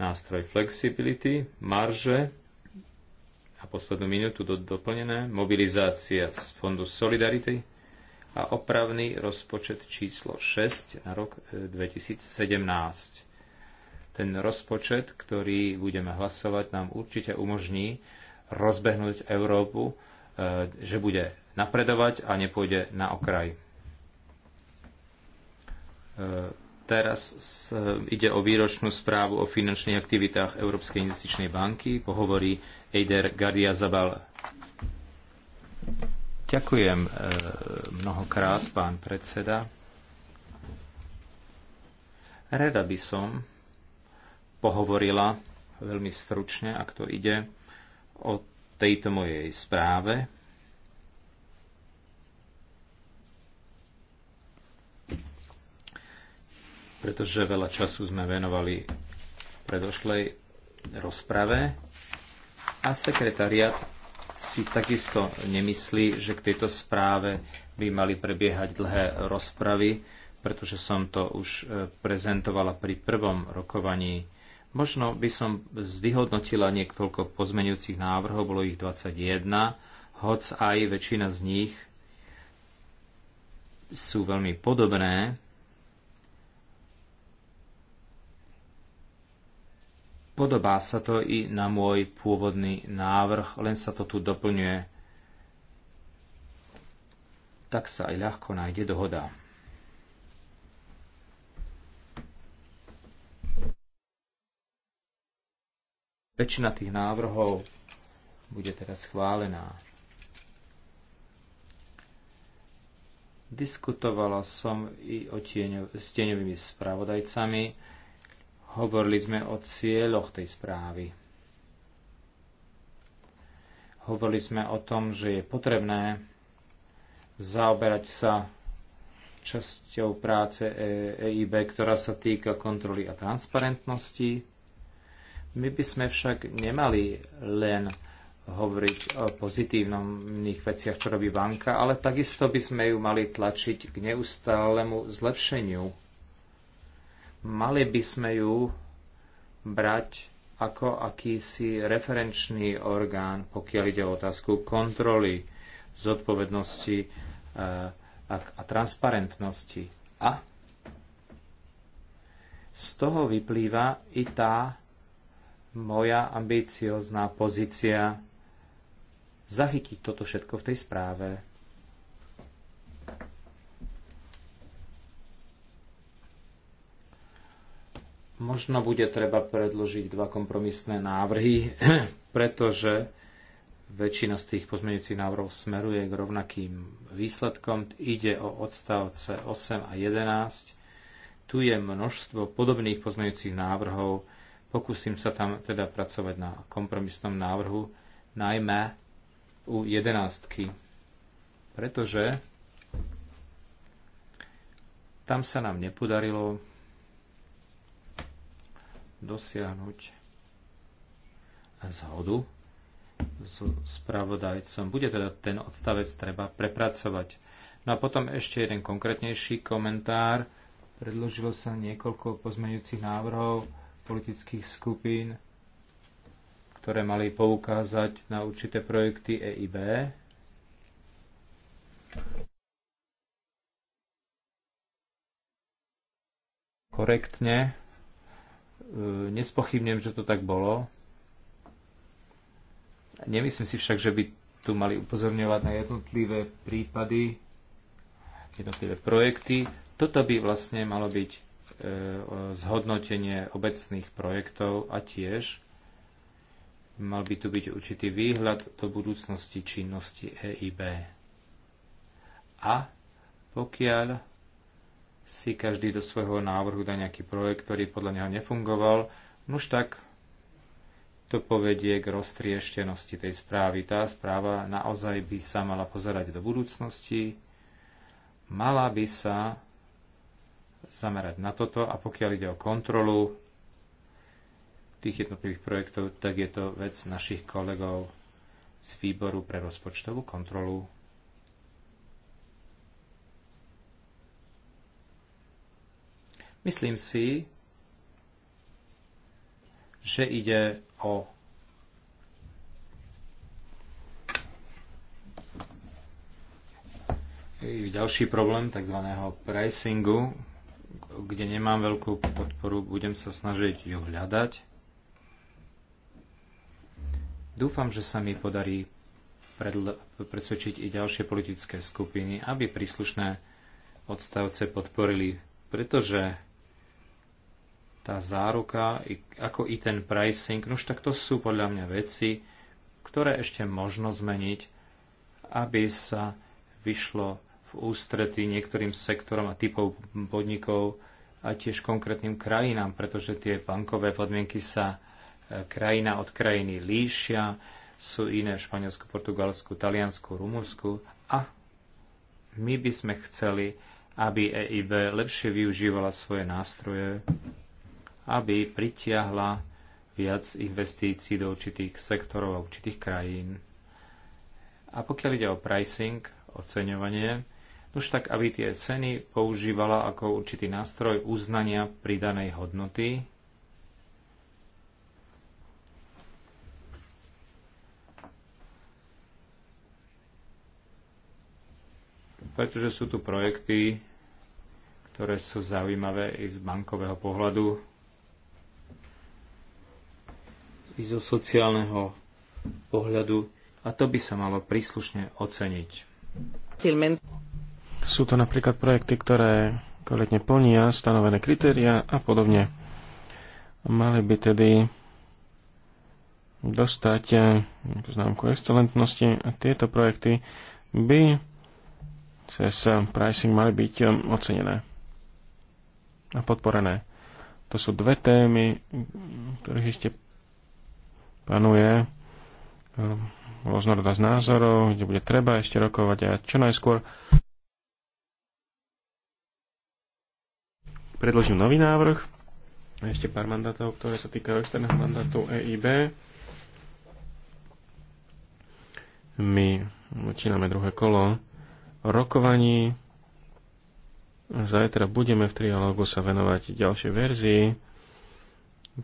Nástroj flexibility, marže, a poslednú minútu do, doplnené, mobilizácia z Fondu Solidarity a opravný rozpočet číslo 6 na rok 2017. E, Ten rozpočet, ktorý budeme hlasovať, nám určite umožní rozbehnúť Európu, e, že bude napredovať a nepôjde na okraj. E, teraz ide o výročnú správu o finančných aktivitách Európskej investičnej banky. Pohovorí Eider Gardia Zabal. Ďakujem eh, mnohokrát, pán predseda. Rada by som pohovorila veľmi stručne, ak to ide, o tejto mojej správe. Pretože veľa času sme venovali predošlej rozprave a sekretariat si takisto nemyslí, že k tejto správe by mali prebiehať dlhé rozpravy, pretože som to už e, prezentovala pri prvom rokovaní. Možno by som zvyhodnotila niekoľko pozmenujúcich návrhov, bolo ich 21, hoc aj väčšina z nich sú veľmi podobné, Podobá sa to i na môj pôvodný návrh, len sa to tu doplňuje. Tak sa aj ľahko nájde dohoda. Väčšina tých návrhov bude teraz chválená. Diskutovala som i o tieňo, s tieňovými spravodajcami Hovorili sme o cieľoch tej správy. Hovorili sme o tom, že je potrebné zaoberať sa časťou práce EIB, e ktorá sa týka kontroly a transparentnosti. My by sme však nemali len hovoriť o pozitívnych veciach, čo robí banka, ale takisto by sme ju mali tlačiť k neustálemu zlepšeniu Mali by sme ju brať ako akýsi referenčný orgán, pokiaľ ide o otázku kontroly, zodpovednosti eh, a transparentnosti. A z toho vyplýva i tá moja ambiciozná pozícia zachytiť toto všetko v tej správe. Možno bude treba predložiť dva kompromisné návrhy, pretože väčšina z tých pozmeňujúcich návrhov smeruje k rovnakým výsledkom. Ide o odstavce 8 a 11. Tu je množstvo podobných pozmeňujúcich návrhov. Pokúsim sa tam teda pracovať na kompromisnom návrhu, najmä u 11. Pretože tam sa nám nepodarilo dosiahnuť zhodu s spravodajcom. Bude teda ten odstavec treba prepracovať. No a potom ešte jeden konkrétnejší komentár. Predložilo sa niekoľko pozmeňujúcich návrhov politických skupín, ktoré mali poukázať na určité projekty EIB. Korektne E, nespochybnem, že to tak bolo. Nemyslím si však, že by tu mali upozorňovať na jednotlivé prípady, jednotlivé projekty. Toto by vlastne malo byť e, zhodnotenie obecných projektov a tiež mal by tu byť určitý výhľad do budúcnosti činnosti EIB. A pokiaľ si každý do svojho návrhu dá nejaký projekt, ktorý podľa neho nefungoval, nuž tak to povedie k roztrieštenosti tej správy. Tá správa naozaj by sa mala pozerať do budúcnosti, mala by sa zamerať na toto a pokiaľ ide o kontrolu tých jednotlivých projektov, tak je to vec našich kolegov z výboru pre rozpočtovú kontrolu. Myslím si, že ide o ďalší problém tzv. pricingu, kde nemám veľkú podporu, budem sa snažiť ju hľadať. Dúfam, že sa mi podarí presvedčiť i ďalšie politické skupiny, aby príslušné odstavce podporili, pretože tá záruka, ako i ten pricing, no už tak to sú podľa mňa veci, ktoré ešte možno zmeniť, aby sa vyšlo v ústrety niektorým sektorom a typov podnikov a tiež konkrétnym krajinám, pretože tie bankové podmienky sa e, krajina od krajiny líšia, sú iné v Španielsku, Portugalsku, Taliansku, Rumunsku a my by sme chceli, aby EIB lepšie využívala svoje nástroje aby pritiahla viac investícií do určitých sektorov a určitých krajín. A pokiaľ ide o pricing, oceňovanie, no už tak, aby tie ceny používala ako určitý nástroj uznania pridanej hodnoty pretože sú tu projekty, ktoré sú zaujímavé i z bankového pohľadu i zo sociálneho pohľadu a to by sa malo príslušne oceniť. Sú to napríklad projekty, ktoré kvalitne plnia stanovené kritéria a podobne. Mali by tedy dostať eh, známku excelentnosti a tieto projekty by cez eh, pricing mali byť eh, ocenené a podporené. To sú dve témy, ktorých ešte panuje eh, rôznorodosť názorov, kde bude treba ešte rokovať a čo najskôr predložím nový návrh a ešte pár mandátov, ktoré sa týkajú externého mandátu EIB. My začíname druhé kolo rokovaní. Zajtra budeme v trialógu sa venovať ďalšej verzii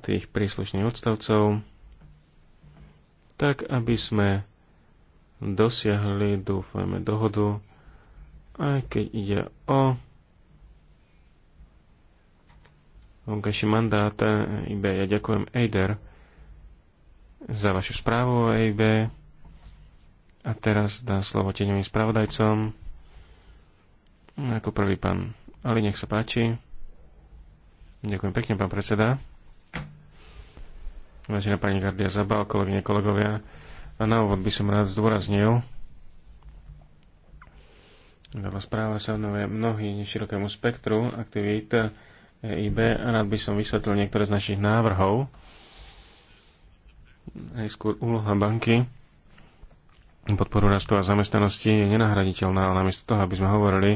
tých príslušných odstavcov tak aby sme dosiahli, dúfajme, dohodu, aj keď ide o vonkajší mandát IB. Ja ďakujem EIDER za vašu správu o EIB. A teraz dám slovo teňovým spravodajcom. Ako prvý pán Ali, nech sa páči. Ďakujem pekne, pán predseda. Vážená pani Gardia Zabal, kolegyne, kolegovia, a na úvod by som rád zdôraznil, lebo správa sa venuje mnohí širokému spektru aktivít EIB a rád by som vysvetlil niektoré z našich návrhov. Aj skôr úloha banky podporu rastu a zamestnanosti je nenahraditeľná, ale namiesto toho, aby sme hovorili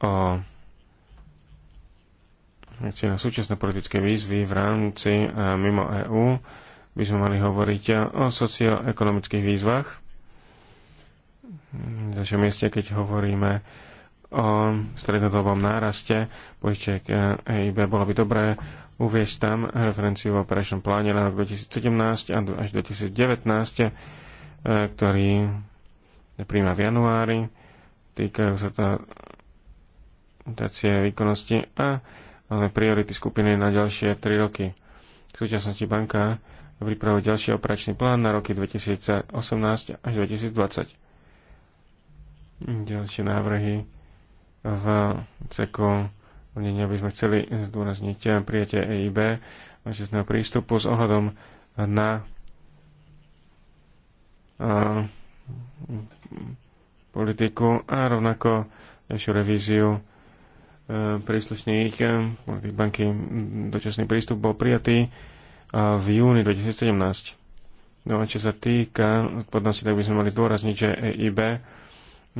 o veci na súčasné politické výzvy v rámci a e, mimo EÚ by sme mali hovoriť o socioekonomických výzvach. V našom mieste, keď hovoríme o strednodobom náraste požičiek EIB, e bolo by dobré uvieť tam referenciu v operačnom pláne na rok 2017 až 2019, e, ktorý príjma v januári. Týkajú sa to dotácie výkonnosti a priority skupiny na ďalšie 3 roky. V súčasnosti banka pripravuje ďalší operačný plán na roky 2018 až 2020. Ďalšie návrhy v CECO plnenia by sme chceli zdôrazniť prijatie EIB čestného prístupu s ohľadom na a, politiku a rovnako ďalšiu revíziu príslušných tých eh, banky dočasný prístup bol prijatý eh, v júni 2017. No a čo sa týka odpadnosti, tak by sme mali zdôrazniť, že EIB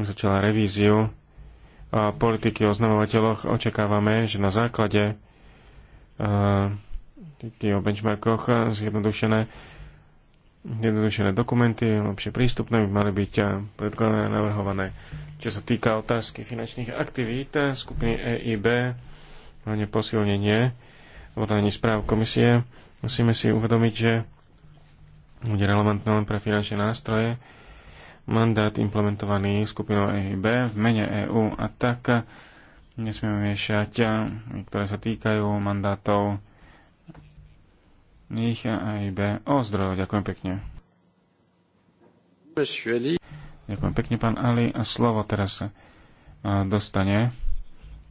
začala revíziu a politiky o znamovateľoch. Očakávame, že na základe eh, tých o benchmarkoch zjednodušené jednodušené dokumenty, lepšie prístupné by mali byť eh, predkladané a navrhované. Čo sa týka otázky finančných aktivít eh, skupiny EIB, hlavne posilnenie odhľadaní správ komisie, musíme si uvedomiť, že bude relevantné len pre finančné nástroje, mandát implementovaný skupinou EIB v mene EÚ a tak nesmieme miešať, eh, ktoré sa týkajú mandátov aj B. o zdravo, Ďakujem pekne. Ďakujem pekne, pán Ali. A slovo teraz e, dostane e,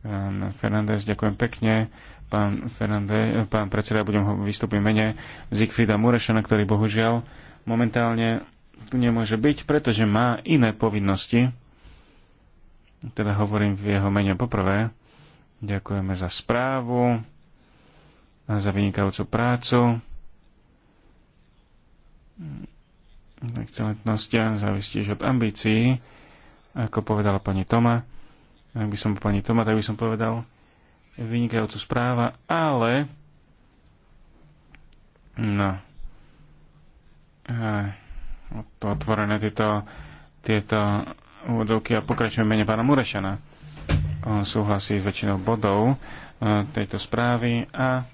pán Fernández. Ďakujem pekne. Pán, Fernández, e, pán predseda, budem ho vystúpiť mene Zigfrida Murešana, ktorý bohužiaľ momentálne tu nemôže byť, pretože má iné povinnosti. Teda hovorím v jeho mene poprvé. Ďakujeme za správu a za vynikajúcu prácu. Mm. excelentnosť závisí tiež od ambícií, ako povedala pani Toma. Ak by som pani Toma, tak by som povedal vynikajúcu správa, ale no to otvorené tieto, tieto úvodovky a pokračujem mene pána Murešana. On súhlasí s väčšinou bodov e, tejto správy a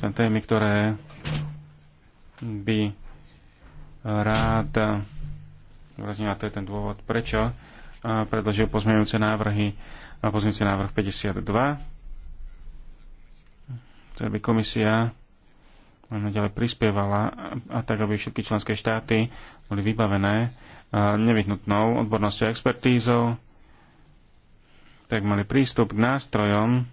ten témy, ktoré by rád a to je ten dôvod, prečo predložil pozmeňujúce návrhy na pozmeňujúci návrh 52. To by komisia ďalej prispievala a tak, aby všetky členské štáty boli vybavené nevyhnutnou odbornosťou a expertízou, tak mali prístup k nástrojom,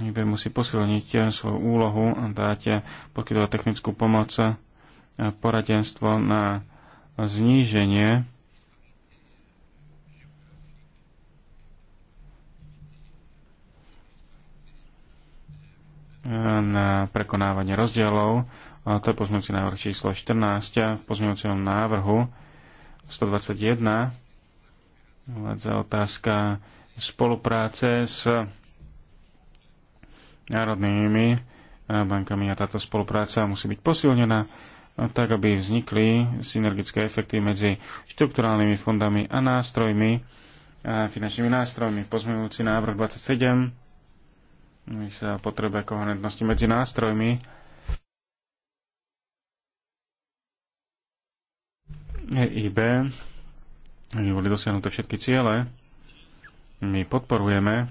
IB musí posilniť eh, svoju úlohu, a dáte eh, pokytovať technickú pomoc, poradenstvo na zníženie na prekonávanie rozdielov. a To je pozmeňujúci návrh číslo 14. Eh, v pozmeňujúcom návrhu 121 uvádza otázka spolupráce s národnými eh, bankami a táto spolupráca musí byť posilnená eh, tak, aby vznikli synergické efekty medzi štrukturálnymi fondami a nástrojmi, a finančnými nástrojmi. Pozmeňujúci návrh 27 sa potrebuje koherentnosti medzi nástrojmi EIB, aby boli dosiahnuté všetky ciele. My podporujeme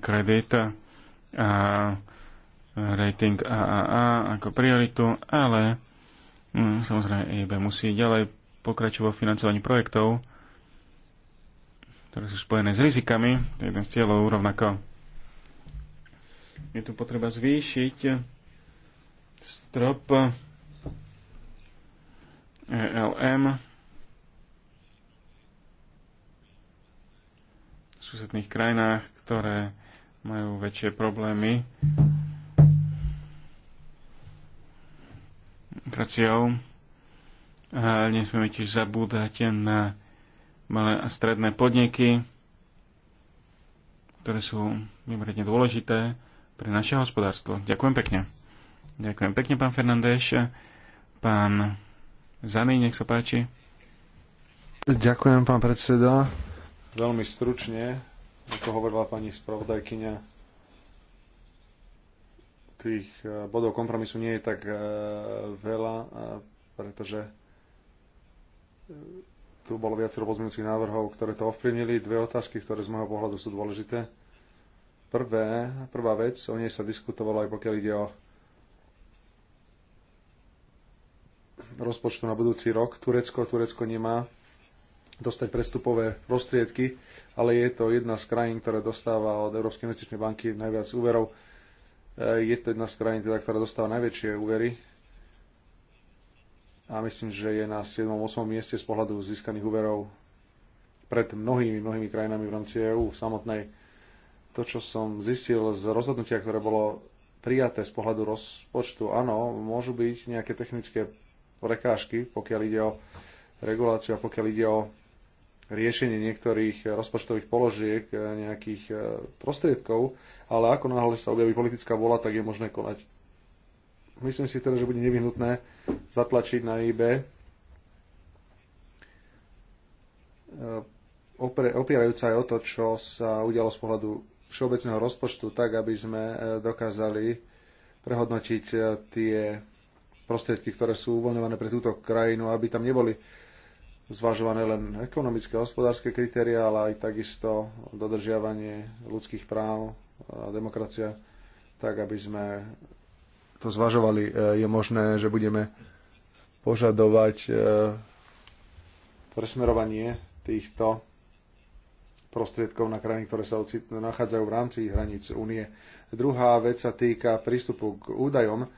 kredit a rating AAA ako prioritu, ale mm, samozrejme EIB musí ďalej pokračovať v financovaní projektov, ktoré sú spojené s rizikami, to je jeden z cieľov rovnako. Je tu potreba zvýšiť strop ELM v susedných krajinách ktoré majú väčšie problémy kraciou. A nesmieme tiež zabúdať na malé a stredné podniky, ktoré sú mimoriadne dôležité pre naše hospodárstvo. Ďakujem pekne. Ďakujem pekne, pán Fernandéš. Pán Zany, nech sa páči. Ďakujem, pán predseda. Veľmi stručne ako hovorila pani spravodajkyňa, tých eh, bodov kompromisu nie je tak eh, veľa, eh, pretože tu bolo viacero pozmeňujúcich návrhov, ktoré to ovplyvnili. Dve otázky, ktoré z môjho pohľadu sú dôležité. Prvé, prvá vec, o nej sa diskutovalo aj pokiaľ ide o rozpočtu na budúci rok. Turecko, Turecko nemá dostať prestupové prostriedky ale je to jedna z krajín, ktorá dostáva od Európskej investičnej banky najviac úverov. E, je to jedna z krajín, teda, ktorá dostáva najväčšie úvery a myslím, že je na 7. 8. mieste z pohľadu získaných úverov pred mnohými, mnohými krajinami v rámci EÚ samotnej. To, čo som zistil z rozhodnutia, ktoré bolo prijaté z pohľadu rozpočtu, áno, môžu byť nejaké technické prekážky, pokiaľ ide o reguláciu a pokiaľ ide o riešenie niektorých eh, rozpočtových položiek, eh, nejakých eh, prostriedkov, ale ako náhle sa objaví politická vola, tak je možné konať. Myslím si teda, že bude nevyhnutné zatlačiť na IB opierajúc aj o to, čo sa udialo z pohľadu všeobecného rozpočtu, tak aby sme dokázali prehodnotiť tie prostriedky, ktoré sú uvoľňované pre túto krajinu, aby tam neboli zvažované len ekonomické a hospodárske kritéria, ale aj takisto dodržiavanie ľudských práv a demokracia, tak aby sme to zvažovali. E, je možné, že budeme požadovať e, presmerovanie týchto prostriedkov na krajiny, ktoré sa nachádzajú v rámci hraníc únie. Druhá vec sa týka prístupu k údajom.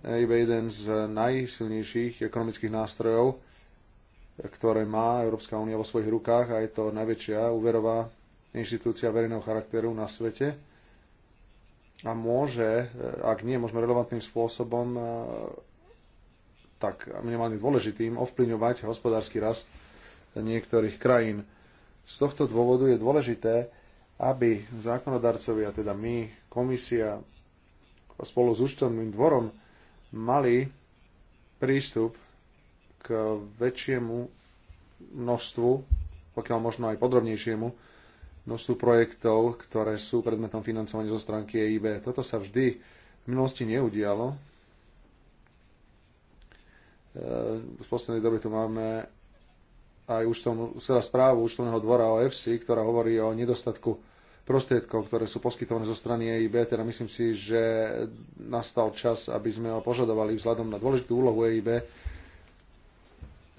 Je jeden z najsilnejších ekonomických nástrojov, ktoré má Európska únia vo svojich rukách a je to najväčšia úverová inštitúcia verejného charakteru na svete a môže, eh, ak nie možno relevantným spôsobom, eh, tak minimálne dôležitým, ovplyvňovať hospodársky rast niektorých krajín. Z tohto dôvodu je dôležité, aby zákonodarcovia, teda my, komisia, spolu s účtovným dvorom, mali prístup k väčšiemu množstvu, pokiaľ možno aj podrobnejšiemu, množstvu projektov, ktoré sú predmetom financovania zo stránky EIB. Toto sa vždy v minulosti neudialo. E, v poslednej dobe tu máme aj som celá teda správu účtovného dvora o FC, ktorá hovorí o nedostatku prostriedkov, ktoré sú poskytované zo strany EIB. Teda myslím si, že nastal čas, aby sme ho požadovali vzhľadom na dôležitú úlohu EIB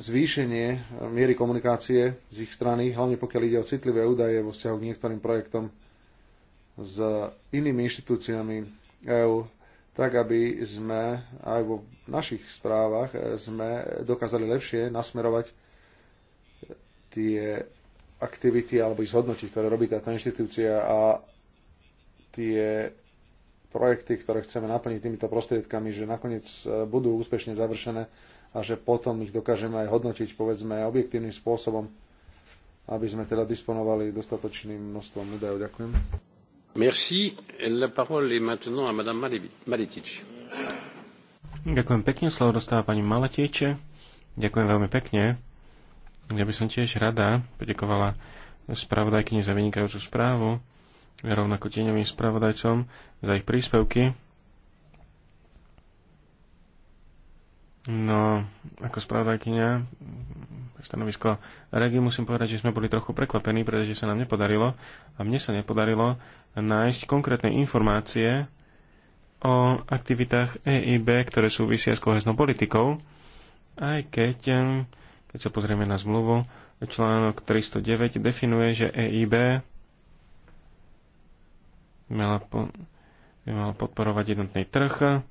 zvýšenie eh, miery komunikácie z ich strany, hlavne pokiaľ ide o citlivé údaje vo vzťahu k niektorým projektom s inými inštitúciami EÚ, tak aby sme aj vo našich správach eh, sme dokázali lepšie nasmerovať eh, tie aktivity alebo ich zhodnotiť, ktoré robí táto inštitúcia a tie projekty, ktoré chceme naplniť týmito prostriedkami, že nakoniec budú úspešne završené a že potom ich dokážeme aj hodnotiť, povedzme, objektívnym spôsobom, aby sme teda disponovali dostatočným množstvom údajov. Ďakujem. Merci. La parole est maintenant à madame Maletic. Ďakujem pekne, slovo dostáva pani maletiče. Ďakujem veľmi pekne. Ja by som tiež rada poďakovala spravodajkyni za vynikajúcu správu, rovnako tieňovým spravodajcom za ich príspevky. No, ako spravodajkynia, stanovisko regi musím povedať, že sme boli trochu prekvapení, pretože sa nám nepodarilo a mne sa nepodarilo nájsť konkrétne informácie o aktivitách EIB, ktoré súvisia s koheznou politikou, aj keď, keď sa pozrieme na zmluvu, článok 309 definuje, že EIB mala, po, mala podporovať jednotný trh,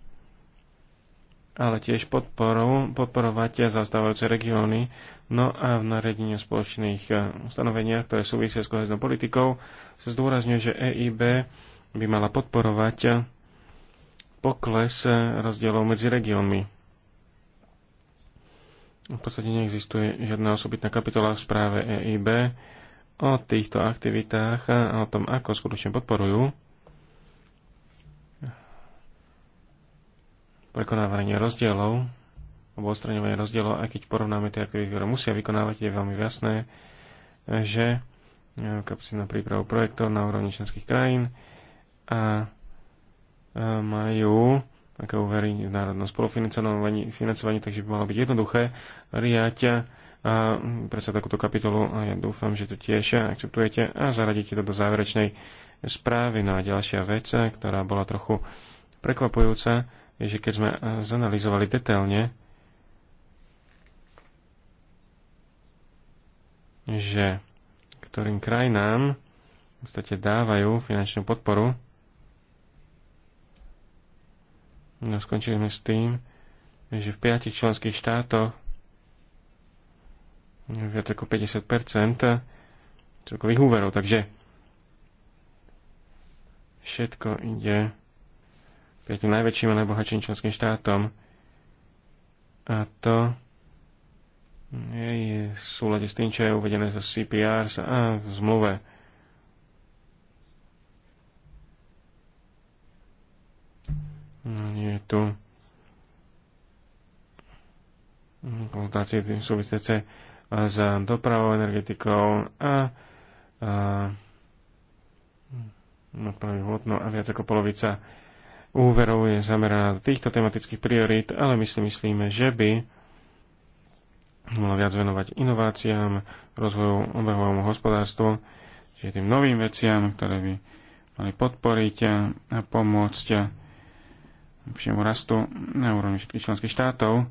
ale tiež podporu, podporovať zastávajúce regióny. No a v nariadení spoločných e, ustanoveniach, ktoré súvisia s koheznou politikou, sa zdôrazňuje, že EIB by mala podporovať pokles e, rozdielov medzi regiónmi. V podstate neexistuje žiadna osobitná kapitola v správe EIB o týchto aktivitách a o tom, ako skutočne podporujú prekonávanie rozdielov alebo odstraňovanie rozdielov, aj keď porovnáme tie aktivity, ktoré musia vykonávať, je veľmi jasné, že e, kapci na prípravu projektov na úrovni členských krajín a e, majú aké uverí v národnom spolufinancovaní, takže by malo byť jednoduché riať a predsa takúto kapitolu a ja dúfam, že to tiež akceptujete a zaradíte to do záverečnej správy. No a ďalšia vec, ktorá bola trochu prekvapujúca, je, že keď sme e, zanalizovali detailne, že ktorým krajinám v podstate dávajú finančnú podporu, no skončili sme s tým, že v piatich členských štátoch viac ako 50 celkových úverov. Takže všetko ide tým najväčším a najbohatším členským štátom. A to je v súlade s tým, čo je uvedené zo CPR a v zmluve. No, nie je tu konzultácie súvisiace s dopravou, energetikou a, a no, no a viac ako polovica úverov je zameraná do týchto tematických priorít, ale my si myslíme, že by mohla viac venovať inováciám, rozvoju obehovému hospodárstvu, čiže tým novým veciam, ktoré by mali podporiť a pomôcť lepšiemu rastu na úrovni všetkých členských štátov,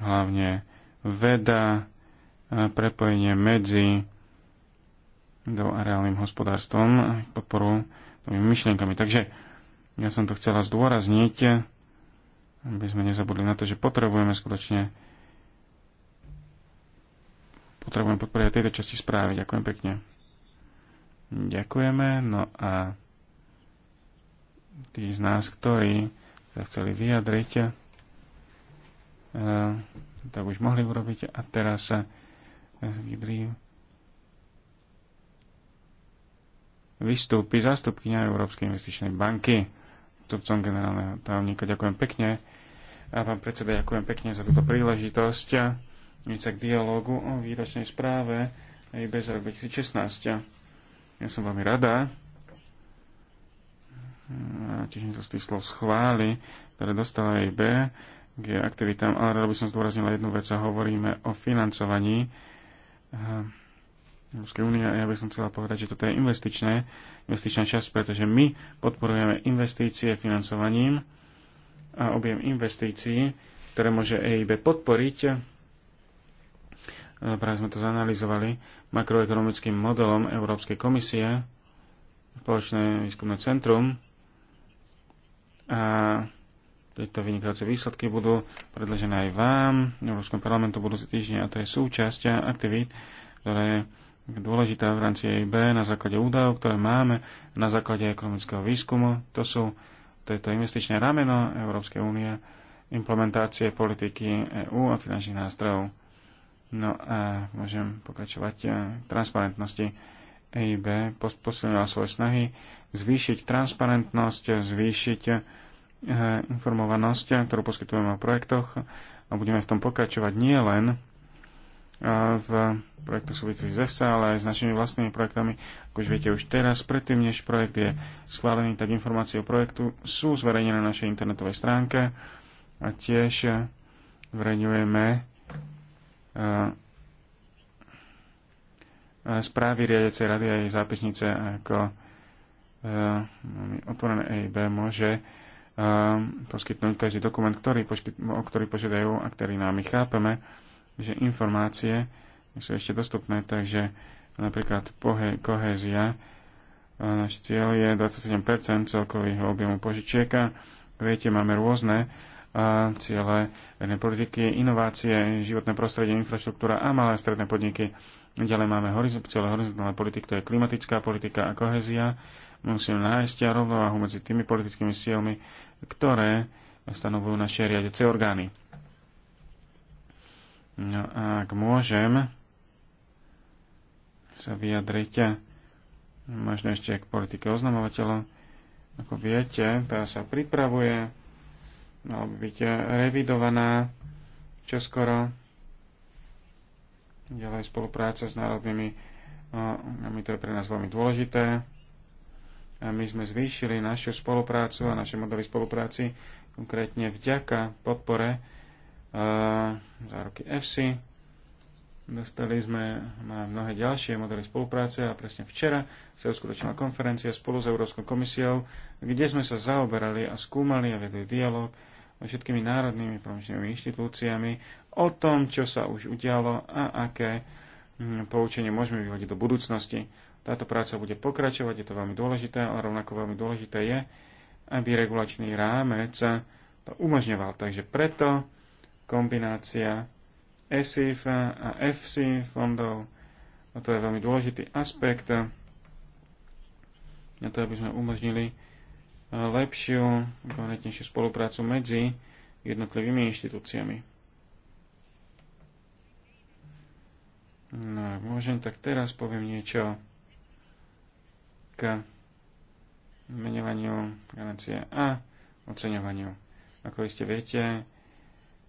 hlavne veda, prepojenie medzi do a reálnym hospodárstvom, podporu novými myšlienkami. Takže ja som to chcela zdôrazniť, aby sme nezabudli na to, že potrebujeme skutočne potrebujem podporiť aj tejto časti správy. Ďakujem pekne. Ďakujeme. No a tí z nás, ktorí sa chceli vyjadriť, eh, tak už mohli urobiť. A teraz sa eh, vydrím. vystúpi zastupkynia Európskej investičnej banky zástupcom generálneho tajomníka. Ďakujem pekne. A pán predseda, ďakujem pekne za túto príležitosť ísť sa k dialogu o výročnej správe EIB za rok 2016. Ja som veľmi rada. A teším sa z tých slov schvály, ktoré dostala EIB k aktivitám, ale rada by som zdôraznila jednu vec a hovoríme o financovaní Európskej únie a ja by som chcela povedať, že toto je investičné, investičná časť, pretože my podporujeme investície financovaním a objem investícií, ktoré môže EIB podporiť. E, práve sme to zanalizovali makroekonomickým modelom Európskej komisie, spoločné výskumné centrum a tieto vynikajúce výsledky budú predložené aj vám, Európskom parlamentu budú týždeň a to je súčasť aktivít, ktoré dôležitá v rámci EIB na základe údajov, ktoré máme, na základe ekonomického výskumu. To sú to to investičné rameno Európskej únie, implementácie politiky EÚ a finančných nástrojov. No a môžem pokračovať v eh, transparentnosti. EIB posilnila svoje snahy zvýšiť transparentnosť, zvýšiť eh, informovanosť, ktorú poskytujeme o projektoch a budeme v tom pokračovať nie len v projektoch súvisí z EFSA, ale aj s našimi vlastnými projektami. Ako už viete už teraz, predtým než projekt je schválený, tak informácie o projektu sú zverejnené na našej internetovej stránke a tiež zverejňujeme správy riadecej rady a jej zápisnice ako otvorené EIB môže poskytnúť každý dokument, ktorý, o ktorý požiadajú a ktorý nám my chápeme že informácie sú ešte dostupné, takže napríklad kohézia, e, náš cieľ je 27% celkového objemu požičiek. Viete, máme rôzne e, ciele verejnej politiky, inovácie, životné prostredie, infraštruktúra a malé a stredné podniky. Ďalej máme horizont, celé horizontálne politiky, to je klimatická politika a kohezia. Musíme nájsť rovnováhu medzi tými politickými cieľmi, ktoré stanovujú naše riadece orgány. No a ak môžem sa vyjadriť možno ešte k politike oznamovateľa. ako viete, tá sa pripravuje, mala by byť revidovaná čoskoro. Ďalej spolupráca s národnými no, my to je pre nás veľmi dôležité. A my sme zvýšili našu spoluprácu a naše modely spolupráci konkrétne vďaka podpore záruky EFSI. Dostali sme na mnohé ďalšie modely spolupráce a presne včera sa uskutočnila konferencia spolu s Európskou komisiou, kde sme sa zaoberali a skúmali a vedli dialog so všetkými národnými promočnými inštitúciami o tom, čo sa už udialo a aké hm, poučenie môžeme vyvodiť do budúcnosti. Táto práca bude pokračovať, je to veľmi dôležité, ale rovnako veľmi dôležité je, aby regulačný rámec to umožňoval. Takže preto kombinácia ESIF a FC fondov. A to je veľmi dôležitý aspekt na to, aby sme umožnili lepšiu, kvalitnejšiu spoluprácu medzi jednotlivými inštitúciami. No, môžem, tak teraz poviem niečo k menovaniu garancie a oceňovaniu. Ako iste viete,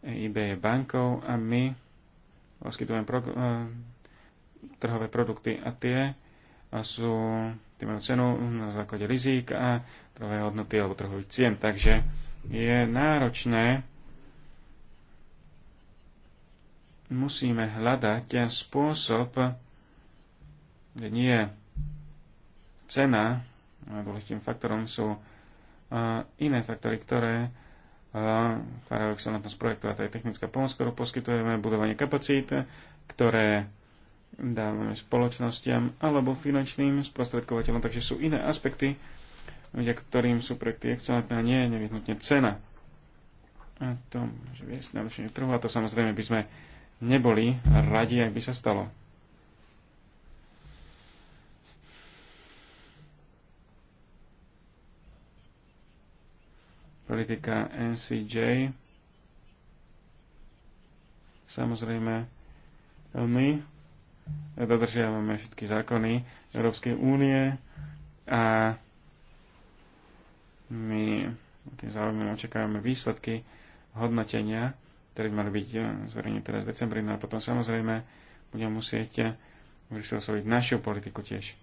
IB je bankou a my poskytujeme pro, e, eh, trhové produkty a tie a sú tým majú cenu na základe rizík a trhové hodnoty alebo trhových cien. Takže je náročné, musíme hľadať spôsob, kde nie cena, dôležitým faktorom sú eh, iné faktory, ktoré tvárov excelentnosť projektu a to je technická pomoc, ktorú poskytujeme, budovanie kapacít, ktoré dávame spoločnostiam alebo finančným sprostredkovateľom, takže sú iné aspekty, vďaka ktorým sú projekty excelentné a nie je nevyhnutne cena. A to môže viesť na trhu a to samozrejme by sme neboli radi, ak by sa stalo. politika NCJ. Samozrejme, my dodržiavame všetky zákony Európskej únie a my tým záujmom očakávame výsledky hodnotenia, ktoré by mali byť eh, zverejne teraz v decembri, no a potom samozrejme budeme musieť eh, vysvetliť našu politiku tiež.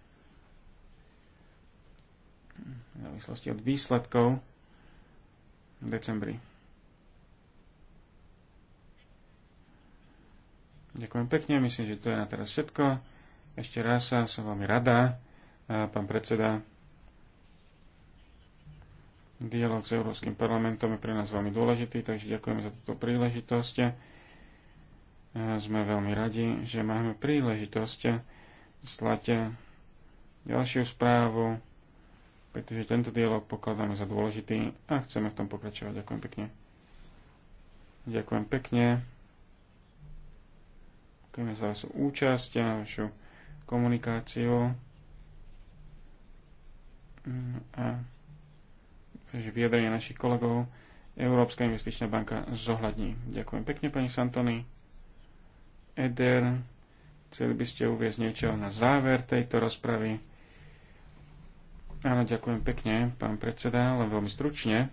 V závislosti od výsledkov decembri. Ďakujem pekne, myslím, že to je na teraz všetko. Ešte raz sa som veľmi rada, pán predseda. Dialóg s Európskym parlamentom je pre nás veľmi dôležitý, takže ďakujeme za túto príležitosť. Sme veľmi radi, že máme príležitosť slať ďalšiu správu pretože tento dialog pokladáme za dôležitý a chceme v tom pokračovať. Ďakujem pekne. Ďakujem pekne. Ďakujeme za vašu účasť a vašu komunikáciu. Mm, a že vyjadrenie našich kolegov Európska investičná banka zohľadní. Ďakujem pekne, pani Santony. Eder, chceli by ste uviezť niečo na záver tejto rozpravy? Áno, ďakujem pekne, pán predseda, len veľmi stručne.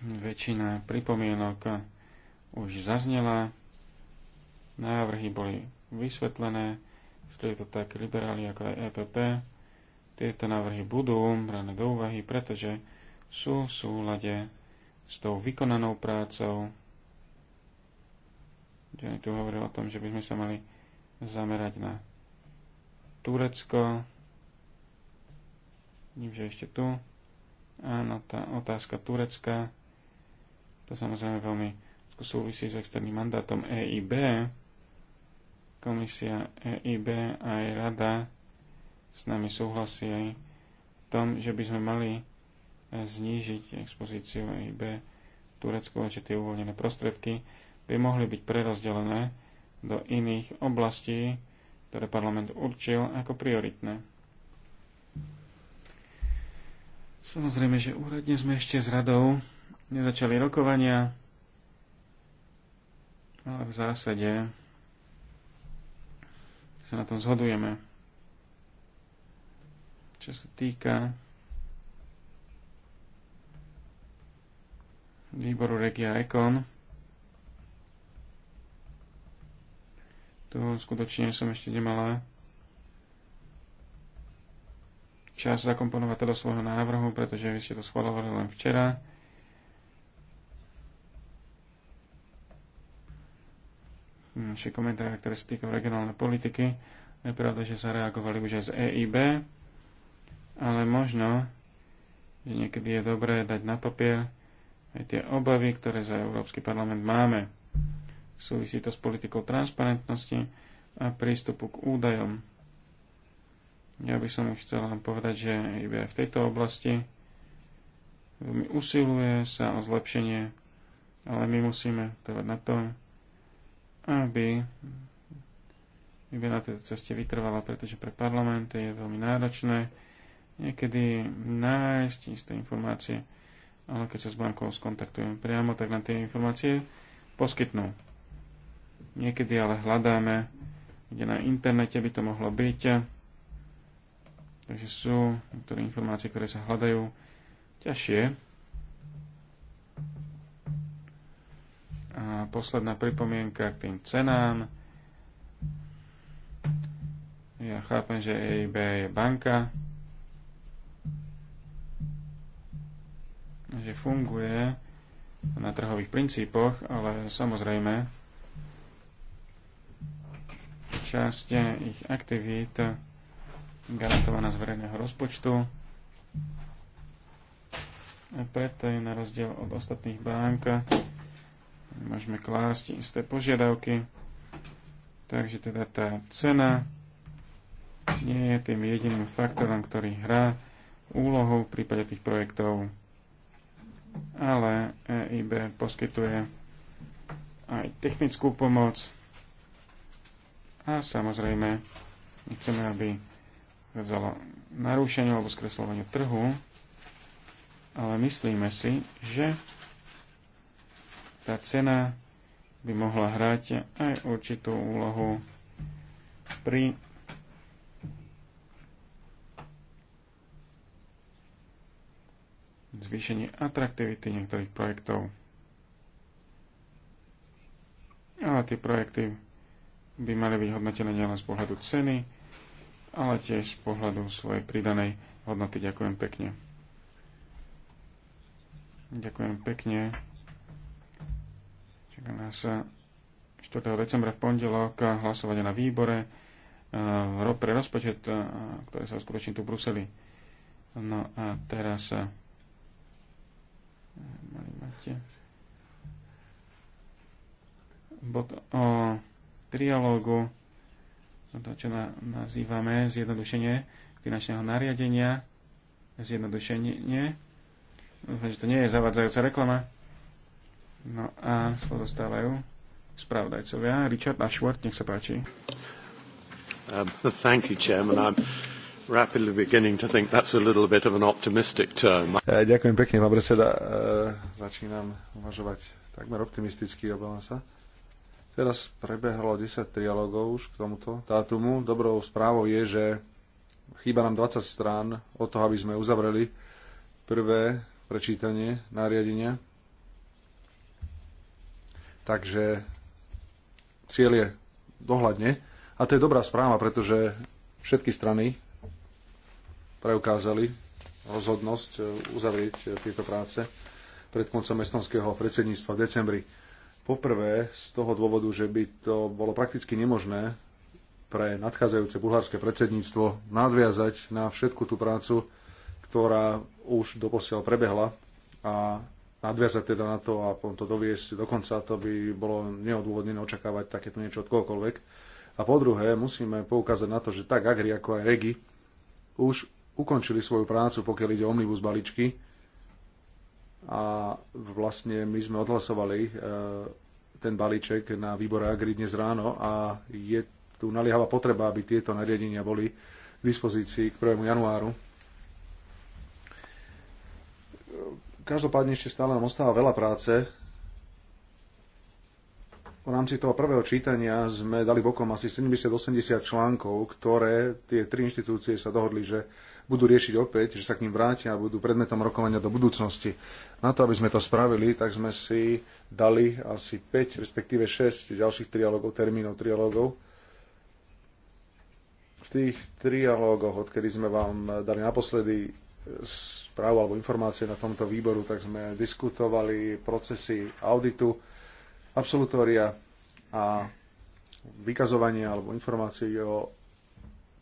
Väčšina pripomienok už zaznela, návrhy boli vysvetlené, je to tak liberáli ako aj EPP. Tieto návrhy budú brané do úvahy, pretože sú v súlade s tou vykonanou prácou. Johnny tu hovoril o tom, že by sme sa mali zamerať na Turecko. Vidím, že ešte tu. Áno, tá otázka Turecka. To samozrejme veľmi súvisí s externým mandátom EIB. Komisia EIB a aj rada s nami súhlasí aj v tom, že by sme mali e, znížiť expozíciu EIB v Turecku, že tie uvoľnené prostredky by mohli byť prerozdelené do iných oblastí, ktoré parlament určil ako prioritné. Samozrejme, že úradne sme ešte s radou nezačali rokovania, ale v zásade sa na tom zhodujeme. Čo sa týka výboru Regia Econ, To skutočne som ešte nemala čas zakomponovať to do svojho návrhu, pretože vy ste to schvalovali len včera. Naše komentáre, ktoré sa týkajú regionálnej politiky, je pravda, že sa reagovali už aj z EIB, ale možno, že niekedy je dobré dať na papier aj tie obavy, ktoré za Európsky parlament máme. Súvisí to s politikou transparentnosti a prístupu k údajom. Ja by som chcel len povedať, že aj v tejto oblasti veľmi usiluje sa o zlepšenie, ale my musíme trvať na tom, aby IBA na tejto ceste vytrvala, pretože pre parlament je veľmi náročné niekedy nájsť isté informácie, ale keď sa s bankou skontaktujem priamo, tak nám tie informácie poskytnú. Niekedy ale hľadáme, kde na internete by to mohlo byť. Takže sú niektoré informácie, ktoré sa hľadajú ťažšie. A posledná pripomienka k tým cenám. Ja chápem, že EIB je banka, že funguje na trhových princípoch, ale samozrejme časť eh, ich aktivít eh, garantovaná z verejného rozpočtu. A preto je na rozdiel od ostatných bank eh, môžeme klásť isté požiadavky. Takže teda tá cena nie je tým jediným faktorom, ktorý hrá úlohu v prípade tých projektov. Ale EIB e poskytuje aj technickú pomoc, a samozrejme chceme, aby vzalo narušenie alebo skreslovaniu trhu, ale myslíme si, že tá cena by mohla hrať aj určitú úlohu pri zvýšení atraktivity niektorých projektov. Ale tie projekty by mali byť hodnotené nielen z pohľadu ceny, ale tiež z pohľadu svojej pridanej hodnoty. Ďakujem pekne. Ďakujem pekne. Čaká nás 4. decembra v pondelok hlasovanie na výbore eh, pre rozpočet, eh, ktoré sa uskutoční tu v Bruseli. No a teraz eh, mali máte bod o trialógu, to, čo na, nazývame zjednodušenie finančného nariadenia, zjednodušenie. Dúfam, že to nie je zavadzajúca reklama. No a slovo dostávajú spravodajcovia. Richard Ashworth, nech sa páči. Um, thank you, Chairman. I'm rapidly beginning to think that's a little bit of an optimistic term. Ďakujem pekne, pán predseda. Uh, Začínam uvažovať takmer optimisticky, obávam sa. Teraz prebehlo 10 trialogov už k tomuto dátumu. Dobrou správou je, že chýba nám 20 strán o to, aby sme uzavreli prvé prečítanie nariadenia. Takže cieľ je dohľadne. A to je dobrá správa, pretože všetky strany preukázali rozhodnosť eh, uzavrieť eh, tieto práce pred koncom estonského predsedníctva v decembri. Poprvé z toho dôvodu, že by to bolo prakticky nemožné pre nadchádzajúce bulharské predsedníctvo nadviazať na všetku tú prácu, ktorá už doposiaľ prebehla a nadviazať teda na to a potom to doviesť do konca, to by bolo neodôvodnené očakávať takéto niečo od kohokoľvek. A po druhé, musíme poukázať na to, že tak Agri ako aj Regi už ukončili svoju prácu, pokiaľ ide o omnibus balíčky, a vlastne my sme odhlasovali e, ten balíček na výbore Agri dnes ráno a je tu naliehavá potreba, aby tieto nariadenia boli k dispozícii k 1. januáru. Každopádne ešte stále nám ostáva veľa práce. V rámci toho prvého čítania sme dali bokom asi 70-80 článkov, ktoré tie tri inštitúcie sa dohodli, že budú riešiť opäť, že sa k ním vrátia a budú predmetom rokovania do budúcnosti. Na to, aby sme to spravili, tak sme si dali asi 5, respektíve 6 ďalších trialogov, termínov trialogov. V tých trialógoch, odkedy sme vám dali naposledy správu alebo informácie na tomto výboru, tak sme diskutovali procesy auditu, absolutória a vykazovania alebo informácie o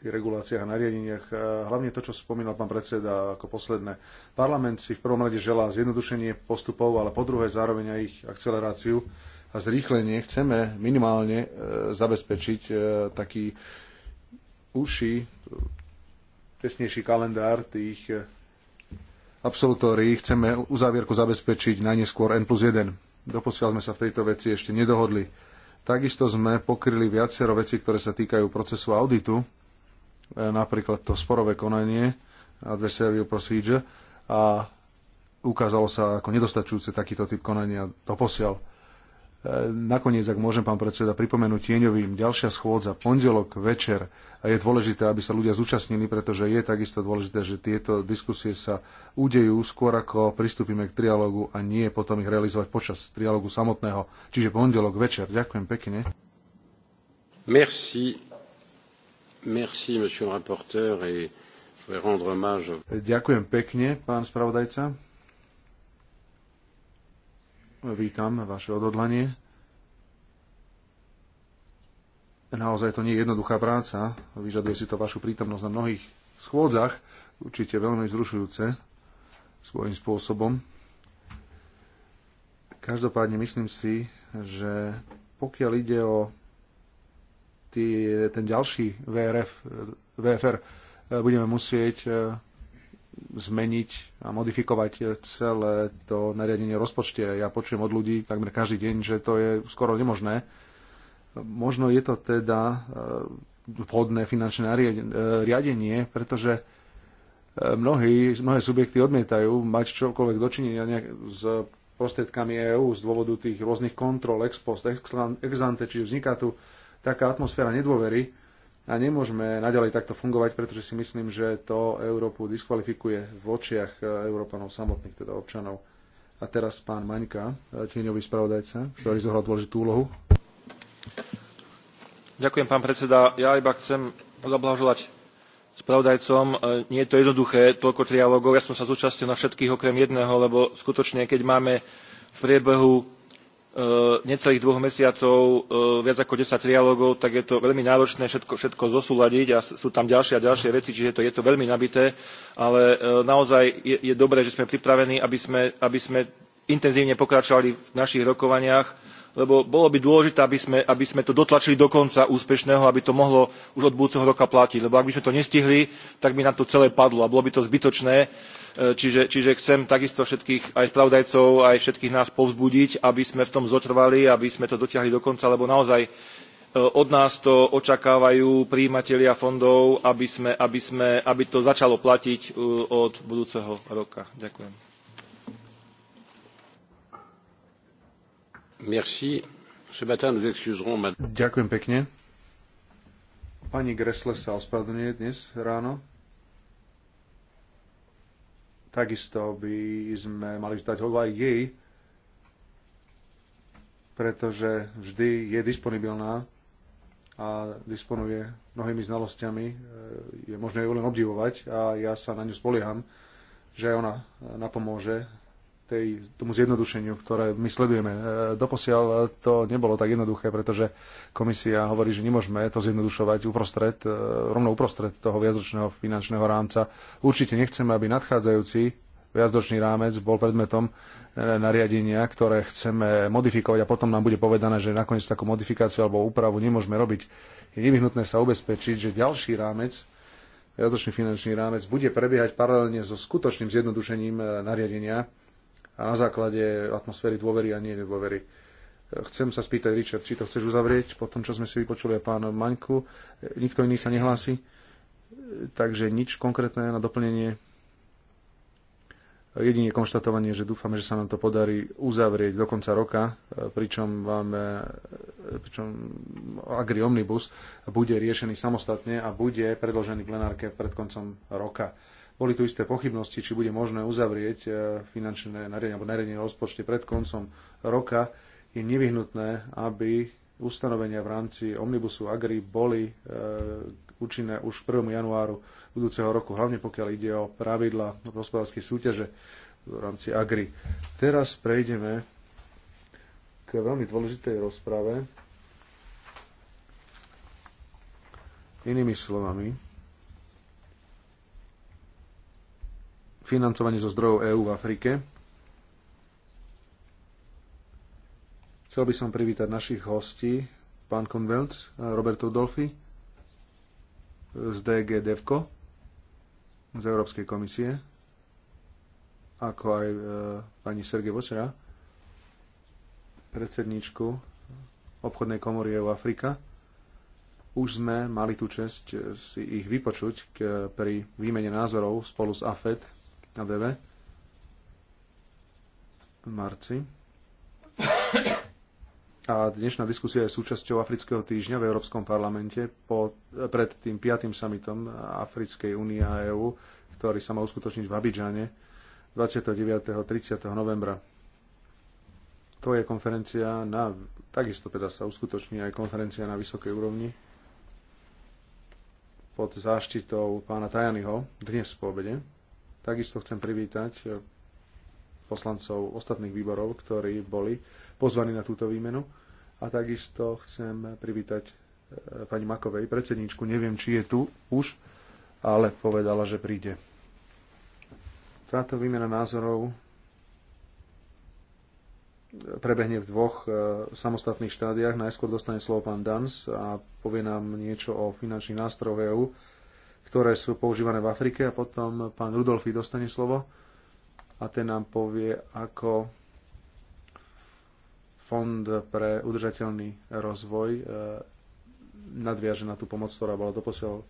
tých reguláciách a nariadeniach. hlavne to, čo spomínal pán predseda ako posledné. Parlament si v prvom rade želá zjednodušenie postupov, ale po druhé zároveň aj ich akceleráciu a zrýchlenie. Chceme minimálne e, zabezpečiť e, taký uši, tesnejší kalendár tých e, absolutórií. Chceme uzávierku zabezpečiť najneskôr N plus 1. Doposiaľ sme sa v tejto veci ešte nedohodli. Takisto sme pokryli viacero vecí, ktoré sa týkajú procesu auditu E, napríklad to sporové konanie, adversarial procedure, a ukázalo sa ako nedostačujúce takýto typ konania posiaľ. E, nakoniec, ak môžem, pán predseda, pripomenúť tieňovým, ďalšia schôdza, pondelok, večer. A je dôležité, aby sa ľudia zúčastnili, pretože je takisto dôležité, že tieto diskusie sa udejú skôr ako pristúpime k trialógu a nie potom ich realizovať počas trialógu samotného. Čiže pondelok, večer. Ďakujem pekne. Merci. Merci, monsieur le rapporteur, et je vais rendre hommage. Ďakujem pekne, pán spravodajca. Vítam vaše odhodlanie. Naozaj to nie je jednoduchá práca. Vyžaduje si to vašu prítomnosť na mnohých schôdzach. Určite veľmi zrušujúce svojím spôsobom. Každopádne myslím si, že pokiaľ ide o tý, ten ďalší VRF, VFR e, budeme musieť e, zmeniť a modifikovať celé to nariadenie rozpočte. Ja počujem od ľudí takmer každý deň, že to je skoro nemožné. Možno je to teda e, vhodné finančné riadenie, pretože mnohí, mnohé subjekty odmietajú mať čokoľvek dočinenia s prostriedkami EÚ z dôvodu tých rôznych kontrol, ex post, ex ante, čiže vzniká tu taká atmosféra nedôvery a nemôžeme naďalej takto fungovať, pretože si myslím, že to Európu diskvalifikuje v očiach e, Európanov samotných, teda občanov. A teraz pán Maňka, e, tieňový spravodajca, ktorý zohral dôležitú úlohu. Ďakujem, pán predseda. Ja iba chcem zablahoželať spravodajcom. E, nie je to jednoduché, toľko trialogov. Ja som sa zúčastnil na všetkých okrem jedného, lebo skutočne, keď máme v priebehu E, necelých dvoch mesiacov e, viac ako 10 trialógov, tak je to veľmi náročné všetko, všetko zosúľadiť a sú tam ďalšie a ďalšie veci, čiže to, je to veľmi nabité, ale e, naozaj je, je dobré, že sme pripravení, aby sme, aby sme intenzívne pokračovali v našich rokovaniach lebo bolo by dôležité, aby sme, aby sme to dotlačili do konca úspešného, aby to mohlo už od budúceho roka platiť. Lebo ak by sme to nestihli, tak by nám to celé padlo a bolo by to zbytočné. E, čiže, čiže chcem takisto všetkých aj spravodajcov, aj všetkých nás povzbudiť, aby sme v tom zotrvali, aby sme to dotiahli do konca, lebo naozaj e, od nás to očakávajú príjimatelia fondov, aby, sme, aby, sme, aby to začalo platiť e, od budúceho roka. Ďakujem. Ďakujem pekne. Pani Gressle sa ospravedlňuje dnes ráno. Takisto by sme mali vzdať hodu aj jej, pretože vždy je disponibilná a disponuje mnohými znalosťami. E, je možné ju len obdivovať a ja sa na ňu spolieham, že aj ona napomôže tej, tomu zjednodušeniu, ktoré my sledujeme. E, doposiaľ to nebolo tak jednoduché, pretože komisia hovorí, že nemôžeme to zjednodušovať uprostred, e, rovno uprostred toho viacročného finančného rámca. Určite nechceme, aby nadchádzajúci viacročný rámec bol predmetom e, nariadenia, ktoré chceme modifikovať a potom nám bude povedané, že nakoniec takú modifikáciu alebo úpravu nemôžeme robiť. Je nevyhnutné sa ubezpečiť, že ďalší rámec viacročný finančný rámec bude prebiehať paralelne so skutočným zjednodušením nariadenia a na základe atmosféry dôvery a nie dôvery. Chcem sa spýtať, Richard, či to chceš uzavrieť po tom, čo sme si vypočuli aj pán Maňku. Nikto iný sa nehlási, takže nič konkrétne na doplnenie. Jedine konštatovanie, že dúfame, že sa nám to podarí uzavrieť do konca roka, pričom, máme, pričom Agri Omnibus bude riešený samostatne a bude predložený plenárke pred koncom roka. Boli tu isté pochybnosti, či bude možné uzavrieť e, finančné nariadenie alebo nariadenie o rozpočte pred koncom roka. Je nevyhnutné, aby ustanovenia v rámci Omnibusu Agri boli e, účinné už 1. januáru budúceho roku, hlavne pokiaľ ide o pravidla hospodárskej súťaže v rámci Agri. Teraz prejdeme k veľmi dôležitej rozprave. Inými slovami, financovanie zo zdrojov EÚ v Afrike. Chcel by som privítať našich hostí, pán Konvelc, Roberto Dolfi z DG Devco z Európskej komisie, ako aj e, pani Sergej Vočera, predsedníčku obchodnej komory EU Afrika. Už sme mali tú čest e, si ich vypočuť k, pri výmene názorov spolu s AFED na DV v marci. A dnešná diskusia je súčasťou Afrického týždňa v Európskom parlamente po, pred tým piatým samitom Africkej únie a EÚ, ktorý sa má uskutočniť v Abidžane 29. 30. novembra. To je konferencia na... Takisto teda sa uskutoční aj konferencia na vysokej úrovni pod záštitou pána Tajanyho dnes po obede. Takisto chcem privítať eh, poslancov ostatných výborov, ktorí boli pozvaní na túto výmenu. A takisto chcem privítať eh, pani Makovej, predsedničku. Neviem, či je tu už, ale povedala, že príde. Táto výmena názorov eh, prebehne v dvoch samostatných štádiách. Najskôr dostane slovo pán Dans a povie nám niečo o finančných nástrojoch EÚ ktoré sú používané v Afrike a potom pán Rudolfi dostane slovo a ten nám povie, ako Fond pre udržateľný rozvoj eh, nadviaže na tú pomoc, ktorá bola doposiaľ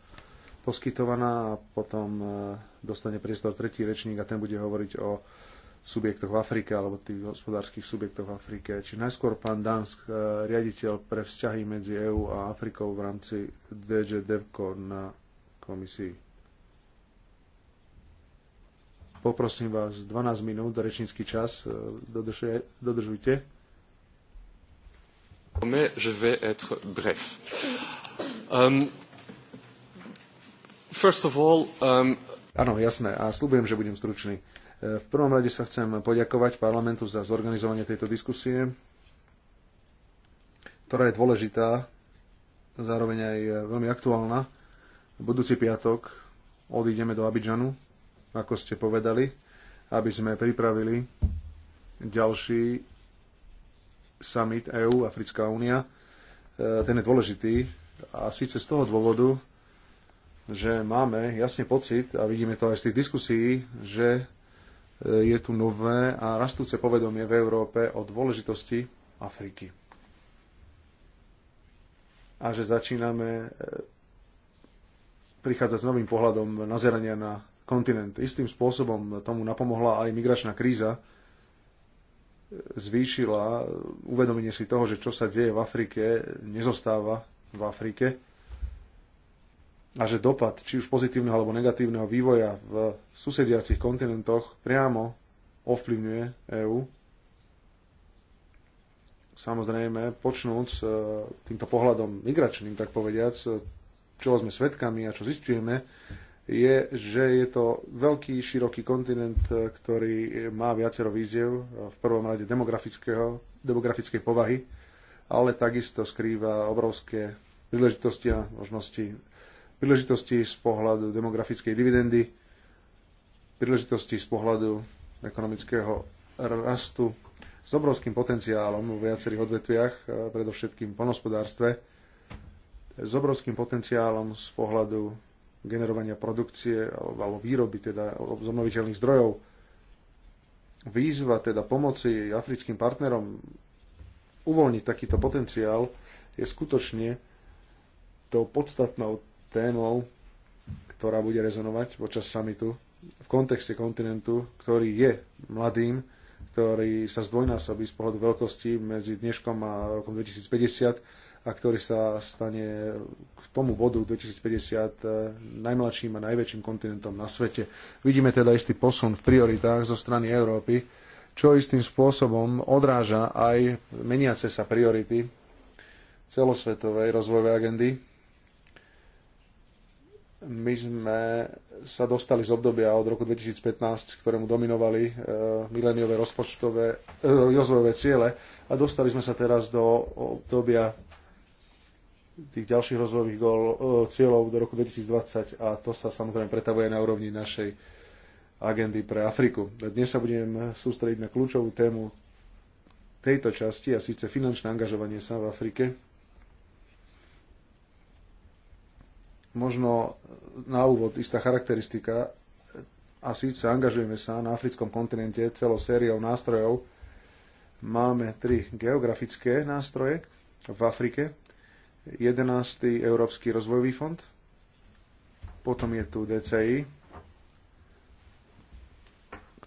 poskytovaná a potom eh, dostane priestor tretí rečník a ten bude hovoriť o subjektoch v Afrike alebo tých hospodárskych subjektoch v Afrike. Čiže najskôr pán Dansk, eh, riaditeľ pre vzťahy medzi EÚ a Afrikou v rámci DG DevCo na komisii. Poprosím vás 12 minút, rečnícky čas, e, dodržujte. Mais je vais être bref. Um, first of all, um... Áno, jasné, a slúbujem, že budem stručný. E, v prvom rade sa chcem poďakovať parlamentu za zorganizovanie tejto diskusie, ktorá je dôležitá, zároveň aj e, veľmi aktuálna Budúci piatok odídeme do Abidžanu, ako ste povedali, aby sme pripravili ďalší summit EÚ, Africká únia. E, ten je dôležitý a síce z toho dôvodu, že máme jasne pocit, a vidíme to aj z tých diskusí, že e, je tu nové a rastúce povedomie v Európe o dôležitosti Afriky. A že začíname e, prichádzať s novým pohľadom nazerania na kontinent. Istým spôsobom tomu napomohla aj migračná kríza, zvýšila uvedomenie si toho, že čo sa deje v Afrike, nezostáva v Afrike a že dopad či už pozitívneho alebo negatívneho vývoja v susediacich kontinentoch priamo ovplyvňuje EÚ. Samozrejme, počnúc e, týmto pohľadom migračným, tak povediac, čo sme svedkami a čo zistujeme, je, že je to veľký, široký kontinent, e, ktorý má viacero víziev, e, v prvom rade demografického, demografickej povahy, ale takisto skrýva obrovské príležitosti a možnosti príležitosti z pohľadu demografickej dividendy, príležitosti z pohľadu ekonomického rastu s obrovským potenciálom v viacerých odvetviach, e, predovšetkým v poľnohospodárstve, s obrovským potenciálom z pohľadu generovania produkcie alebo výroby teda z obnoviteľných zdrojov. Výzva teda pomoci africkým partnerom uvoľniť takýto potenciál je skutočne tou podstatnou témou, ktorá bude rezonovať počas samitu v kontexte kontinentu, ktorý je mladým, ktorý sa zdvojnásobí z pohľadu veľkosti medzi dneškom a rokom 2050 a ktorý sa stane k tomu bodu 2050 eh, najmladším a najväčším kontinentom na svete. Vidíme teda istý posun v prioritách zo strany Európy, čo istým spôsobom odráža aj meniace sa priority celosvetovej rozvojovej agendy. My sme sa dostali z obdobia od roku 2015, ktorému dominovali e, eh, mileniové rozpočtové e, rozvojové ciele a dostali sme sa teraz do obdobia tých ďalších rozvojových gól, e, cieľov do roku 2020 a to sa samozrejme pretavuje na úrovni našej agendy pre Afriku. Dnes sa budem sústrediť na kľúčovú tému tejto časti a síce finančné angažovanie sa v Afrike. Možno na úvod istá charakteristika a síce angažujeme sa na africkom kontinente celou sériou nástrojov. Máme tri geografické nástroje v Afrike, 11. Európsky rozvojový fond, potom je tu DCI,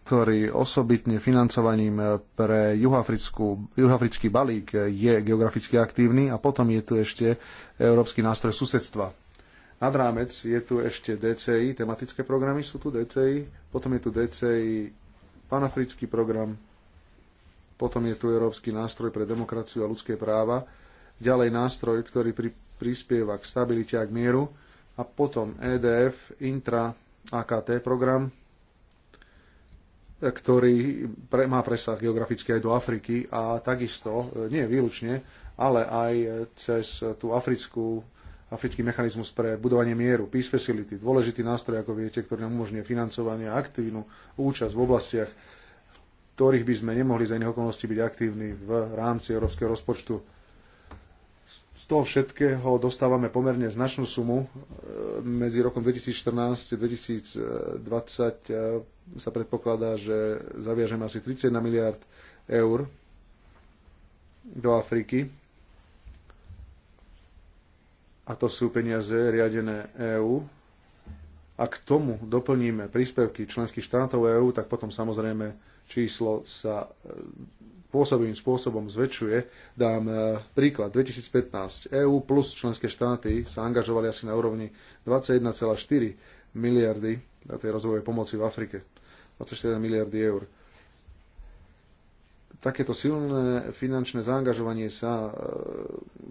ktorý osobitne financovaním pre juhafrický balík je geograficky aktívny a potom je tu ešte Európsky nástroj susedstva. Nad rámec je tu ešte DCI, tematické programy sú tu DCI, potom je tu DCI panafrický program, potom je tu Európsky nástroj pre demokraciu a ľudské práva, ďalej nástroj, ktorý pri, prispieva k stabilite a k mieru a potom EDF, intra AKT program, e, ktorý pre, má presah geograficky aj do Afriky a takisto, e, nie výlučne, ale aj e, cez tú africkú, africký mechanizmus pre budovanie mieru, Peace Facility, dôležitý nástroj, ako viete, ktorý nám umožňuje financovanie a aktívnu účasť v oblastiach, v ktorých by sme nemohli za iných okolností byť aktívni v rámci európskeho rozpočtu z toho všetkého dostávame pomerne značnú sumu. E, medzi rokom 2014 a 2020 e, sa predpokladá, že zaviažeme asi 31 miliard eur do Afriky. A to sú peniaze riadené EÚ. A k tomu doplníme príspevky členských štátov EÚ, tak potom samozrejme číslo sa e, pôsobivým spôsobom zväčšuje. Dám e, príklad 2015. EÚ plus členské štáty sa angažovali asi na úrovni 21,4 miliardy na tej rozvojovej pomoci v Afrike. 24 miliardy eur. Takéto silné finančné zaangažovanie sa, e,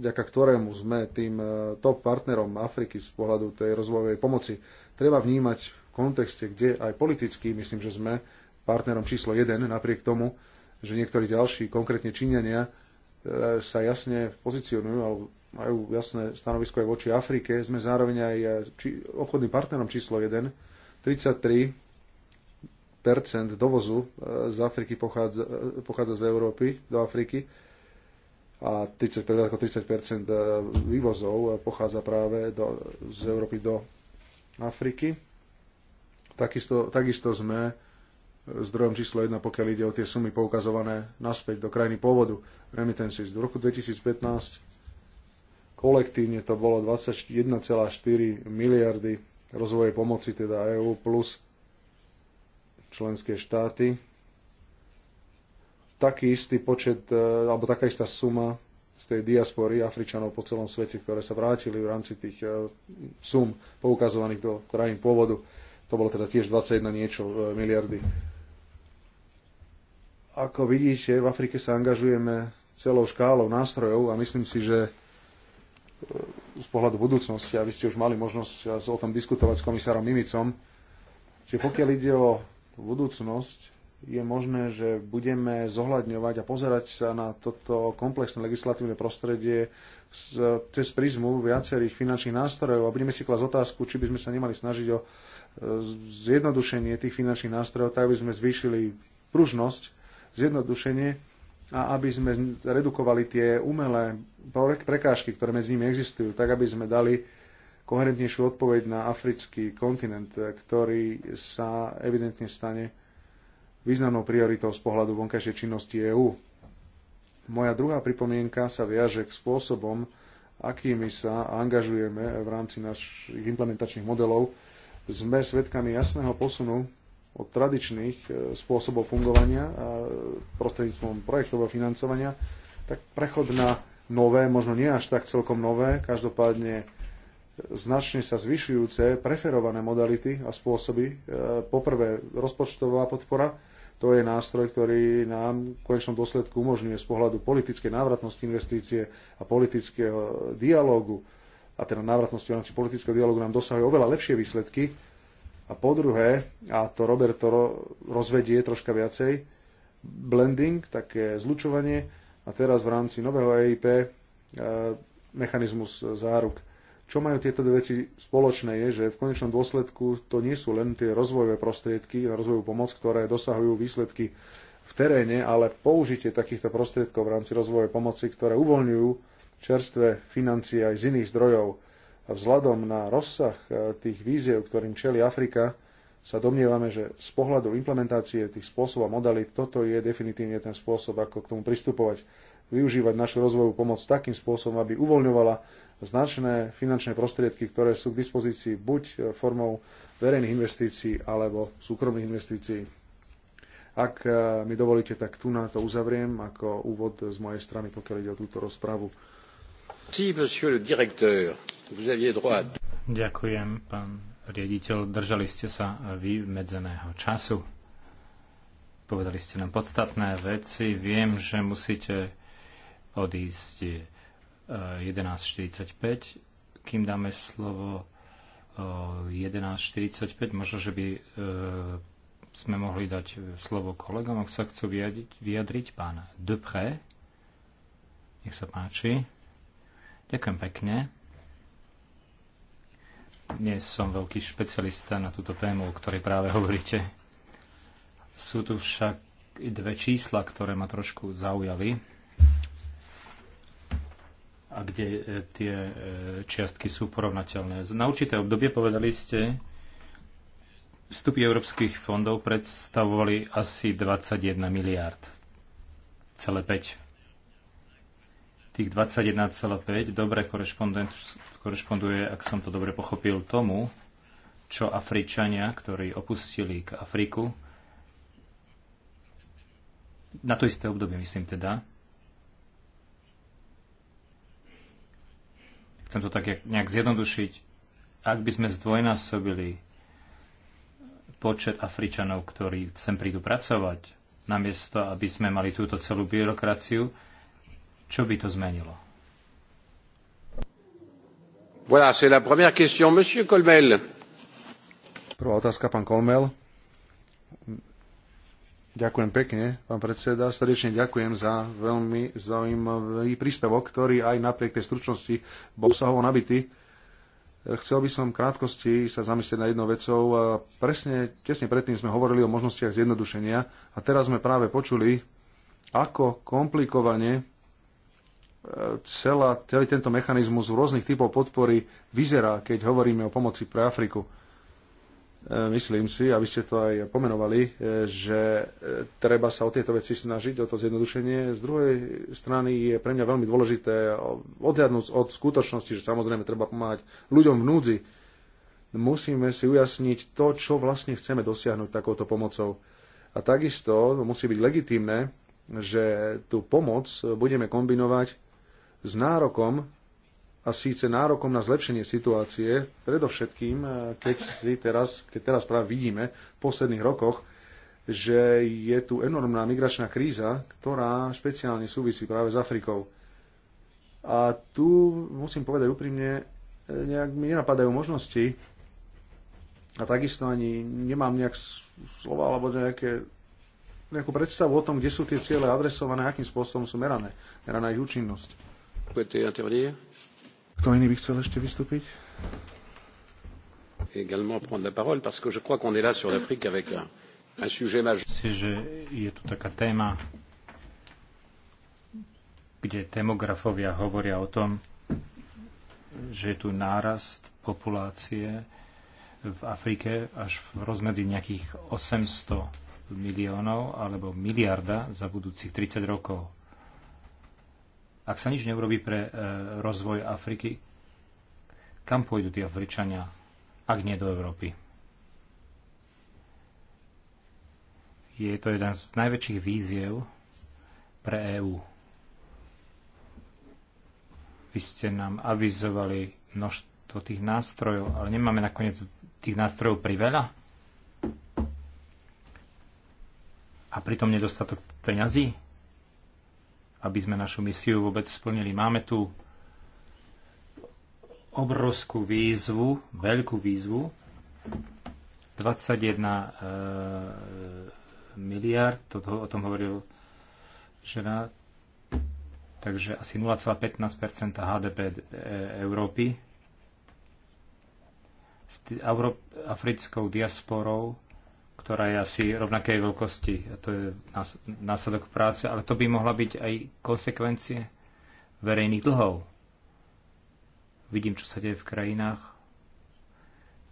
vďaka ktorému sme tým e, top partnerom Afriky z pohľadu tej rozvojovej pomoci, treba vnímať v kontexte, kde aj politicky, myslím, že sme partnerom číslo 1 napriek tomu, že niektorí ďalší, konkrétne Číňania, e, sa jasne pozicionujú alebo majú jasné stanovisko aj voči Afrike. Sme zároveň aj e, či, obchodným partnerom číslo 1. 33 dovozu e, z Afriky pochádza, pochádza z Európy do Afriky a 30, ako 30 vývozov pochádza práve do, z Európy do Afriky. Takisto, takisto sme zdrojom číslo 1, pokiaľ ide o tie sumy poukazované naspäť do krajiny pôvodu, remittances. Do roku 2015 kolektívne to bolo 21,4 miliardy rozvojej pomoci, teda EÚ plus členské štáty. Taký istý počet, e, alebo taká istá suma z tej diaspory Afričanov po celom svete, ktoré sa vrátili v rámci tých e, sum poukazovaných do krajín pôvodu. To bolo teda tiež 21 niečo e, miliardy ako vidíte, v Afrike sa angažujeme celou škálou nástrojov a myslím si, že e, z pohľadu budúcnosti, aby ste už mali možnosť o tom diskutovať s komisárom Mimicom, že pokiaľ ide o budúcnosť, je možné, že budeme zohľadňovať a pozerať sa na toto komplexné legislatívne prostredie cez prízmu viacerých finančných nástrojov a budeme si klásť otázku, či by sme sa nemali snažiť o e, zjednodušenie tých finančných nástrojov, tak aby sme zvýšili pružnosť zjednodušenie a aby sme redukovali tie umelé prekážky, ktoré medzi nimi existujú, tak aby sme dali koherentnejšiu odpoveď na africký kontinent, ktorý sa evidentne stane významnou prioritou z pohľadu vonkajšej činnosti EÚ. Moja druhá pripomienka sa viaže k spôsobom, akými sa angažujeme v rámci našich implementačných modelov. Sme svedkami jasného posunu od tradičných e, spôsobov fungovania prostredníctvom projektového financovania, tak prechod na nové, možno nie až tak celkom nové, každopádne značne sa zvyšujúce preferované modality a spôsoby. E, poprvé rozpočtová podpora, to je nástroj, ktorý nám v konečnom dôsledku umožňuje z pohľadu politickej návratnosti investície a politického dialógu, a teda návratnosti v rámci politického dialógu nám dosahuje oveľa lepšie výsledky, a po druhé, a to Robert to rozvedie troška viacej, blending, také zlučovanie a teraz v rámci nového EIP e, mechanizmus záruk. Čo majú tieto dve veci spoločné je, že v konečnom dôsledku to nie sú len tie rozvojové prostriedky na rozvojovú pomoc, ktoré dosahujú výsledky v teréne, ale použitie takýchto prostriedkov v rámci rozvojovej pomoci, ktoré uvoľňujú čerstvé financie aj z iných zdrojov, a vzhľadom na rozsah e, tých víziev, ktorým čeli Afrika, sa domnievame, že z pohľadu implementácie tých spôsobov a modalít, toto je definitívne ten spôsob, ako k tomu pristupovať. Využívať našu rozvojovú pomoc takým spôsobom, aby uvoľňovala značné finančné prostriedky, ktoré sú k dispozícii buď e, formou verejných investícií alebo súkromných investícií. Ak e, mi dovolíte, tak tu na to uzavriem ako úvod z mojej strany, pokiaľ ide o túto rozpravu. Merci, Ďakujem, pán riaditeľ. Držali ste sa vymedzeného času. Povedali ste nám podstatné veci. Viem, že musíte odísť 11.45, eh, kým dáme slovo 11.45, eh, možno, že by eh, sme mohli dať slovo kolegom, ak sa chcú vyjadriť, vyjadriť pán Dupré. Nech sa páči. Ďakujem pekne nie som veľký špecialista na túto tému, o ktorej práve hovoríte. Sú tu však dve čísla, ktoré ma trošku zaujali a kde e, tie e, čiastky sú porovnateľné. Na určité obdobie povedali ste, vstupy európskych fondov predstavovali asi 21 miliard. Celé 5. Tých 21,5 dobre korešponduje, ak som to dobre pochopil, tomu, čo Afričania, ktorí opustili k Afriku, na to isté obdobie, myslím teda, chcem to tak nejak zjednodušiť, ak by sme zdvojnásobili počet Afričanov, ktorí sem prídu pracovať, namiesto aby sme mali túto celú byrokraciu, čo by to zmenilo? Voilà, c'est la première question. Monsieur Colmel. Prvá otázka, pán Kolmel. Ďakujem pekne, pán predseda. Srdečne ďakujem za veľmi zaujímavý príspevok, ktorý aj napriek tej stručnosti bol obsahovo nabitý. Chcel by som v krátkosti sa zamyslieť na jednou vecou. Presne, tesne predtým sme hovorili o možnostiach zjednodušenia a teraz sme práve počuli, ako komplikovane celá, celý tento mechanizmus rôznych typov podpory vyzerá, keď hovoríme o pomoci pre Afriku. E, myslím si, aby ste to aj pomenovali, e, že e, treba sa o tieto veci snažiť, o to zjednodušenie. Z druhej strany je pre mňa veľmi dôležité odhľadnúť od skutočnosti, že samozrejme treba pomáhať ľuďom v núdzi. Musíme si ujasniť to, čo vlastne chceme dosiahnuť takouto pomocou. A takisto musí byť legitímne, že tú pomoc budeme kombinovať s nárokom a síce nárokom na zlepšenie situácie, predovšetkým, eh, keď, si teraz, keď teraz práve vidíme v posledných rokoch, že je tu enormná migračná kríza, ktorá špeciálne súvisí práve s Afrikou. A tu musím povedať úprimne, eh, nejak mi nenapadajú možnosti a takisto ani nemám nejak slova alebo nejaké, nejakú predstavu o tom, kde sú tie ciele adresované, akým spôsobom sú merané, meraná ich účinnosť. Kto iný by chcel ešte vystúpiť? également prendre la parole parce que je crois qu'on est là sur l'Afrique avec un, un sujet majeur. Je, je tu taká téma, kde demografovia hovoria o tom, že je tu nárast populácie v Afrike až v rozmedzi nejakých 800 miliónov alebo miliarda za budúcich 30 rokov. Ak sa nič neurobi pre e, rozvoj Afriky, kam pôjdu tí Afričania, ak nie do Európy? Je to jeden z najväčších víziev pre EÚ. Vy ste nám avizovali množstvo tých nástrojov, ale nemáme nakoniec tých nástrojov priveľa? A pritom nedostatok peňazí? aby sme našu misiu vôbec splnili. Máme tu obrovskú výzvu, veľkú výzvu, 21 e, eh, miliard, to, o tom hovoril žena, takže asi 0,15 HDP eh, Európy. S Afri africkou diasporou ktorá je asi rovnakej veľkosti. A to je následok práce, ale to by mohla byť aj konsekvencie verejných dlhov. Vidím, čo sa deje v krajinách,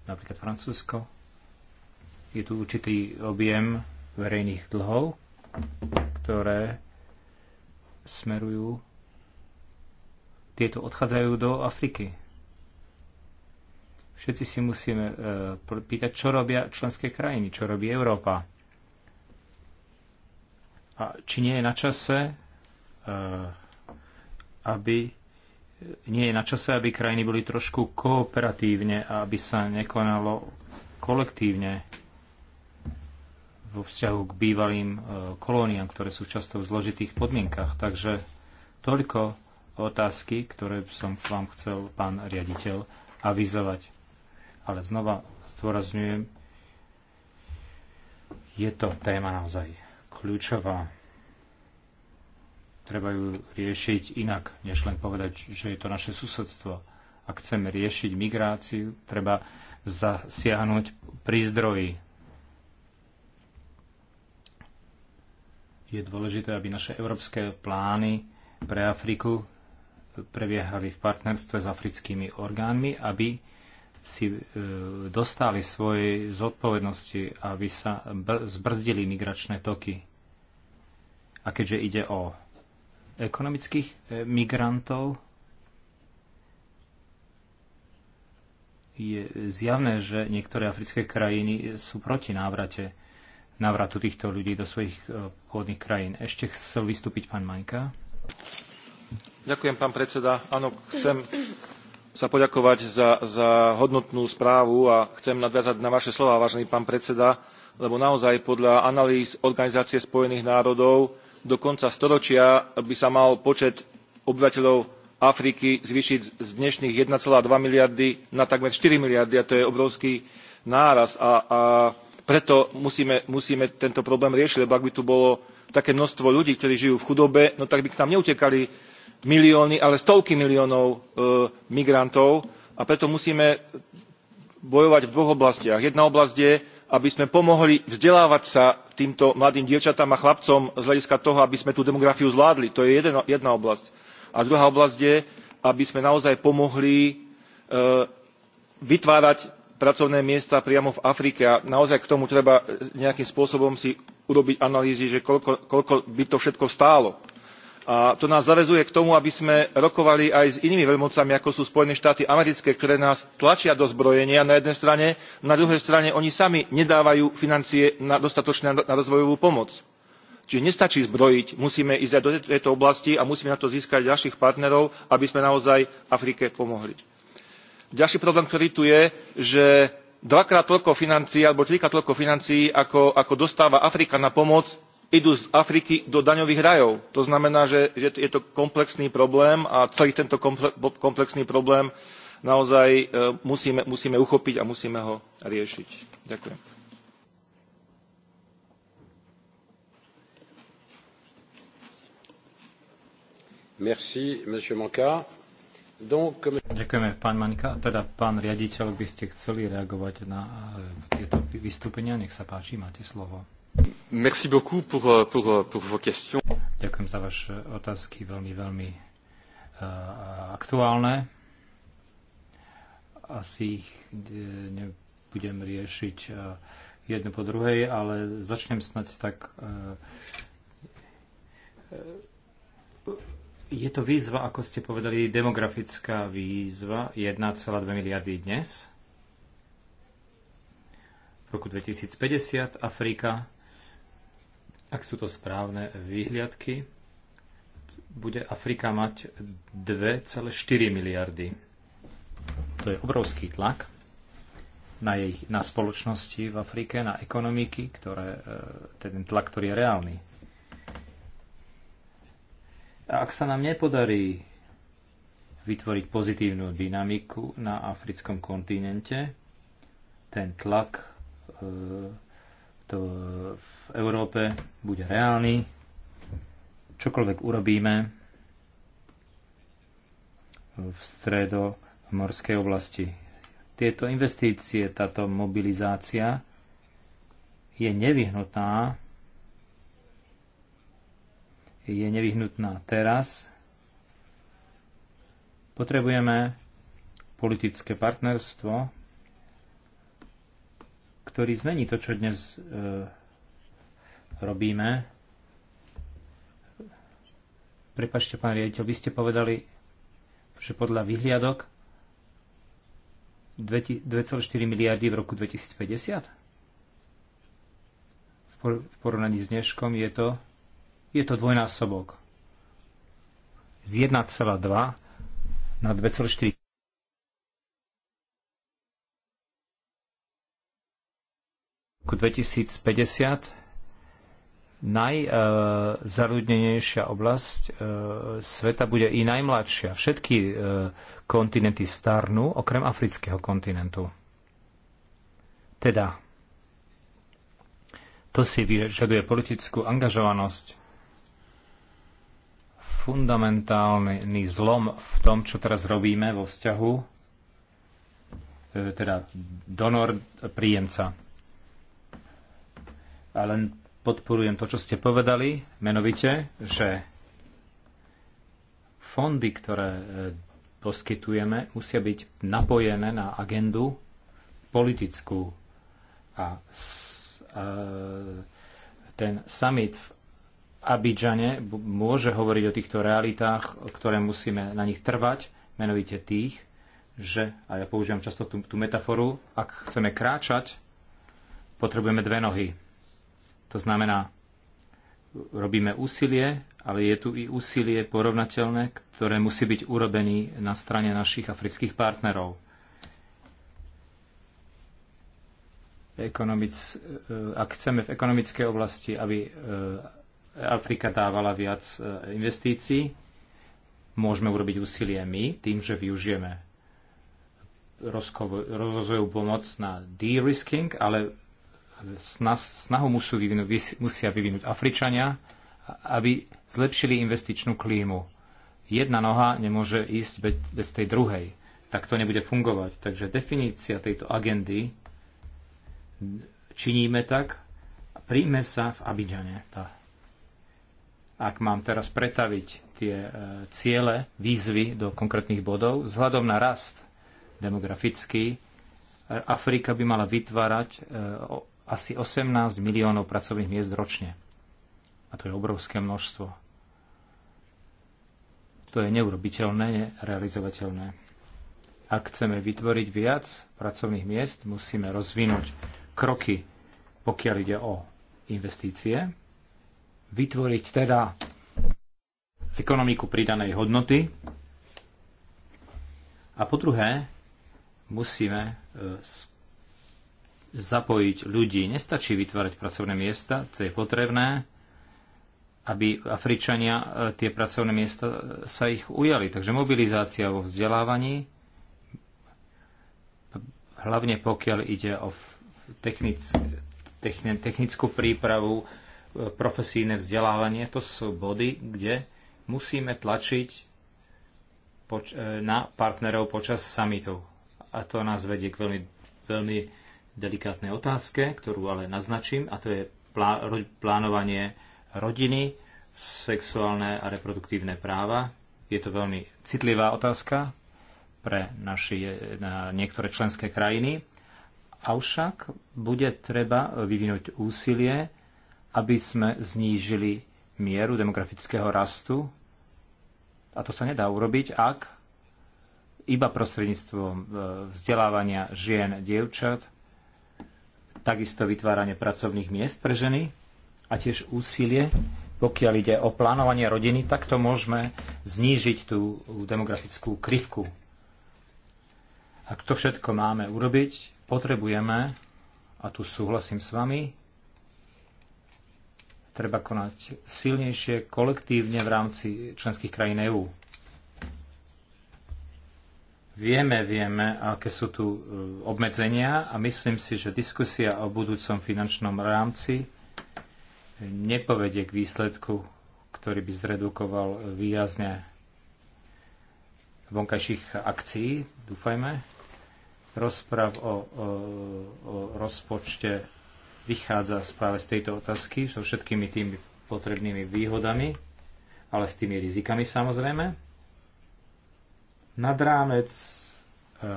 napríklad Francúzsko. Je tu určitý objem verejných dlhov, ktoré smerujú, tieto odchádzajú do Afriky. Všetci si musíme e, pýtať, čo robia členské krajiny, čo robí Európa. A či nie je na čase, e, aby nie je na čase, aby krajiny boli trošku kooperatívne a aby sa nekonalo kolektívne vo vzťahu k bývalým e, kolóniám, ktoré sú často v zložitých podmienkach. Takže toľko otázky, ktoré som vám chcel, pán riaditeľ, avizovať ale znova zdôrazňujem, je to téma naozaj kľúčová. Treba ju riešiť inak, než len povedať, že je to naše susedstvo. Ak chceme riešiť migráciu, treba zasiahnuť pri zdroji. Je dôležité, aby naše európske plány pre Afriku prebiehali v partnerstve s africkými orgánmi, aby si e, dostali svojej zodpovednosti, aby sa zbrzdili migračné toky. A keďže ide o ekonomických e, migrantov, je zjavné, že niektoré africké krajiny sú proti návrate návratu týchto ľudí do svojich e, pôvodných krajín. Ešte chcel vystúpiť pán Maňka. Ďakujem, pán predseda. Áno, chcem sa poďakovať za, za hodnotnú správu a chcem nadviazať na vaše slova, vážený pán predseda, lebo naozaj podľa analýz Organizácie spojených národov do konca storočia by sa mal počet obyvateľov Afriky zvýšiť z dnešných 1,2 miliardy na takmer 4 miliardy a to je obrovský nárast a, a preto musíme, musíme tento problém riešiť, lebo ak by tu bolo také množstvo ľudí, ktorí žijú v chudobe, no tak by k nám neutekali milióny, ale stovky miliónov e, migrantov a preto musíme bojovať v dvoch oblastiach. Jedna oblasť je, aby sme pomohli vzdelávať sa týmto mladým dievčatám a chlapcom z hľadiska toho, aby sme tú demografiu zvládli. To je jedna, jedna oblasť. A druhá oblasť je, aby sme naozaj pomohli e, vytvárať pracovné miesta priamo v Afrike a naozaj k tomu treba nejakým spôsobom si urobiť analýzy, že koľko, koľko by to všetko stálo a to nás zavezuje k tomu, aby sme rokovali aj s inými veľmocami, ako sú Spojené štáty americké, ktoré nás tlačia do zbrojenia na jednej strane, na druhej strane oni sami nedávajú financie na dostatočné na rozvojovú pomoc. Čiže nestačí zbrojiť, musíme ísť aj do tejto oblasti a musíme na to získať ďalších partnerov, aby sme naozaj Afrike pomohli. Ďalší problém, ktorý tu je, že dvakrát toľko financií alebo trikrát toľko financií, ako, ako dostáva Afrika na pomoc, idú z Afriky do daňových rajov. To znamená, že je to komplexný problém a celý tento komplexný problém naozaj e, musíme, musíme uchopiť a musíme ho riešiť. Ďakujem. Merci, Donc... Ďakujeme, pán Manka. Teda, pán riaditeľ, by ste chceli reagovať na e, tieto vystúpenia? Nech sa páči, máte slovo. Euh, euh, Ďakujem za vaše otázky, veľmi, veľmi eh, aktuálne. Asi ich eh, nebudem riešiť eh, jednu po druhej, ale začnem snať tak. je to výzva, ako ste povedali, demografická výzva 1,2 miliardy dnes. V roku 2050 Afrika ak sú to správne výhliadky, bude Afrika mať 2,4 miliardy. To je obrovský tlak na, jej, na spoločnosti v Afrike, na ekonomiky, ktoré, e, ten tlak, ktorý je reálny. A ak sa nám nepodarí vytvoriť pozitívnu dynamiku na africkom kontinente, ten tlak e, to v Európe bude reálny. Čokoľvek urobíme v stredo v morskej oblasti. Tieto investície, táto mobilizácia je nevyhnutná je nevyhnutná teraz. Potrebujeme politické partnerstvo ktorý zmení to, čo dnes e, robíme. Prepačte, pán riaditeľ, vy ste povedali, že podľa vyhliadok 2,4 miliardy v roku 2050? V porovnaní s dneškom je to, je to dvojnásobok. Z 1,2 na 2,4 roku 2050 najzarudnenejšia oblasť e, sveta bude i najmladšia. Všetky e, kontinenty starnú, okrem afrického kontinentu. Teda, to si vyžaduje politickú angažovanosť, fundamentálny zlom v tom, čo teraz robíme vo vzťahu e, teda donor, príjemca a len podporujem to, čo ste povedali, menovite, že fondy, ktoré e, poskytujeme, musia byť napojené na agendu politickú. A, s, a e, ten summit v Abidžane môže hovoriť o týchto realitách, ktoré musíme na nich trvať, menovite tých, že, a ja používam často tú, tú metaforu, ak chceme kráčať, potrebujeme dve nohy. To znamená, robíme úsilie, ale je tu i úsilie porovnateľné, ktoré musí byť urobený na strane našich afrických partnerov. Ekonomic, e, ak chceme v ekonomickej oblasti, aby e, Afrika dávala viac e, investícií, môžeme urobiť úsilie my tým, že využijeme rozvojovú pomoc na de-risking, ale snahu musú vyvinúť, musia vyvinúť Afričania, aby zlepšili investičnú klímu. Jedna noha nemôže ísť bez, bez tej druhej. Tak to nebude fungovať. Takže definícia tejto agendy činíme tak, príjme sa v Abidžane. Ak mám teraz pretaviť tie e, ciele, výzvy do konkrétnych bodov, vzhľadom na rast demografický, Afrika by mala vytvárať e, asi 18 miliónov pracovných miest ročne. A to je obrovské množstvo. To je neurobiteľné, nerealizovateľné. Ak chceme vytvoriť viac pracovných miest, musíme rozvinúť kroky, pokiaľ ide o investície, vytvoriť teda ekonomiku pridanej hodnoty a po druhé musíme e, zapojiť ľudí. Nestačí vytvárať pracovné miesta, to je potrebné, aby Afričania e, tie pracovné miesta e, sa ich ujali. Takže mobilizácia vo vzdelávaní, hlavne pokiaľ ide o technic, technickú prípravu, e, profesíne vzdelávanie, to sú body, kde musíme tlačiť na partnerov počas summitov. A to nás vedie k veľmi, veľmi delikátnej otázke, ktorú ale naznačím, a to je plánovanie rodiny, sexuálne a reproduktívne práva. Je to veľmi citlivá otázka pre naši, na niektoré členské krajiny. Avšak bude treba vyvinúť úsilie, aby sme znížili mieru demografického rastu. A to sa nedá urobiť, ak iba prostredníctvom e, vzdelávania žien, dievčat takisto vytváranie pracovných miest pre ženy a tiež úsilie, pokiaľ ide o plánovanie rodiny, takto môžeme znížiť tú demografickú krivku. Ak to všetko máme urobiť, potrebujeme, a tu súhlasím s vami, treba konať silnejšie kolektívne v rámci členských krajín EÚ Vieme, vieme, aké sú tu e, obmedzenia a myslím si, že diskusia o budúcom finančnom rámci nepovedie k výsledku, ktorý by zredukoval e, výrazne vonkajších akcií, dúfajme, rozpráv o, o, o rozpočte vychádza práve z tejto otázky so všetkými tými potrebnými výhodami, ale s tými rizikami samozrejme nad rámec e, e,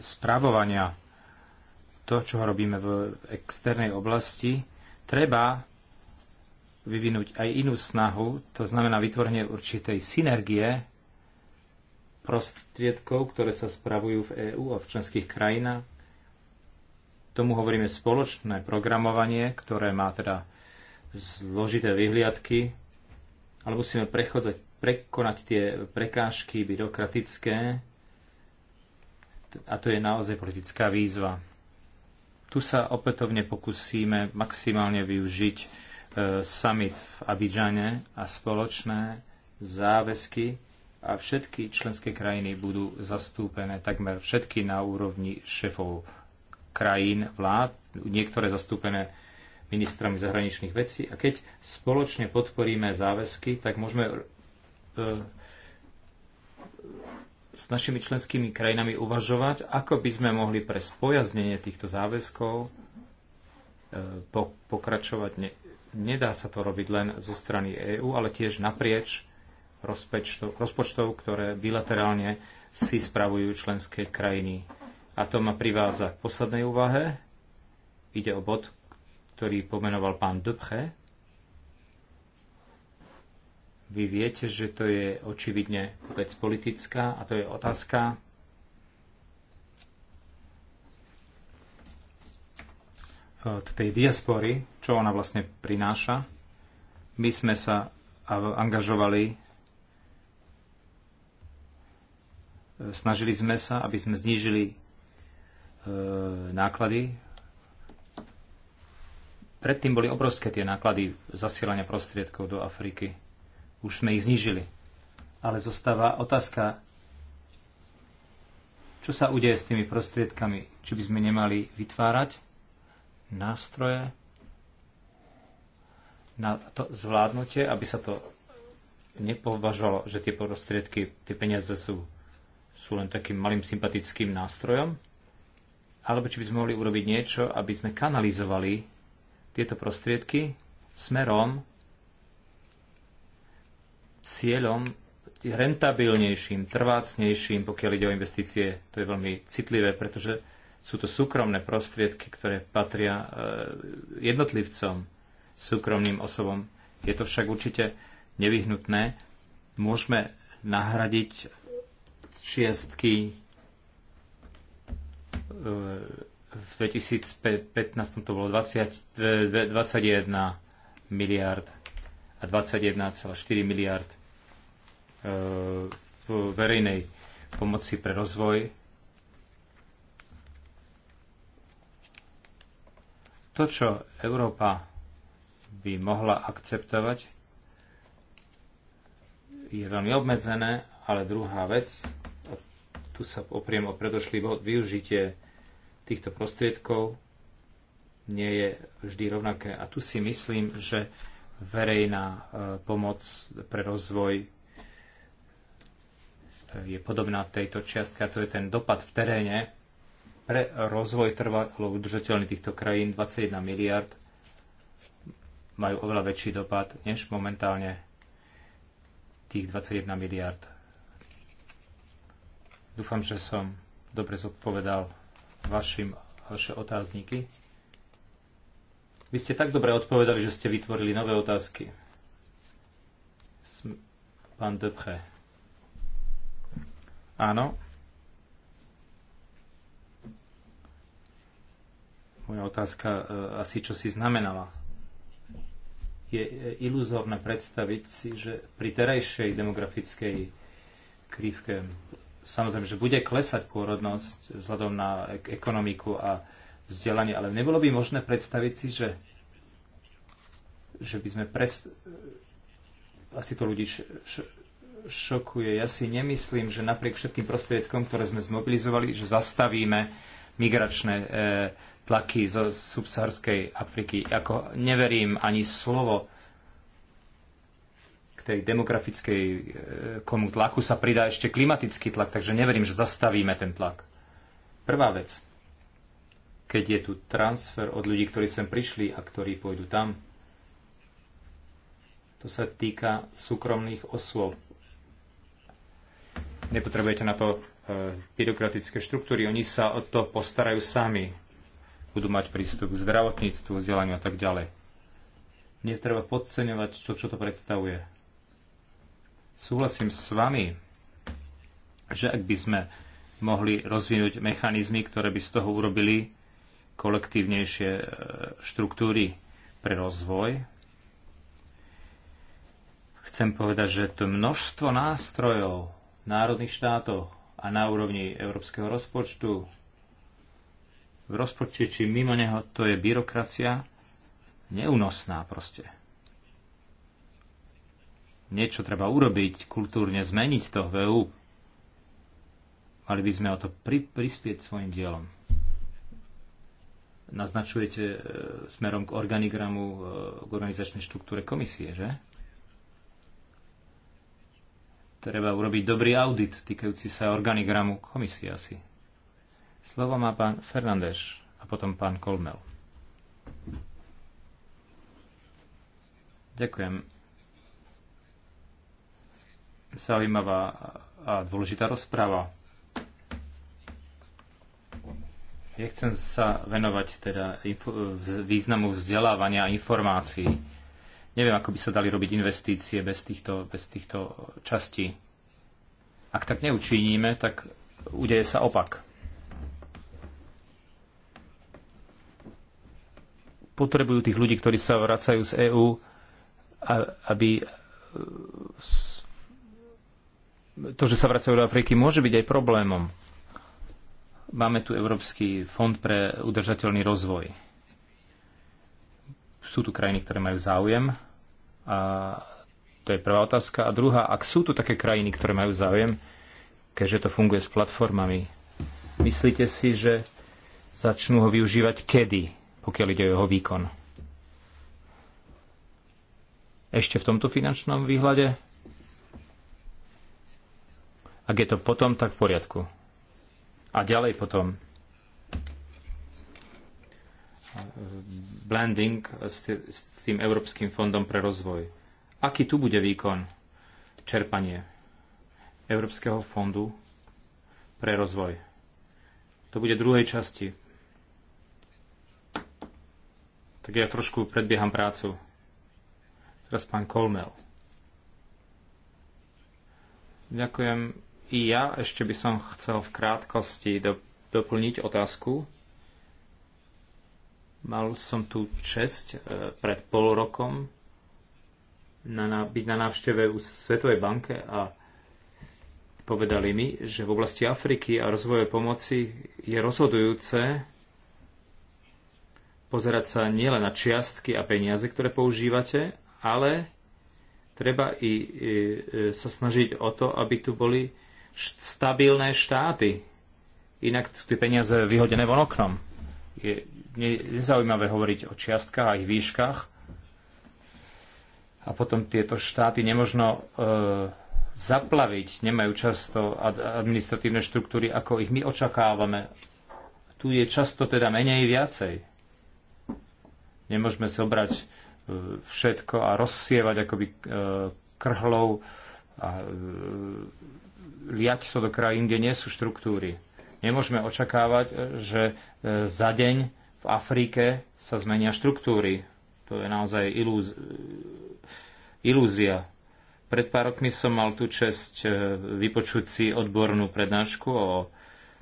spravovania to, čo robíme v externej oblasti, treba vyvinúť aj inú snahu, to znamená vytvorenie určitej synergie prostriedkov, ktoré sa spravujú v EÚ a v členských krajinách. Tomu hovoríme spoločné programovanie, ktoré má teda zložité vyhliadky, ale musíme prechádzať, prekonať tie prekážky byrokratické a to je naozaj politická výzva. Tu sa opätovne pokúsime maximálne využiť e, summit v Abidžane a spoločné záväzky a všetky členské krajiny budú zastúpené takmer všetky na úrovni šefov krajín, vlád, niektoré zastúpené ministrami zahraničných vecí. A keď spoločne podporíme záväzky, tak môžeme E, s našimi členskými krajinami uvažovať, ako by sme mohli pre spojaznenie týchto záväzkov e, pokračovať. Nedá sa to robiť len zo strany EÚ, ale tiež naprieč rozpočtov, rozpočtov, ktoré bilaterálne si spravujú členské krajiny. A to ma privádza k poslednej úvahe. Ide o bod, ktorý pomenoval pán Dupche. Vy viete, že to je očividne vec politická a to je otázka, od tej diaspory, čo ona vlastne prináša. My sme sa angažovali, snažili sme sa, aby sme znížili e, náklady. Predtým boli obrovské tie náklady zasielania prostriedkov do Afriky. Už sme ich znížili. Ale zostáva otázka, čo sa udeje s tými prostriedkami? Či by sme nemali vytvárať nástroje na to zvládnutie, aby sa to nepovažovalo, že tie prostriedky, tie peniaze sú, sú len takým malým sympatickým nástrojom, alebo či by sme mohli urobiť niečo, aby sme kanalizovali tieto prostriedky smerom cieľom rentabilnejším, trvácnejším, pokiaľ ide o investície. To je veľmi citlivé, pretože sú to súkromné prostriedky, ktoré patria e, jednotlivcom, súkromným osobom. Je to však určite nevyhnutné. Môžeme nahradiť čiestky e, v 2015 to bolo 20, 21 miliard a 21,4 miliard e, v verejnej pomoci pre rozvoj. To, čo Európa by mohla akceptovať, je veľmi obmedzené, ale druhá vec, tu sa opriem o predošlý bod, využitie týchto prostriedkov nie je vždy rovnaké. A tu si myslím, že verejná e, pomoc pre rozvoj e, je podobná tejto čiastke a to je ten dopad v teréne pre rozvoj trvalo udržateľný týchto krajín 21 miliard majú oveľa väčší dopad než momentálne tých 21 miliard. Dúfam, že som dobre zodpovedal vašim, vaše otázniky. Vy ste tak dobre odpovedali, že ste vytvorili nové otázky. Pán Depre. Áno. Moja otázka e, asi čo si znamenala. Je e, iluzórne predstaviť si, že pri terajšej demografickej krivke samozrejme, že bude klesať pôrodnosť vzhľadom na ekonomiku a vzdelanie, ale nebolo by možné predstaviť si, že, že by sme pres... Asi to ľudí šokuje. Ja si nemyslím, že napriek všetkým prostriedkom, ktoré sme zmobilizovali, že zastavíme migračné e, tlaky zo subsaharskej Afriky. Ako neverím ani slovo k tej demografickej e, komu tlaku sa pridá ešte klimatický tlak, takže neverím, že zastavíme ten tlak. Prvá vec keď je tu transfer od ľudí, ktorí sem prišli a ktorí pôjdu tam. To sa týka súkromných osôb. Nepotrebujete na to e, byrokratické štruktúry. Oni sa o to postarajú sami. Budú mať prístup k zdravotníctvu, vzdelaniu a tak ďalej. Netreba podceňovať to, čo to predstavuje. Súhlasím s vami, že ak by sme mohli rozvinúť mechanizmy, ktoré by z toho urobili kolektívnejšie e, štruktúry pre rozvoj. Chcem povedať, že to množstvo nástrojov národných štátov a na úrovni európskeho rozpočtu, v rozpočte či mimo neho, to je byrokracia neúnosná proste. Niečo treba urobiť, kultúrne zmeniť to v EU. Mali by sme o to pri, prispieť svojim dielom naznačujete e, smerom k organigramu, e, k organizačnej štruktúre komisie, že? Treba urobiť dobrý audit týkajúci sa organigramu komisie asi. Slovo má pán Fernández a potom pán Kolmel. Ďakujem. Zaujímavá a dôležitá rozpráva. Ja chcem sa venovať teda významu vzdelávania a informácií. Neviem, ako by sa dali robiť investície bez týchto, bez týchto častí. Ak tak neučiníme, tak udeje sa opak. Potrebujú tých ľudí, ktorí sa vracajú z EÚ, aby e, to, že sa vracajú do Afriky, môže byť aj problémom Máme tu Európsky fond pre udržateľný rozvoj. Sú tu krajiny, ktoré majú záujem. A to je prvá otázka. A druhá, ak sú tu také krajiny, ktoré majú záujem, keďže to funguje s platformami, myslíte si, že začnú ho využívať kedy, pokiaľ ide o jeho výkon? Ešte v tomto finančnom výhľade? Ak je to potom, tak v poriadku. A ďalej potom blending s tým Európskym fondom pre rozvoj. Aký tu bude výkon čerpanie Európskeho fondu pre rozvoj? To bude druhej časti. Tak ja trošku predbieham prácu. Teraz pán Kolmel. Ďakujem i ja ešte by som chcel v krátkosti do, doplniť otázku. Mal som tu čest e, pred pol rokom na, na, byť na návšteve u Svetovej banke a povedali mi, že v oblasti Afriky a rozvoje pomoci je rozhodujúce pozerať sa nielen na čiastky a peniaze, ktoré používate, ale treba i, i e, sa snažiť o to, aby tu boli stabilné štáty. Inak sú tie peniaze vyhodené von oknom. Je nezaujímavé hovoriť o čiastkách a ich výškach. A potom tieto štáty nemožno e, zaplaviť, nemajú často administratívne štruktúry, ako ich my očakávame. Tu je často teda menej viacej. Nemôžeme zobrať e, všetko a rozsievať akoby e, krhlov a e, liať to do krajín, kde nie sú štruktúry. Nemôžeme očakávať, e, že e, za deň v Afrike sa zmenia štruktúry. To je naozaj ilúz... ilúzia. Pred pár rokmi som mal tú čest e, vypočuť si odbornú prednášku o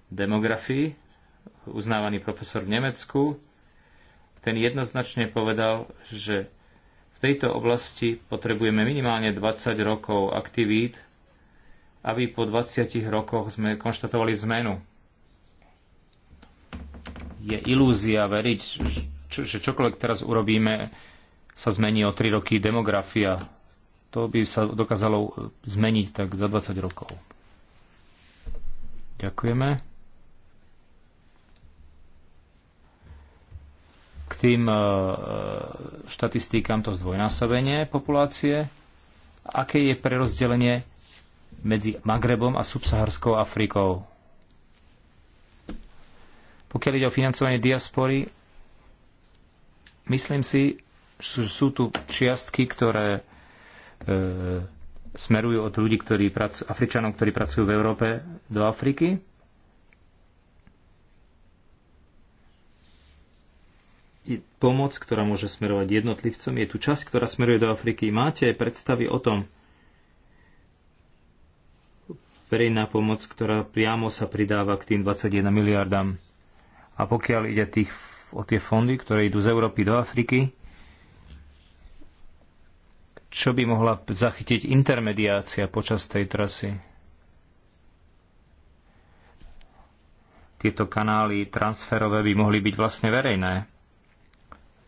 demografii, uznávaný profesor v Nemecku. Ten jednoznačne povedal, že v tejto oblasti potrebujeme minimálne 20 rokov aktivít aby po 20 rokoch sme konštatovali zmenu. Je ilúzia veriť, že čokoľvek teraz urobíme, sa zmení o 3 roky demografia. To by sa dokázalo zmeniť tak za 20 rokov. Ďakujeme. K tým e, e, štatistikám to zdvojnásobenie populácie. Aké je prerozdelenie medzi Magrebom a subsaharskou Afrikou. Pokiaľ ide o financovanie diaspory, myslím si, že sú tu čiastky, ktoré e, smerujú od ľudí, ktorí prac, Afričanom, ktorí pracujú v Európe, do Afriky. pomoc, ktorá môže smerovať jednotlivcom. Je tu časť, ktorá smeruje do Afriky. Máte aj predstavy o tom, verejná pomoc, ktorá priamo sa pridáva k tým 21 miliardám. A pokiaľ ide tých, o tie fondy, ktoré idú z Európy do Afriky, čo by mohla zachytiť intermediácia počas tej trasy? Tieto kanály transferové by mohli byť vlastne verejné.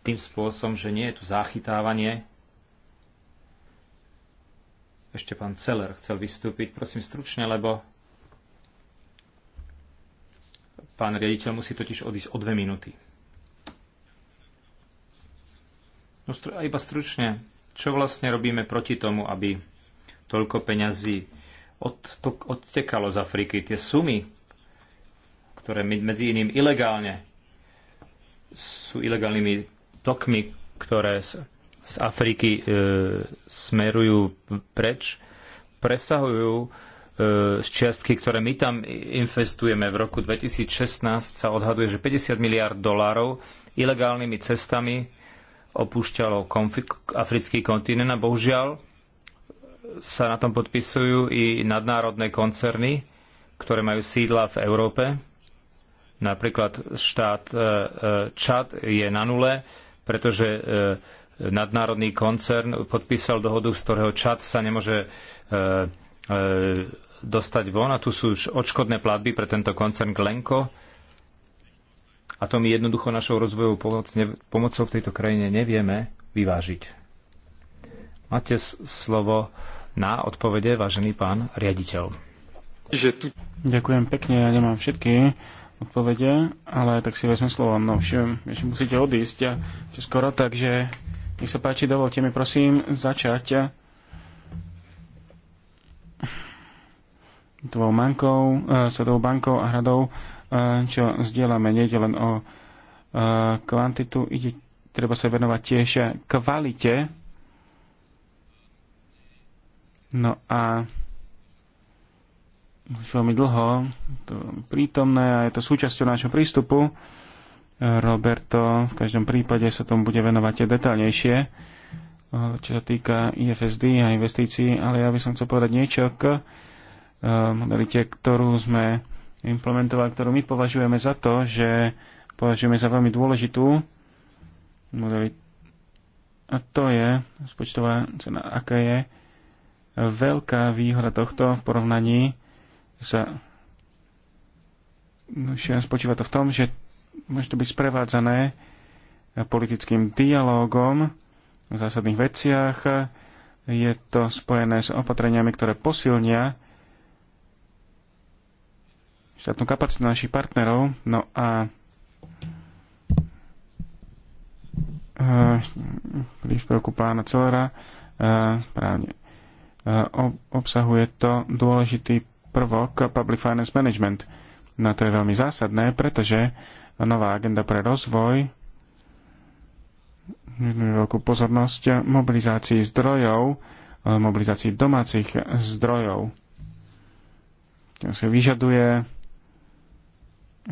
Tým spôsobom, že nie je tu zachytávanie ešte pán Celer chcel vystúpiť. Prosím stručne, lebo pán riaditeľ musí totiž odísť o dve minúty. No, a iba stručne, čo vlastne robíme proti tomu, aby toľko peňazí odtekalo z Afriky. Tie sumy, ktoré medzi iným ilegálne sú ilegálnymi tokmi, ktoré z Afriky e, smerujú preč, presahujú e, z čiastky, ktoré my tam investujeme. V roku 2016 sa odhaduje, že 50 miliard dolárov ilegálnymi cestami opúšťalo africký kontinent a bohužiaľ sa na tom podpisujú i nadnárodné koncerny, ktoré majú sídla v Európe. Napríklad štát e, e, Čad je na nule, pretože nadnárodný koncern podpísal dohodu, z ktorého čat sa nemôže e, e, dostať von a tu sú už odškodné platby pre tento koncern Glenko a to my jednoducho našou rozvojovou pomoc, ne, pomocou v tejto krajine nevieme vyvážiť. Máte slovo na odpovede, vážený pán riaditeľ. Ďakujem pekne, ja nemám všetky odpovede, ale tak si vezme slovo. No eh, že musíte odísť a eh, skoro, takže nech sa páči, dovolte mi prosím začať tvojou bankou, e, eh, svetovou bankou a hradou, e, čo zdieľame. je len o e, kvantitu, ide, treba sa venovať tiež kvalite. No a už veľmi dlho to prítomné a je to súčasťou nášho prístupu. Roberto v každom prípade sa tomu bude venovať detaľnejšie, eh, čo sa týka IFSD a investícií, ale ja by som chcel povedať niečo k eh, modalite, ktorú sme implementovali, ktorú my považujeme za to, že považujeme za veľmi dôležitú modalitu. A to je spočtová cena, aká je veľká výhoda tohto v porovnaní sa no, spočíva to v tom, že môže to byť sprevádzané politickým dialógom v zásadných veciach. Je to spojené s opatreniami, ktoré posilnia štátnu kapacitu našich partnerov. No a e, príspevku pána Celera e, právne e, obsahuje to dôležitý prvok public finance management. No to je veľmi zásadné, pretože nová agenda pre rozvoj veľkú pozornosť mobilizácii zdrojov, eh, mobilizácii domácich zdrojov. To sa vyžaduje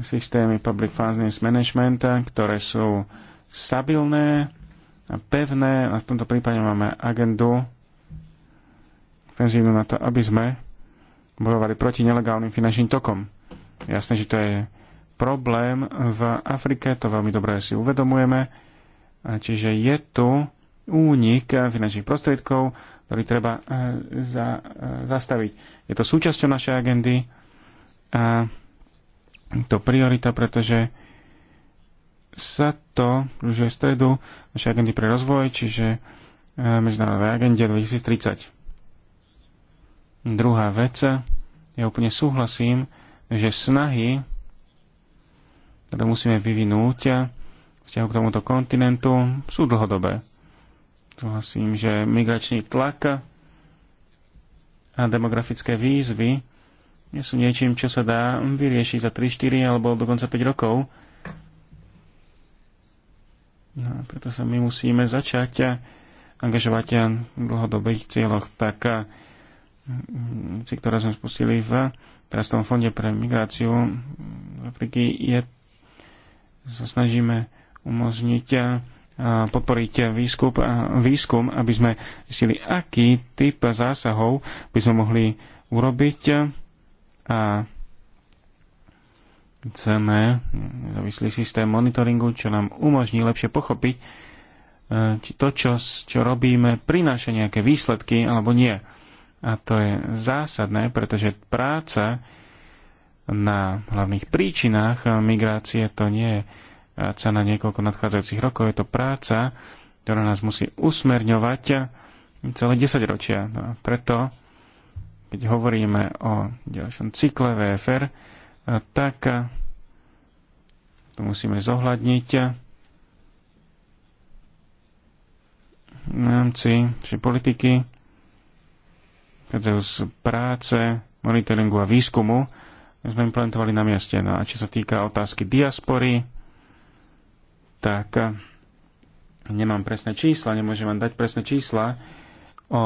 systémy public funds management, ktoré sú stabilné a pevné. A v tomto prípade máme agendu ofenzívnu na to, aby sme bojovali proti nelegálnym finančným tokom. Jasné, že to je problém v Afrike, to veľmi dobre si uvedomujeme. Čiže je tu únik finančných prostriedkov, ktorý treba e, za, e, zastaviť. Je to súčasťou našej agendy a to priorita, pretože sa to je stredu našej agendy pre rozvoj, čiže e, medzinárodnej agende 2030. Druhá vec, ja úplne súhlasím, že snahy ktoré musíme vyvinúť vzťahu k tomuto kontinentu, sú dlhodobé. Súhlasím, že migračný tlak a demografické výzvy nie sú niečím, čo sa dá vyriešiť za 3, 4 alebo dokonca 5 rokov. No, preto sa my musíme začať angažovať v dlhodobých cieľoch. Tak eh, ktoré sme spustili v teraz fonde pre migráciu v Afriky, je sa snažíme umožniť a podporiť výskum, výskum, aby sme zistili, aký typ zásahov by sme mohli urobiť a chceme závislý systém monitoringu, čo nám umožní lepšie pochopiť, e, či to, čo, čo robíme, prináša nejaké výsledky alebo nie. A to je zásadné, pretože práca na hlavných príčinách migrácie. To nie je eh, cena niekoľko nadchádzajúcich rokov, je to práca, ktorá nás musí usmerňovať celé 10 ročia. No a preto, keď hovoríme o ďalšom cykle VFR, eh, tak eh, to musíme zohľadniť v rámci politiky, keď z práce, monitoringu a výskumu sme implementovali na mieste. No a čo sa týka otázky diaspory, tak eh, nemám presné čísla, nemôžem vám dať presné čísla o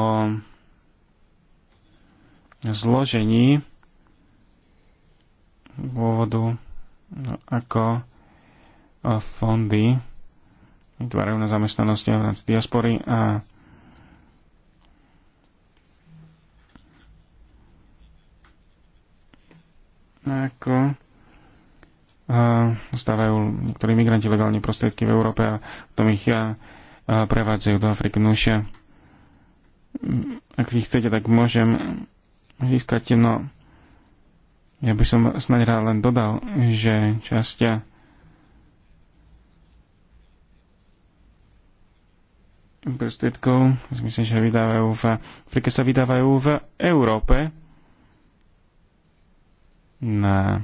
zložení pôvodu no ako eh, fondy vytvárajú na zamestnanosti v rámci diaspory a ako eh, stávajú niektorí migranti legálne prostriedky v Európe a potom ich eh, eh, prevádzajú do Afriky. Nuž, ak vy chcete, tak môžem získať, no ja by som snáď rád len dodal, že častia prostriedkov, myslím, že vydávajú v Afrike, sa vydávajú v Európe, na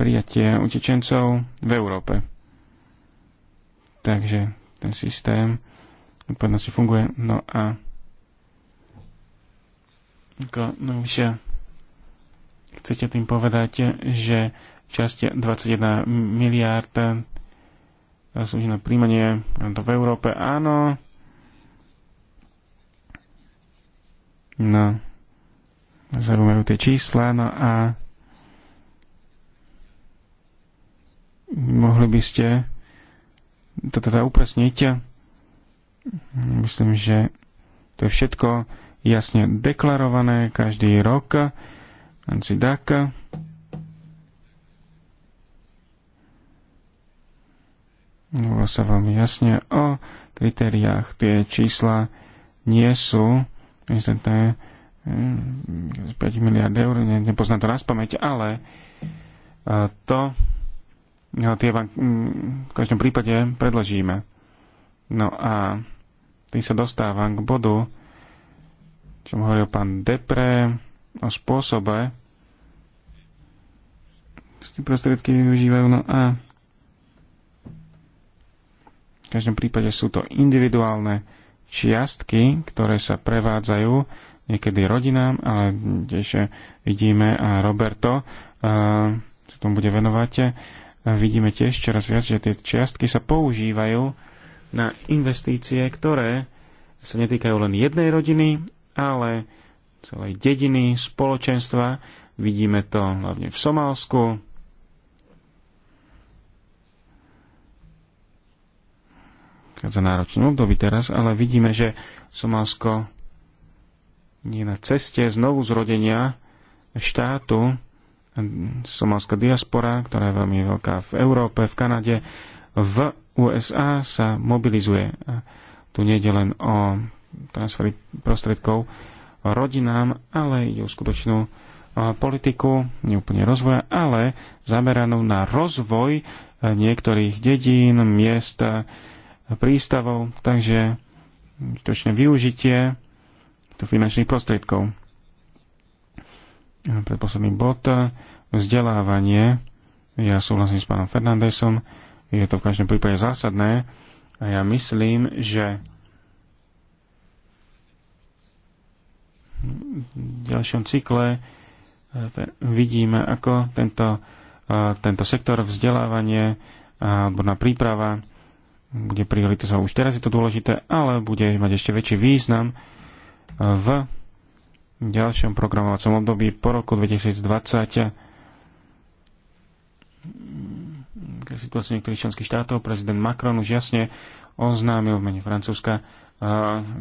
prijatie utečencov v Európe. Takže ten systém úplne si funguje. No a ako, no už chcete tým povedať, že časť 21 miliárd zaslúžené na príjmanie to v Európe. Áno. No zaujímajú tie čísla, no a mohli by ste to teda upresniť. Myslím, že to je všetko jasne deklarované každý rok. Anci Daka. sa veľmi jasne o kritériách. Tie čísla nie sú instantné 5 mm, miliard eur, nepoznám to na pamäť, ale to no, tie vám mm, v každom prípade predložíme. No a tým sa dostávam k bodu, čo hovoril pán Depre, o spôsobe, tie prostriedky využívajú. No a v každom prípade sú to individuálne čiastky, ktoré sa prevádzajú niekedy rodinám, ale tiež vidíme a Roberto sa tomu bude venovať. Vidíme tiež čoraz viac, že tie čiastky sa používajú na investície, ktoré sa netýkajú len jednej rodiny, ale celej dediny, spoločenstva. Vidíme to hlavne v Somálsku, za náročnú období teraz, ale vidíme, že Somálsko je na ceste znovu zrodenia štátu somalská diaspora, ktorá je veľmi veľká v Európe, v Kanade, v USA sa mobilizuje. Tu je len o transfery prostriedkov rodinám, ale ide o skutočnú politiku, neúplne rozvoja, ale zameranú na rozvoj e, niektorých dedín, miest, prístavov, takže skutočne využitie finančných prostriedkov. Predposledný bod, vzdelávanie. Ja súhlasím s pánom Fernandesom, je to v každom prípade zásadné a ja myslím, že v ďalšom cykle e, vidíme, ako tento, e, tento sektor vzdelávanie a odborná príprava bude prioritizovať. Už teraz je to dôležité, ale bude mať ešte väčší význam v ďalšom programovacom období po roku 2020 k situácii niektorých členských štátov. Prezident Macron už jasne oznámil v mene Francúzska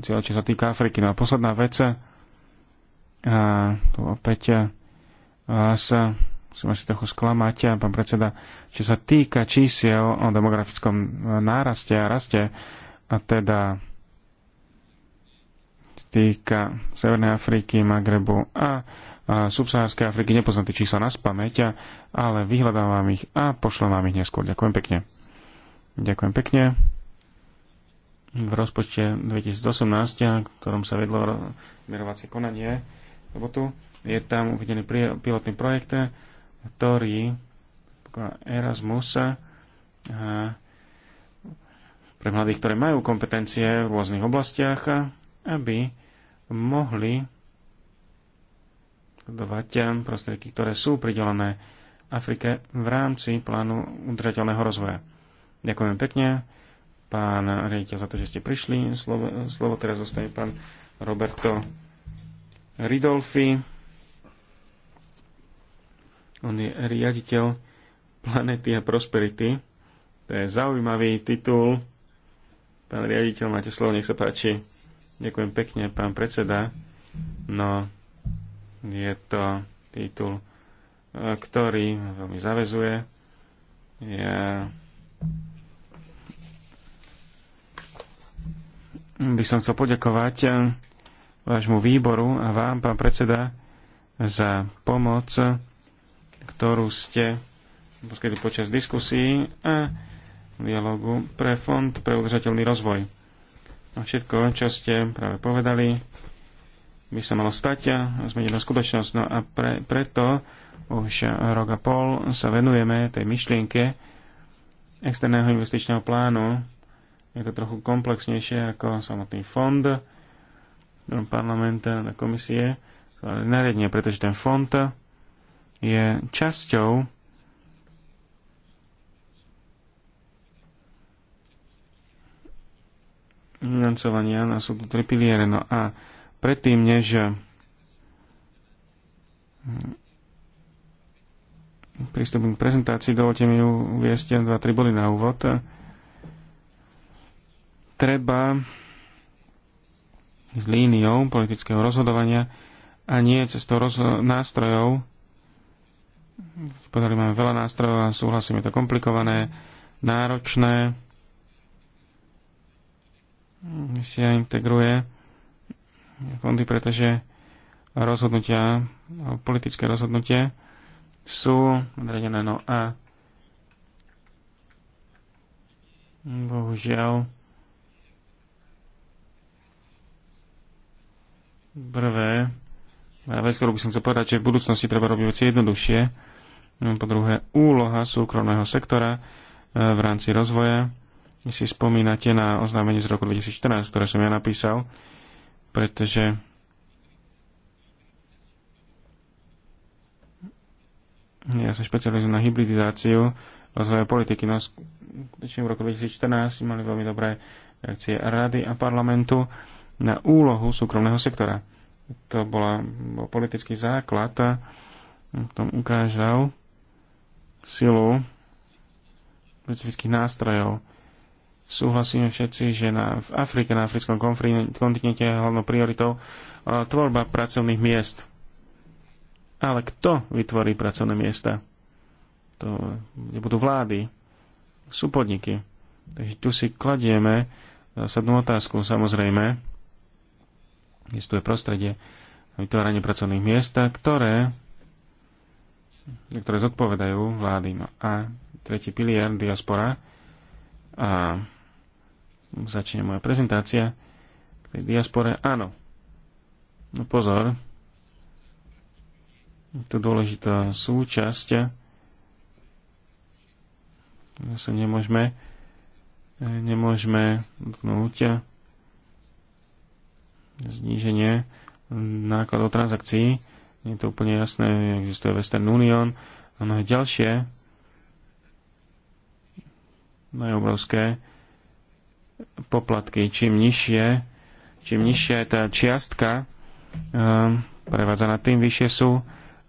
cieľ, čo sa týka Afriky. No a posledná vec, a tu opäť sa musím asi trochu sklamať, pán predseda, čo sa týka čísiel o demografickom náraste a raste, a teda týka Severnej Afriky, Magrebu a, Subsaharskej subsahárskej Afriky. Nepoznám tie čísla na spameť, ale vyhľadávam ich a pošlem vám ich neskôr. Ďakujem pekne. Ďakujem pekne. V rozpočte 2018, v ktorom sa vedlo merovacie konanie, tu je tam uvedený pilotný projekt, ktorý Erasmus pre mladých, ktoré majú kompetencie v rôznych oblastiach aby mohli sledovať eh, prostriedky, ktoré sú pridelené Afrike v rámci plánu udržateľného rozvoja. Ďakujem pekne, pán riaditeľ, za to, že ste prišli. Slovo, slovo teraz zostane pán Roberto Ridolfi. On je riaditeľ Planety a Prosperity. To je zaujímavý titul. Pán riaditeľ, máte slovo, nech sa páči. Ďakujem pekne, pán predseda. No, je to titul, e, ktorý veľmi zavezuje. Ja by som chcel poďakovať e, vášmu výboru a vám, pán predseda, za pomoc, ktorú ste poskytli počas diskusí a dialogu pre Fond pre udržateľný rozvoj všetko, čo ste práve povedali, by sa malo stať a zmeniť na skutočnosť. No a pre, preto už rok a pol sa venujeme tej myšlienke externého investičného plánu. Je to trochu komplexnejšie ako samotný fond parlamenta a komisie nariadne, pretože ten fond je časťou financovania na no sú tu tri piliere. No a predtým, než pristúpim k prezentácii, dovolte mi uviesť 2-3 body na úvod. Treba s líniou politického rozhodovania a nie cestou roz- nástrojov. Podali máme veľa nástrojov a súhlasím, je to komplikované, náročné sa integruje fondy, pretože rozhodnutia, politické rozhodnutie sú nadradené no a bohužiaľ prvé vec, ktorú by som chcel povedať, že v budúcnosti treba robiť veci jednoduchšie. No, po druhé, úloha súkromného sektora e, v rámci rozvoja si spomínate na oznámenie z roku 2014, ktoré som ja napísal, pretože ja sa špecializujem na hybridizáciu rozvoja politiky. No, v roku 2014 mali veľmi dobré reakcie rady a parlamentu na úlohu súkromného sektora. To bola, bol politický základ a v tom ukážal silu specifických nástrojov Súhlasíme všetci, že na, v Afrike, na africkom kontinente je hlavnou prioritou tvorba pracovných miest. Ale kto vytvorí pracovné miesta? To nebudú vlády, sú podniky. Takže tu si kladieme zásadnú otázku, samozrejme. Existuje prostredie vytváranie pracovných miest, ktoré, ktoré zodpovedajú vlády. No a tretí pilier, diaspora. A začne moja prezentácia k tej diaspore. Áno. No pozor. Je to dôležitá súčasť. Zase nemôžeme nemôžeme dotknúť zníženie nákladov transakcií. Je to úplne jasné, existuje Western Union a mnohé ďalšie najobrovské obrovské poplatky. Čím nižšie, čím nižšia je tá čiastka eh, prevádzaná, tým vyššie sú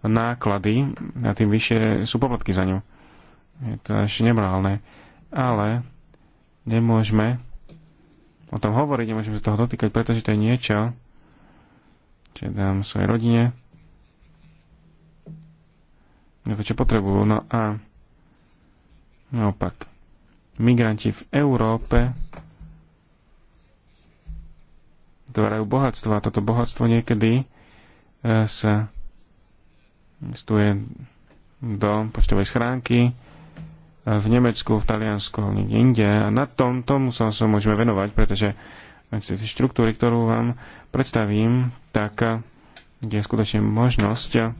náklady a tým vyššie sú poplatky za ňu. Je to až nemorálne. Ale nemôžeme o tom hovoriť, nemôžeme sa toho dotýkať, pretože to je niečo, čo dám svojej rodine, na to, čo potrebujú. No a naopak, migranti v Európe vytvárajú bohatstvo a toto bohatstvo niekedy e, sa investuje do poštovej schránky e, v Nemecku, v Taliansku, niekde inde. A na tom, tomu sa, sa môžeme venovať, pretože tie štruktúry, ktorú vám predstavím, tak e, je skutočne možnosť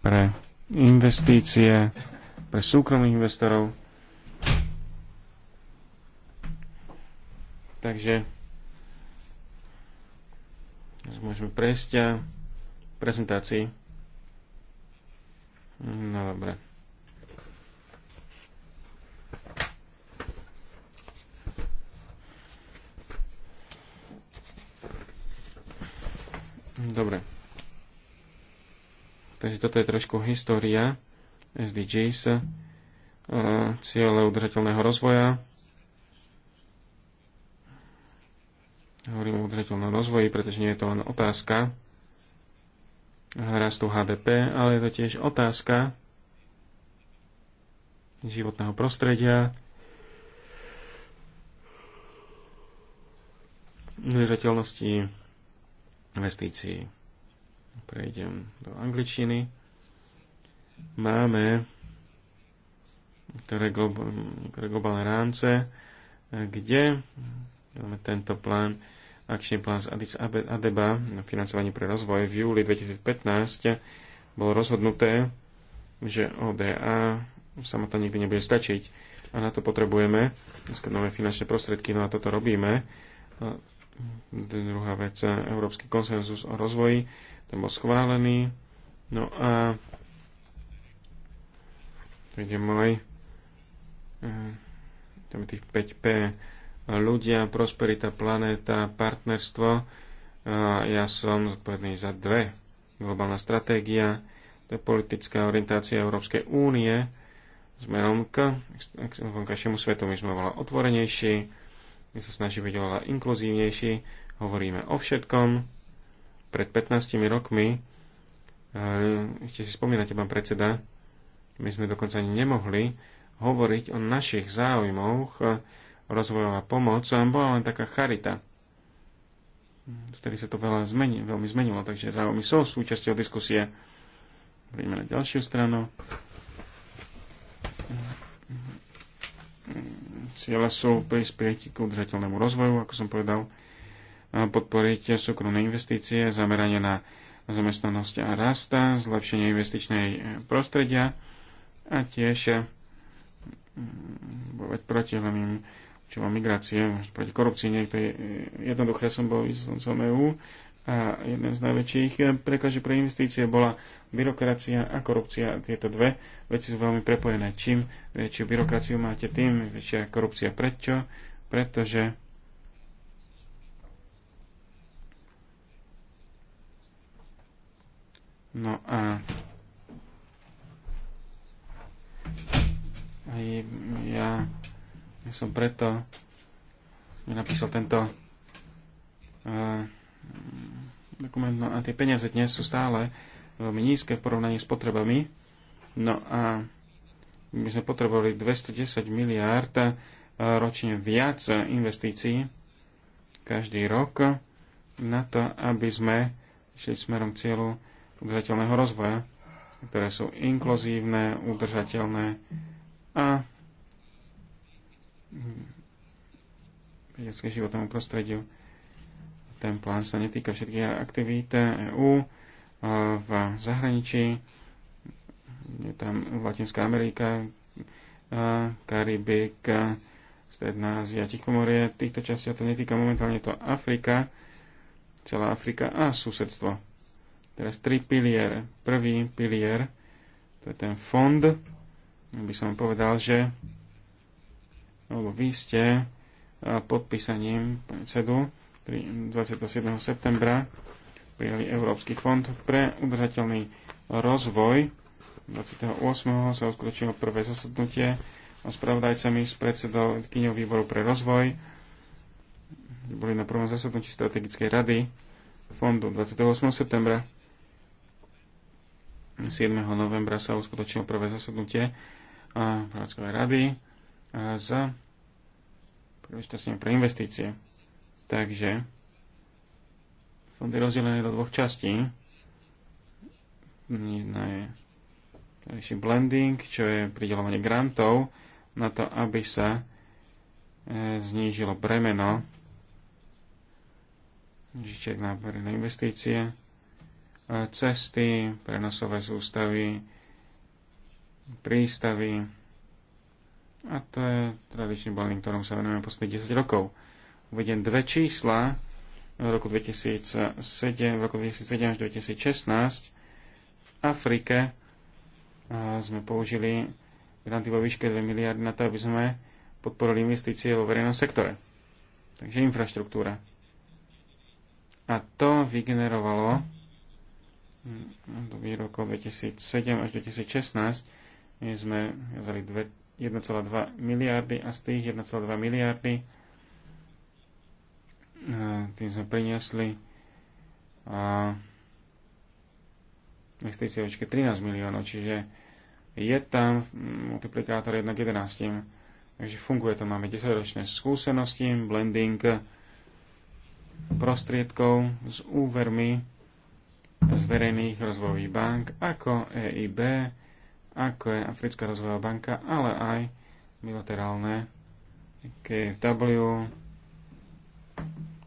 pre investície, pre súkromných investorov. Takže Môžeme prejsť a eh, prezentácii. No dobre. Dobre. Takže toto je trošku história SDGs, eh, cieľe udržateľného rozvoja Hovoríme o udržateľnom rozvoji, pretože nie je to len otázka rastu HDP, ale je to tiež otázka životného prostredia, udržateľnosti investícií. Prejdem do angličtiny. Máme ktoré globálne rámce, kde Máme tento plán, akčný plán z Addis Adeba na financovanie pre rozvoj v júli 2015 bolo rozhodnuté, že ODA samotná nikdy nebude stačiť a na to potrebujeme nové finančné prostriedky, no a toto robíme. Druhá vec, Európsky konsenzus o rozvoji, ten bol schválený. No a to je môj eh, tam je tých 5P ľudia, prosperita, planéta, partnerstvo. Ja som zodpovedný za dve. Globálna stratégia, to je politická orientácia Európskej únie smerom k, k vonkajšiemu svetu. My sme oveľa otvorenejší, my sa snažíme byť oveľa inkluzívnejší, hovoríme o všetkom. Pred 15 rokmi, e, ešte si spomínate, pán predseda, my sme dokonca ani nemohli hovoriť o našich záujmoch, rozvojová pomoc eh, bola len taká charita. Vtedy sa to veľa zmeni, veľmi zmenilo, takže záujmy sú súčasťou diskusie. Poďme na ďalšiu stranu. Ciele sú prispieť k udržateľnému rozvoju, ako som povedal, podporiť súkromné investície, zameranie na zamestnanosť a rasta, zlepšenie investičnej eh, prostredia a tiež eh, bojovať proti hlavným či má migrácie proti korupcii, niekto je e, jednoduché, som bol vyslancom EÚ a jeden z najväčších e, prekaží pre investície bola byrokracia a korupcia. Tieto dve veci sú veľmi prepojené. Čím väčšiu byrokraciu máte, tým väčšia korupcia. Prečo? Pretože No a aj ja ja som preto napísal tento uh, dokument. No a tie peniaze dnes sú stále veľmi nízke v porovnaní s potrebami. No a my sme potrebovali 210 miliárd eh, ročne viac investícií každý rok na to, aby sme išli smerom cieľu udržateľného rozvoja, ktoré sú inkluzívne, udržateľné a vedecké životnému prostrediu. Ten plán sa netýka všetkých aktivít EU, e, v zahraničí. Je tam Latinská Amerika, e, Karibik, e, Stredná Ázia, Tichomorie. Týchto časti to netýka momentálne je to Afrika, celá Afrika a susedstvo. Teraz tri piliere. Prvý pilier, to je ten fond, by som povedal, že lebo vy ste e, podpísaním cedu 27. septembra prijali Európsky fond pre udržateľný rozvoj. 28. sa uskutočilo prvé zasadnutie o spravodajcami s predsedou kyňou výboru pre rozvoj. Boli na prvom zasadnutí strategickej rady fondu 28. septembra. 7. novembra sa uskutočilo prvé zasadnutie Právackej rady s pre investície. Takže fond je rozdelený do dvoch častí. Jedna je ďalší blending, čo je pridelovanie grantov na to, aby sa e, znížilo bremeno žičiek na verejné investície, e, cesty, prenosové sústavy, prístavy, a to je tradičný teda balík, ktorom sa venujeme posledných 10 rokov. Uvediem dve čísla. V roku 2007, v roku 2007 až 2016 v Afrike sme použili granty vo výške 2 miliardy na to, aby sme podporili investície vo verejnom sektore. Takže infraštruktúra. A to vygenerovalo do výroku 2007 až 2016 my sme jazali 1,2 miliardy a z tých 1,2 miliardy e, tým sme priniesli a investície 13 miliónov, čiže je tam multiplikátor 1 k 11. Takže funguje to, máme 10-ročné skúsenosti, blending prostriedkov s úvermi z verejných rozvojových bank ako EIB, ako je Africká rozvojová banka, ale aj bilaterálne KFW.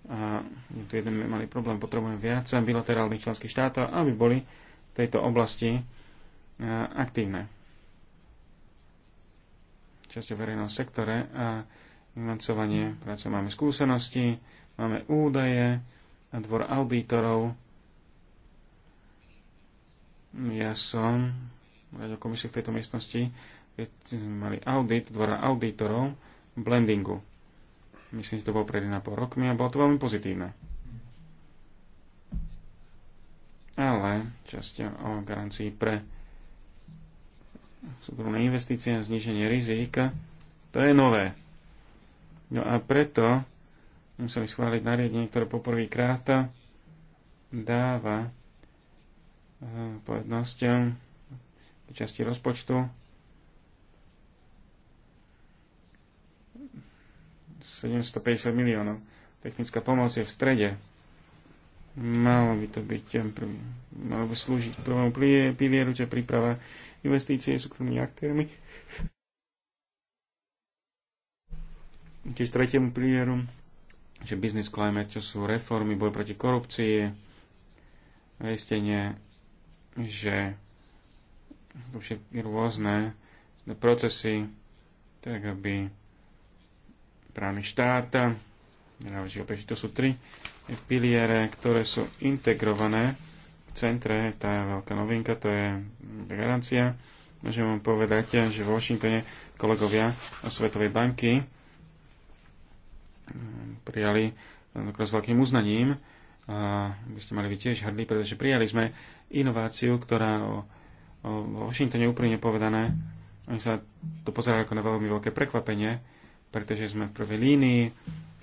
A je tu jeden malý problém, potrebujeme viac bilaterálnych členských štátov, aby boli v tejto oblasti aktívne. Časť o verejnom sektore a financovanie práce máme skúsenosti, máme údaje, a dvor auditorov. Ja som komisie v tejto miestnosti, keď mali audit dvora auditorov blendingu. Myslím, že to bolo pred 1,5 rokmi a bolo to veľmi pozitívne. Ale časť o garancii pre súkromné investície a zniženie rizika, to je nové. No a preto museli schváliť nariadenie, ktoré poprvýkrát dáva eh, povednosť časti rozpočtu 750 miliónov. Technická pomoc je v strede. Malo by to byť, eh, malo by slúžiť prvom, pilieru, čo príprava investície súkromnými aktérmi. Tiež tretiemu pilieru, že business climate, čo sú reformy, boj proti korupcii, zaistenie, že všetky rôzne procesy, tak aby právny štát, takže teda to sú tri piliere, ktoré sú integrované v centre, tá je veľká novinka, to je garancia. Môžem vám povedať, že v Washingtone kolegovia Svetovej banky mm, prijali s veľkým uznaním, by ste mali byť tiež hrdí, pretože prijali sme inováciu, ktorá o v Washingtone úprimne povedané, oni sa to pozerajú ako na veľmi veľké prekvapenie, pretože sme v prvej línii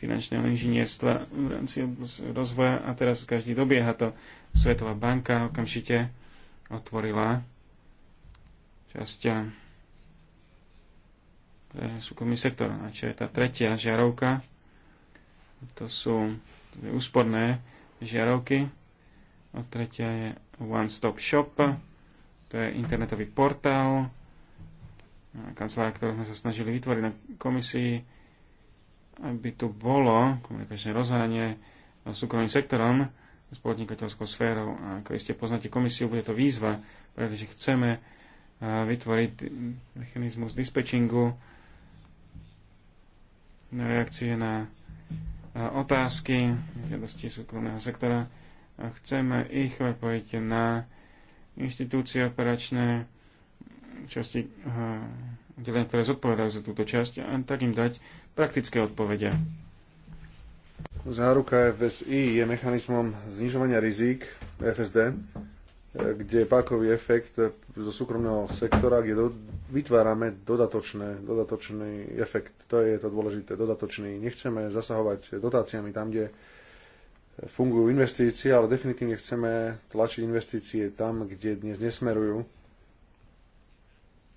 finančného inžinierstva v rámci rozvoja a teraz každý dobieha to. Svetová banka okamžite otvorila časť pre súkromný sektor. A čo je tá tretia žiarovka? To sú úsporné žiarovky. A tretia je One Stop Shop to je internetový portál, kancelár, ktorú sme sa snažili vytvoriť na komisii, aby tu bolo komunikačné rozhranie s súkromným sektorom, s podnikateľskou sférou. A ako iste poznáte komisiu, bude to výzva, pretože chceme eh, vytvoriť mechanizmus dispečingu na reakcie na eh, otázky žiadosti súkromného sektora. A chceme ich prepojiť na inštitúcie operačné časti, eh, oddelenia, ktoré zodpovedajú za túto časť, a tak im dať praktické odpovede. Záruka FSI je mechanizmom znižovania rizík FSD, eh, kde je pákový efekt zo súkromného sektora, kde do, vytvárame dodatočné, dodatočný efekt. To je to dôležité, dodatočný. Nechceme zasahovať dotáciami tam, kde fungujú investície, ale definitívne chceme tlačiť investície tam, kde dnes nesmerujú.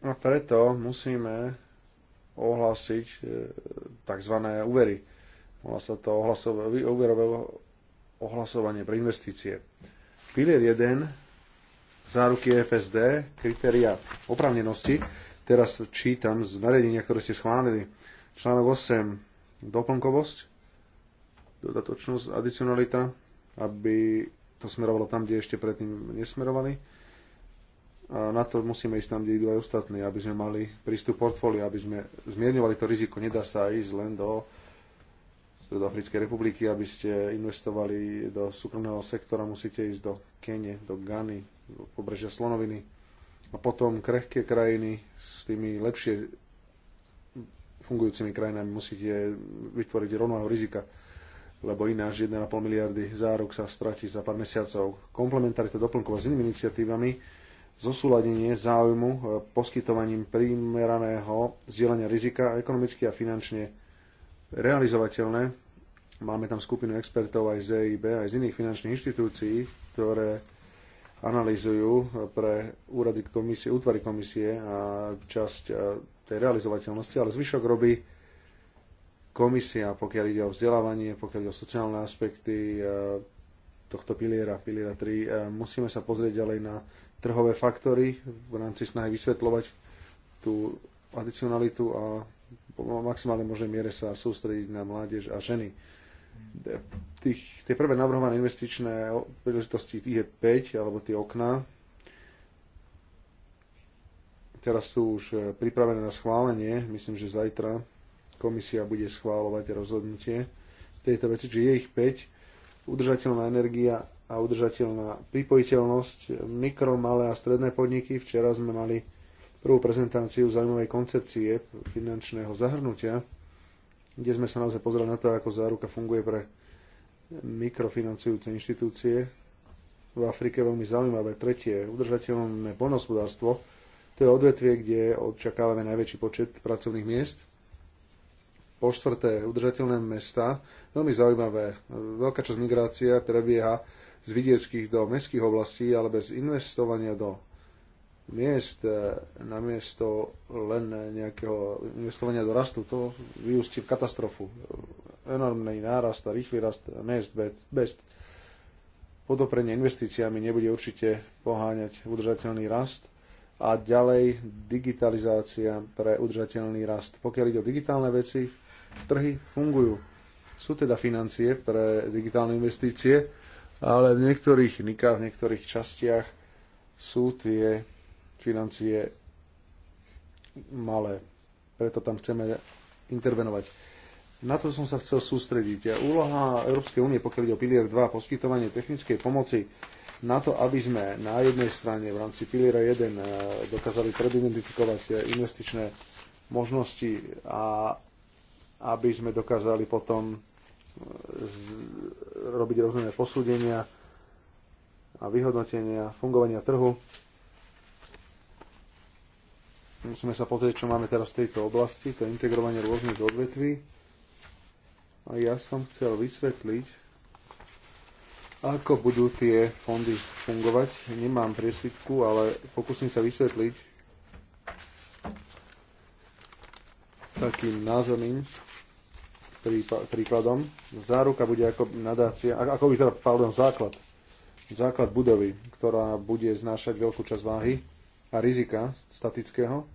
A preto musíme ohlásiť e, tzv. úvery. Volá sa to úverové ohlasovanie pre investície. Pilier 1, záruky FSD, kritéria opravnenosti. Teraz čítam z nariadenia, ktoré ste schválili. Článok 8, doplnkovosť dodatočnosť, adicionalita, aby to smerovalo tam, kde ešte predtým nesmerovali. A na to musíme ísť tam, kde idú aj ostatní, aby sme mali prístup portfólia, aby sme zmierňovali to riziko. Nedá sa ísť len do Stredoafrickej republiky, aby ste investovali do súkromného sektora, musíte ísť do Kene, do Gany, do pobrežia Slonoviny a potom krehké krajiny s tými lepšie fungujúcimi krajinami musíte vytvoriť rovnováhu rizika lebo ináč 1,5 miliardy záruk sa stratí za pár mesiacov. Komplementarita doplnkova s inými iniciatívami, zosúladenie záujmu e, poskytovaním primeraného zdieľania rizika ekonomicky a finančne realizovateľné. Máme tam skupinu expertov aj z EIB, aj z iných finančných inštitúcií, ktoré analýzujú e, pre úrady komisie, útvary komisie a časť e, tej realizovateľnosti, ale zvyšok robí komisia, pokiaľ ide o vzdelávanie, pokiaľ ide o sociálne aspekty e, tohto piliera, piliera 3. E, musíme sa pozrieť ďalej na trhové faktory v rámci snahy vysvetľovať tú adicionalitu a po maximálnej možnej miere sa sústrediť na mládež a ženy. Tých, tie prvé navrhované investičné príležitosti, tých je 5, alebo tie okná, teraz sú už e, pripravené na schválenie, myslím, že zajtra komisia bude schváľovať rozhodnutie v tejto veci, čiže je ich 5. Udržateľná energia a udržateľná pripojiteľnosť, mikro, malé a stredné podniky. Včera sme mali prvú prezentáciu zaujímavej koncepcie finančného zahrnutia, kde sme sa naozaj pozreli na to, ako záruka funguje pre mikrofinancujúce inštitúcie. V Afrike veľmi zaujímavé. Tretie, udržateľné poľnohospodárstvo. To je odvetvie, kde očakávame najväčší počet pracovných miest. Po štvrté, udržateľné mesta. Veľmi zaujímavé. Veľká časť migrácia prebieha z vidieckých do mestských oblastí, ale bez investovania do miest, e, namiesto len nejakého investovania do rastu, to vyústi v katastrofu. Enormný nárast a rýchly rast miest bez podoprenie investíciami nebude určite poháňať udržateľný rast a ďalej digitalizácia pre udržateľný rast. Pokiaľ ide o digitálne veci, v trhy fungujú. Sú teda financie pre digitálne investície, ale v niektorých nikách, v niektorých častiach sú tie financie malé. Preto tam chceme intervenovať. Na to som sa chcel sústrediť. A úloha Európskej únie, pokiaľ ide o pilier 2, poskytovanie technickej pomoci na to, aby sme na jednej strane v rámci piliera 1 eh, dokázali predidentifikovať eh, investičné možnosti a aby sme dokázali potom e, robiť rozumné posúdenia a vyhodnotenia fungovania trhu. Musíme sa pozrieť, čo máme teraz v tejto oblasti, to integrovanie rôznych odvetví. A ja som chcel vysvetliť, ako budú tie fondy fungovať. Nemám priesvitku, ale pokúsim sa vysvetliť takým názorným príkladom. Záruka bude ako nadácia, ako by teda, pardon, základ, základ budovy, ktorá bude znášať veľkú časť váhy a rizika statického.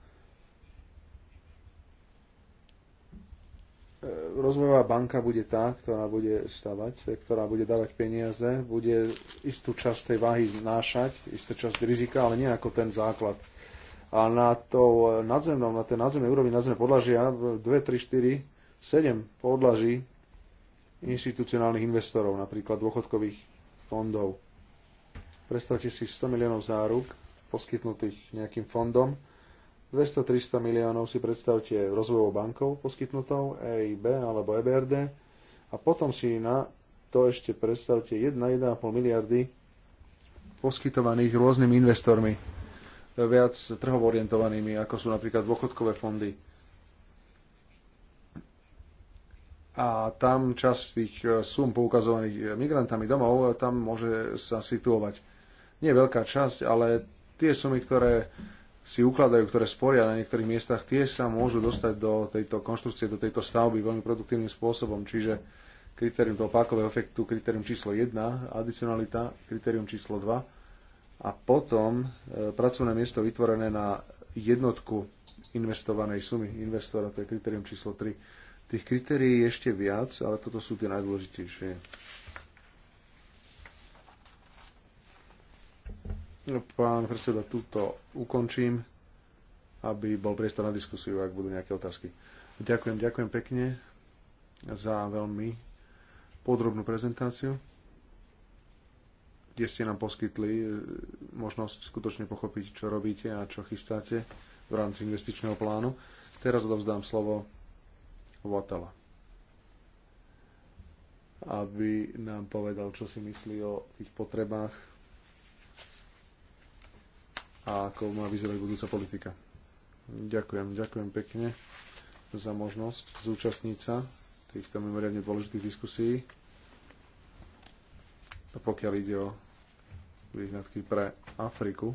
E, rozvojová banka bude tá, ktorá bude stavať, e, ktorá bude dávať peniaze, bude istú časť tej váhy znášať, istú časť rizika, ale nie ako ten základ a na, to e, nadzemnom, na tej nadzemnej úrovni nadzemné podlažia 2, 3, 4 7 podlaží inštitucionálnych investorov, napríklad dôchodkových fondov. Predstavte si 100 miliónov záruk poskytnutých nejakým fondom, 200-300 miliónov si predstavte rozvojovou bankou poskytnutou, EIB alebo EBRD a potom si na to ešte predstavte 1-1,5 miliardy poskytovaných rôznymi investormi, viac trhovo orientovanými, ako sú napríklad dôchodkové fondy a tam časť tých e, sum poukazovaných e, migrantami domov, e, tam môže sa situovať. Nie veľká časť, ale tie sumy, ktoré si ukladajú, ktoré sporia na niektorých miestach, tie sa môžu dostať do tejto konštrukcie, do tejto stavby veľmi produktívnym spôsobom. Čiže kritérium toho pákového efektu, kritérium číslo 1, adicionalita, kritérium číslo 2 a potom e, pracovné miesto vytvorené na jednotku investovanej sumy investora, to je kritérium číslo 3 Tých kritérií je ešte viac, ale toto sú tie najdôležitejšie. No, pán predseda, túto ukončím, aby bol priestor na diskusiu, ak budú nejaké otázky. Ďakujem, ďakujem pekne za veľmi podrobnú prezentáciu, kde ste nám poskytli e, možnosť skutočne pochopiť, čo robíte a čo chystáte v rámci investičného plánu. Teraz odovzdám slovo Vatala, aby nám povedal, čo si myslí o tých potrebách a ako má vyzerať budúca politika. Ďakujem, ďakujem pekne za možnosť zúčastniť sa týchto mimoriadne dôležitých diskusí. A pokiaľ ide o vyhľadky pre Afriku,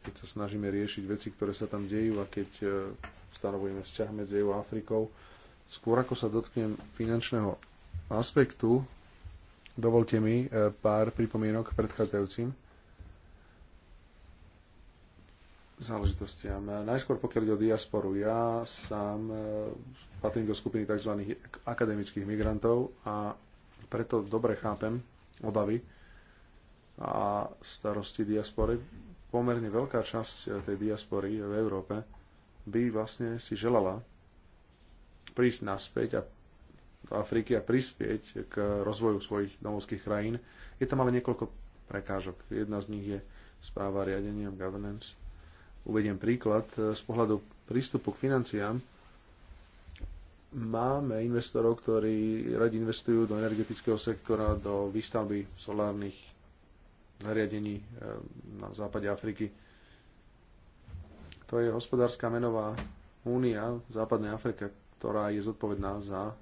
keď sa snažíme riešiť veci, ktoré sa tam dejú a keď e, stanovujeme vzťah medzi EU a Afrikou. Skôr ako sa dotknem finančného aspektu, dovolte mi e, pár pripomienok k predchádzajúcim záležitostiam. Najskôr pokiaľ ide o diasporu. Ja sám e, patrím do skupiny tzv. akademických migrantov a preto dobre chápem obavy a starosti diaspory. Pomerne veľká časť e, tej diaspory v Európe by vlastne si želala prísť naspäť a do Afriky a prispieť k rozvoju svojich domovských krajín. Je tam ale niekoľko prekážok. Jedna z nich je správa riadenia, governance. Uvediem príklad. Z pohľadu prístupu k financiám máme investorov, ktorí radi investujú do energetického sektora, do výstavby solárnych zariadení eh, na západe Afriky to je hospodárska menová únia v západnej Afrike, ktorá je zodpovedná za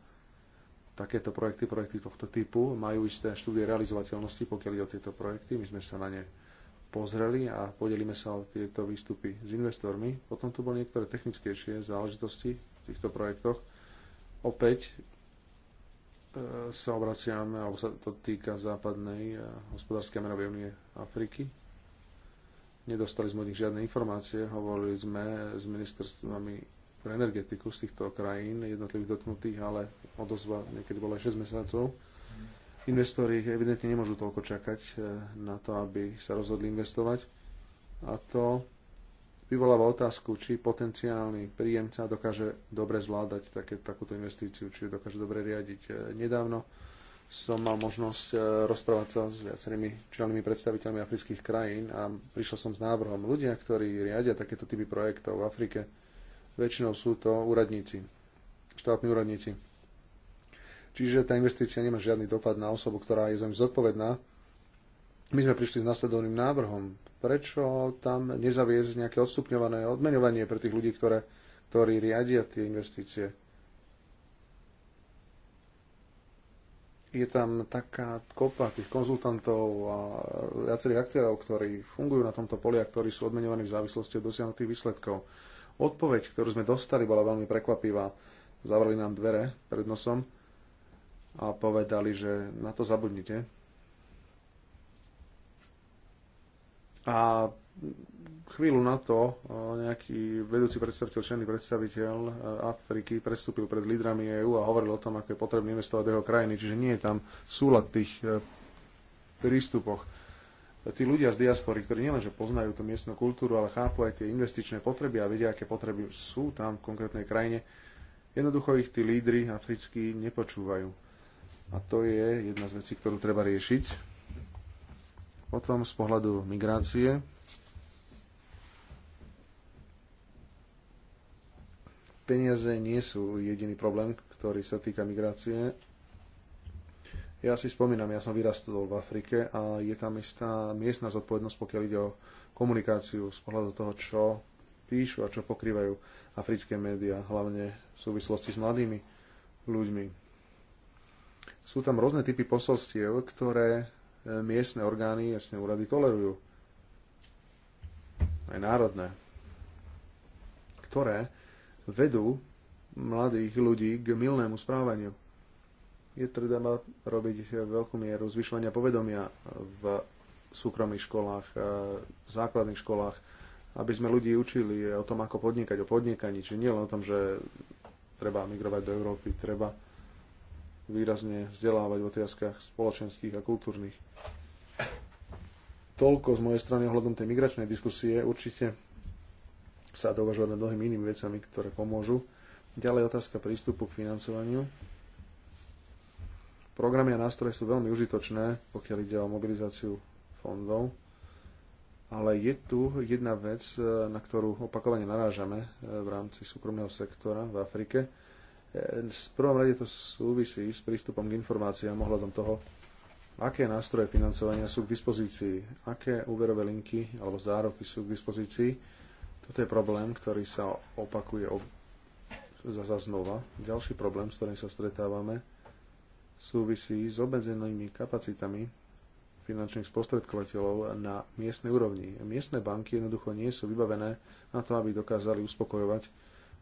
takéto projekty, projekty tohto typu. Majú isté štúdie realizovateľnosti, pokiaľ ide o tieto projekty. My sme sa na ne pozreli a podelíme sa o tieto výstupy s investormi. Potom tu boli niektoré technickejšie záležitosti v týchto projektoch. Opäť e, sa obraciame, alebo sa to týka západnej e, hospodárskej menovej únie Afriky, Nedostali sme od nich žiadne informácie, hovorili sme s ministerstvami pre energetiku z týchto krajín, jednotlivých dotknutých, ale odozva niekedy bola aj 6 mesiacov. Investori evidentne nemôžu toľko čakať eh, na to, aby sa rozhodli investovať. A to vyvoláva otázku, či potenciálny príjemca dokáže dobre zvládať také, takúto investíciu, či dokáže dobre riadiť. Eh, nedávno som mal možnosť e, rozprávať sa s viacerými čelnými predstaviteľmi afrických krajín a prišiel som s návrhom. Ľudia, ktorí riadia takéto typy projektov v Afrike, väčšinou sú to úradníci, štátni úradníci. Čiže tá investícia nemá žiadny dopad na osobu, ktorá je za zodpovedná. My sme prišli s nasledovným návrhom. Prečo tam nezaviesť nejaké odstupňované odmenovanie pre tých ľudí, ktoré, ktorí riadia tie investície? je tam taká kopa tých konzultantov a viacerých aktérov, ktorí fungujú na tomto poli a ktorí sú odmenovaní v závislosti od dosiahnutých výsledkov. Odpoveď, ktorú sme dostali, bola veľmi prekvapivá. Zavrali nám dvere pred nosom a povedali, že na to zabudnite. A chvíľu na to e, nejaký vedúci predstaviteľ, členný predstaviteľ e, Afriky prestúpil pred lídrami EÚ a hovoril o tom, ako je potrebné investovať do jeho krajiny. Čiže nie je tam súlad v tých e, prístupoch. Tí ľudia z diaspory, ktorí nielenže poznajú tú miestnu kultúru, ale chápu aj tie investičné potreby a vedia, aké potreby sú tam v konkrétnej krajine, jednoducho ich tí lídry africkí nepočúvajú. A to je jedna z vecí, ktorú treba riešiť. Potom z pohľadu migrácie Peniaze nie sú jediný problém, ktorý sa týka migrácie. Ja si spomínam, ja som vyrastol v Afrike a je tam istá miestna zodpovednosť, pokiaľ ide o komunikáciu z pohľadu toho, čo píšu a čo pokrývajú africké médiá, hlavne v súvislosti s mladými ľuďmi. Sú tam rôzne typy posolstiev, ktoré e, miestne orgány, miestne úrady tolerujú. Aj národné. Ktoré vedú mladých ľudí k milnému správaniu. Je treba robiť veľkú mieru zvyšovania povedomia v súkromných školách, eh, v základných školách, aby sme ľudí učili o tom, ako podnikať, o podnikaní. či nie len o tom, že treba migrovať do Európy, treba výrazne vzdelávať v otázkach spoločenských a kultúrnych. Toľko z mojej strany ohľadom tej migračnej diskusie. Určite sa dovažovať nad mnohými inými vecami, ktoré pomôžu. Ďalej otázka prístupu k financovaniu. Programy a nástroje sú veľmi užitočné, pokiaľ ide o mobilizáciu fondov, ale je tu jedna vec, e, na ktorú opakovane narážame e, v rámci súkromného sektora v Afrike. E, v prvom rade to súvisí s prístupom k informáciám ohľadom toho, aké nástroje financovania sú k dispozícii, aké úverové linky alebo zároky sú k dispozícii, toto je problém, ktorý sa opakuje ob... zase znova. Ďalší problém, s ktorým sa stretávame, súvisí s obmedzenými kapacitami finančných sprostredkovateľov na miestnej úrovni. Miestne banky jednoducho nie sú vybavené na to, aby dokázali uspokojovať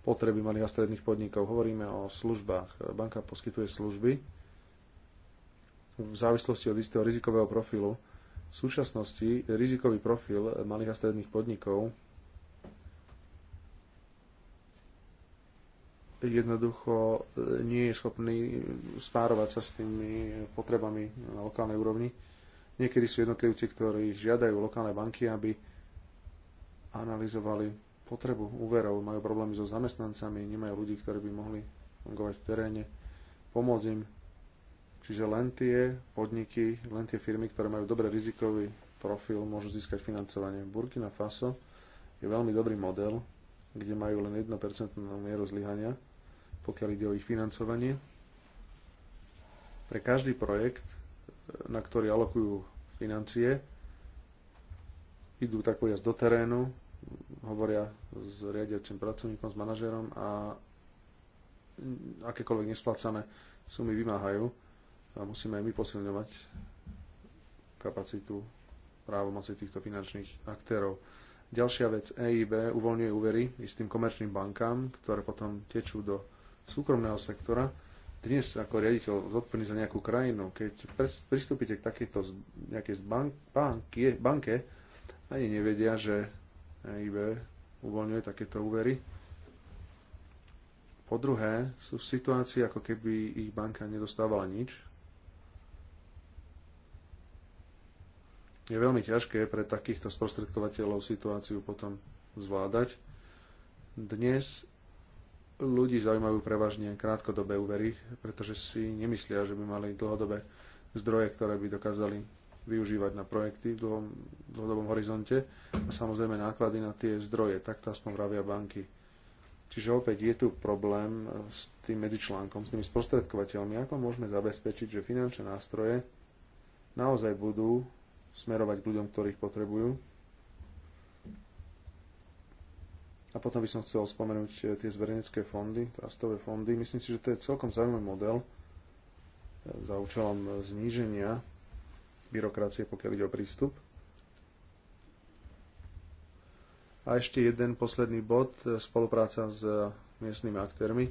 potreby malých a stredných podnikov. Hovoríme o službách. Banka poskytuje služby v závislosti od istého rizikového profilu. V súčasnosti rizikový profil malých a stredných podnikov jednoducho e, nie je schopný spárovať sa s tými potrebami na lokálnej úrovni. Niekedy sú jednotlivci, ktorí žiadajú lokálne banky, aby analyzovali potrebu úverov, majú problémy so zamestnancami, nemajú ľudí, ktorí by mohli fungovať v teréne, pomôcť im. Čiže len tie podniky, len tie firmy, ktoré majú dobrý rizikový profil, môžu získať financovanie. Burkina Faso je veľmi dobrý model, kde majú len 1% mieru zlyhania pokiaľ ide o ich financovanie. Pre každý projekt, na ktorý alokujú financie, idú tak povedať do terénu, hovoria s riadiacim pracovníkom, s manažérom a akékoľvek nesplácané sumy vymáhajú a musíme aj my posilňovať kapacitu právomoci týchto finančných aktérov. Ďalšia vec, EIB uvoľňuje úvery istým komerčným bankám, ktoré potom tečú do súkromného sektora, dnes ako riaditeľ zodpovedný za nejakú krajinu, keď pristúpite k takejto nejakej bank, banky, banke, ani nevedia, že EIB uvoľňuje takéto úvery. Po druhé, sú v situácii, ako keby ich banka nedostávala nič. Je veľmi ťažké pre takýchto sprostredkovateľov situáciu potom zvládať. Dnes ľudí zaujímajú prevažne krátkodobé úvery, pretože si nemyslia, že by mali dlhodobé zdroje, ktoré by dokázali využívať na projekty v dlhom, dlhodobom horizonte a samozrejme náklady na tie zdroje, tak to aspoň vravia banky. Čiže opäť je tu problém s tým medzičlánkom, s tými sprostredkovateľmi, ako môžeme zabezpečiť, že finančné nástroje naozaj budú smerovať k ľuďom, ktorých potrebujú, A potom by som chcel spomenúť eh, tie zverejnecké fondy, trastové fondy. Myslím si, že to je celkom zaujímavý model eh, za účelom eh, zníženia byrokracie, pokiaľ ide o prístup. A ešte jeden posledný bod, spolupráca s miestnymi aktérmi.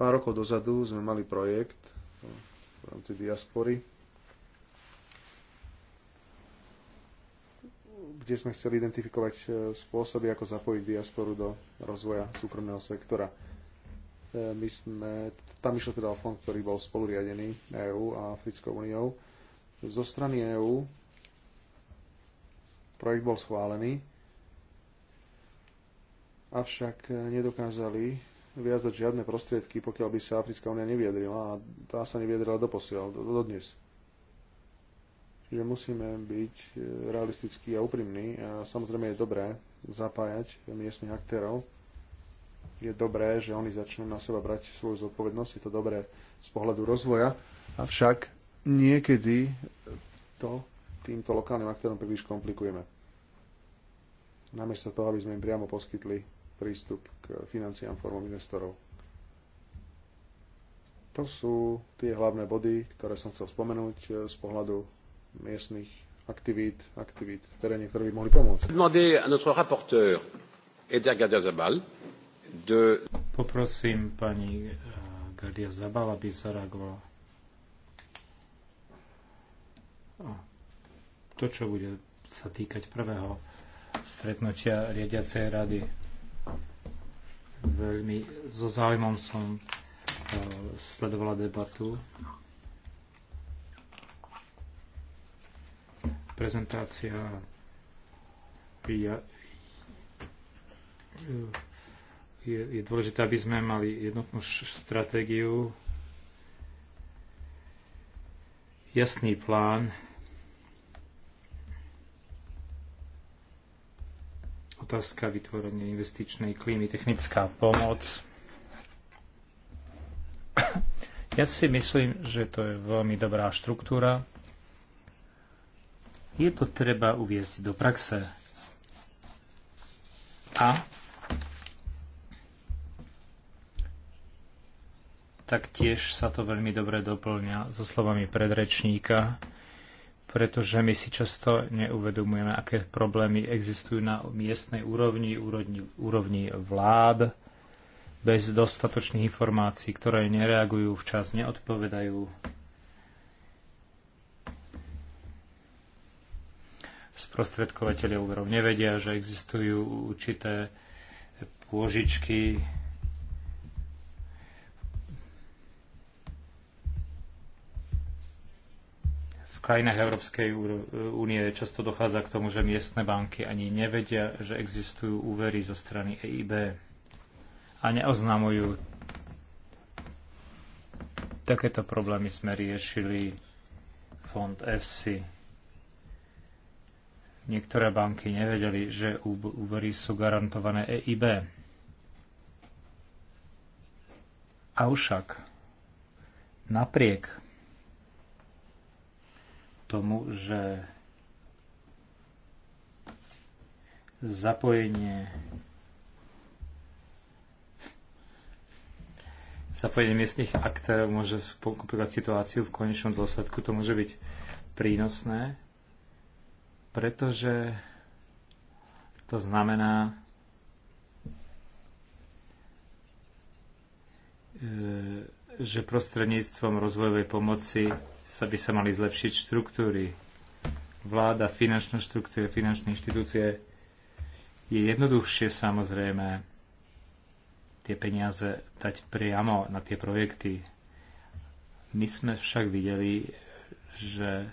Pár rokov dozadu sme mali projekt v rámci diaspory, kde sme chceli identifikovať e, spôsoby, ako zapojiť diasporu do rozvoja súkromného sektora. E, my sme, tam išlo teda o fond, ktorý bol spoluriadený EÚ a Africkou úniou. Zo strany EÚ projekt bol schválený, avšak e, nedokázali viazať žiadne prostriedky, pokiaľ by sa Africká únia neviedrila a tá sa do doposiaľ, do, do dnes. Čiže musíme byť e, realistickí a úprimní a samozrejme je dobré zapájať miestnych aktérov. Je dobré, že oni začnú na seba brať svoju zodpovednosť, je to dobré z pohľadu rozvoja, avšak niekedy to týmto lokálnym aktérom príliš komplikujeme. Namiesto toho, aby sme im priamo poskytli prístup k financiám formou investorov. To sú tie hlavné body, ktoré som chcel spomenúť e, z pohľadu miestnych aktivít, aktivít v teréne, ktoré by mohli pomôcť. Poprosím pani eh, Gardia Zabal, aby zareagovala. To, čo bude sa týkať prvého stretnutia riadiacej rady. Veľmi so záujmom som eh, sledovala debatu prezentácia je, je dôležité, aby sme mali jednotnú stratégiu, jasný plán, otázka vytvorenia investičnej klímy, technická pomoc. Ja si myslím, že to je veľmi dobrá štruktúra, je to treba uviezť do praxe. A taktiež sa to veľmi dobre doplňa so slovami predrečníka, pretože my si často neuvedomujeme, aké problémy existujú na miestnej úrovni, úrovni, úrovni vlád, bez dostatočných informácií, ktoré nereagujú včas, neodpovedajú sprostredkovateľe úverov nevedia, že existujú určité pôžičky, V krajinách Európskej únie často dochádza k tomu, že miestne banky ani nevedia, že existujú úvery zo strany EIB a neoznamujú. Takéto problémy sme riešili fond EFSI. Niektoré banky nevedeli, že úvery sú garantované EIB. Avšak napriek tomu, že zapojenie zapojenie miestnych aktérov môže spokupovať situáciu, v konečnom dôsledku to môže byť prínosné, pretože to znamená, e, že prostredníctvom rozvojovej pomoci sa by sa mali zlepšiť štruktúry. Vláda, finančná štruktúra, finančné inštitúcie je jednoduchšie samozrejme tie peniaze dať priamo na tie projekty. My sme však videli, že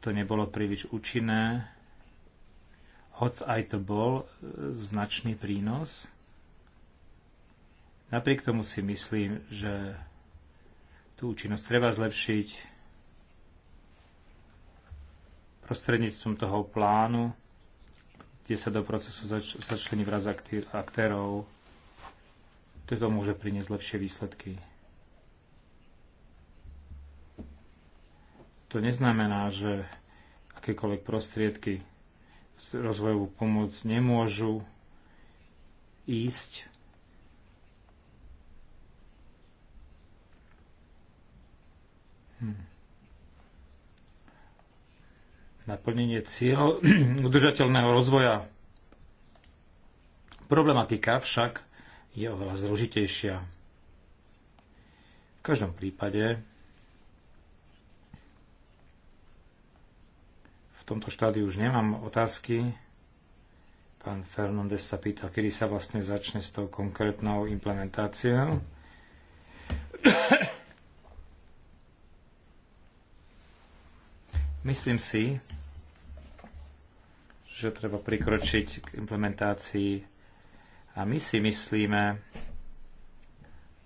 to nebolo príliš účinné, hoc aj to bol e, značný prínos. Napriek tomu si myslím, že tú účinnosť treba zlepšiť prostredníctvom toho plánu, kde sa do procesu zač- začlení vraz aktérov. to môže priniesť lepšie výsledky. To neznamená, že akékoľvek prostriedky rozvojovú pomoc nemôžu ísť hm. naplnenie cieľ udržateľného rozvoja. Problematika však je oveľa zložitejšia. V každom prípade tomto štádiu už nemám otázky. Pán Fernández sa pýtal, kedy sa vlastne začne s tou konkrétnou implementáciou. Myslím si, že treba prikročiť k implementácii a my si myslíme,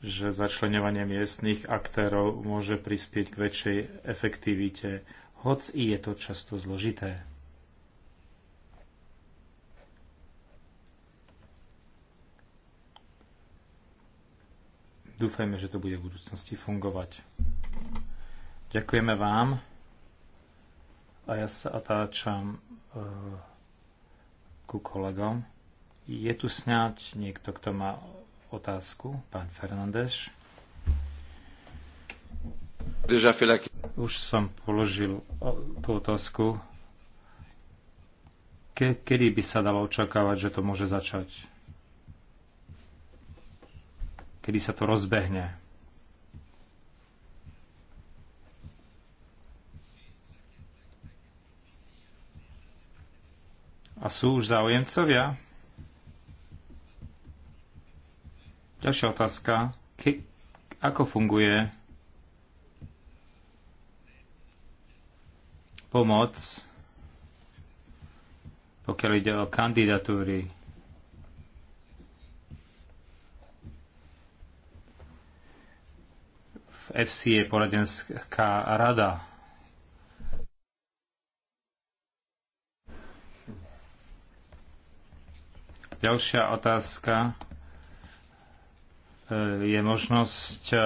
že začlenovanie miestných aktérov môže prispieť k väčšej efektivite hoc i je to často zložité. Dúfajme, že to bude v budúcnosti fungovať. Ďakujeme vám a ja sa otáčam e, ku kolegom. Je tu snáď niekto, kto má otázku? Pán Fernández. Deja fait la už som položil tú otázku. Ke, kedy by sa dalo očakávať, že to môže začať? Kedy sa to rozbehne? A sú už záujemcovia? Ďalšia otázka. Ke, ako funguje pomoc, pokiaľ ide o kandidatúry. V FC je poradenská rada. Ďalšia otázka e, je možnosť e,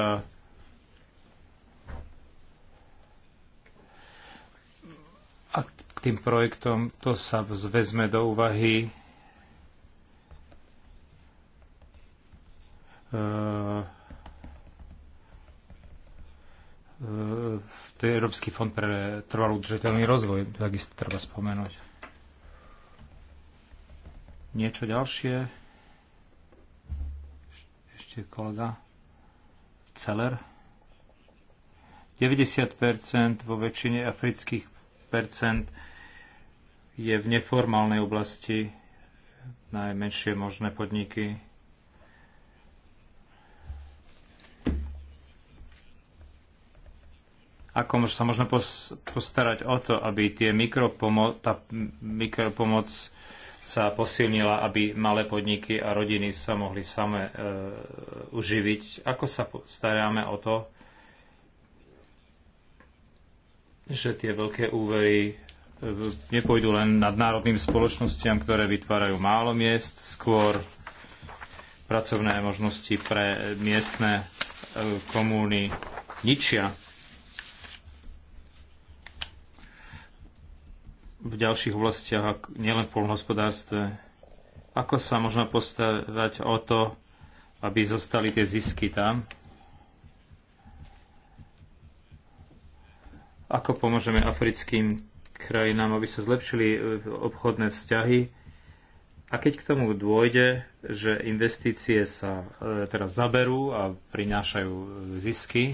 tým projektom, to sa vezme do úvahy v e, tej e, Európsky fond pre trvalý udržateľný rozvoj, takisto treba spomenúť. Niečo ďalšie? Ešte kolega Celer. 90% vo väčšine afrických percent je v neformálnej oblasti najmenšie možné podniky. Ako sa možno postarať o to, aby tie mikropomo- tá mikropomoc sa posilnila, aby malé podniky a rodiny sa mohli same e, uživiť? Ako sa staráme o to, že tie veľké úvery nepôjdu len nadnárodným spoločnostiam, ktoré vytvárajú málo miest, skôr pracovné možnosti pre miestne e, komúny ničia. V ďalších oblastiach, nielen v polnohospodárstve, ako sa možno postarať o to, aby zostali tie zisky tam? Ako pomôžeme africkým krajinám, aby sa zlepšili e, obchodné vzťahy. A keď k tomu dôjde, že investície sa e, teda zaberú a prinášajú e, zisky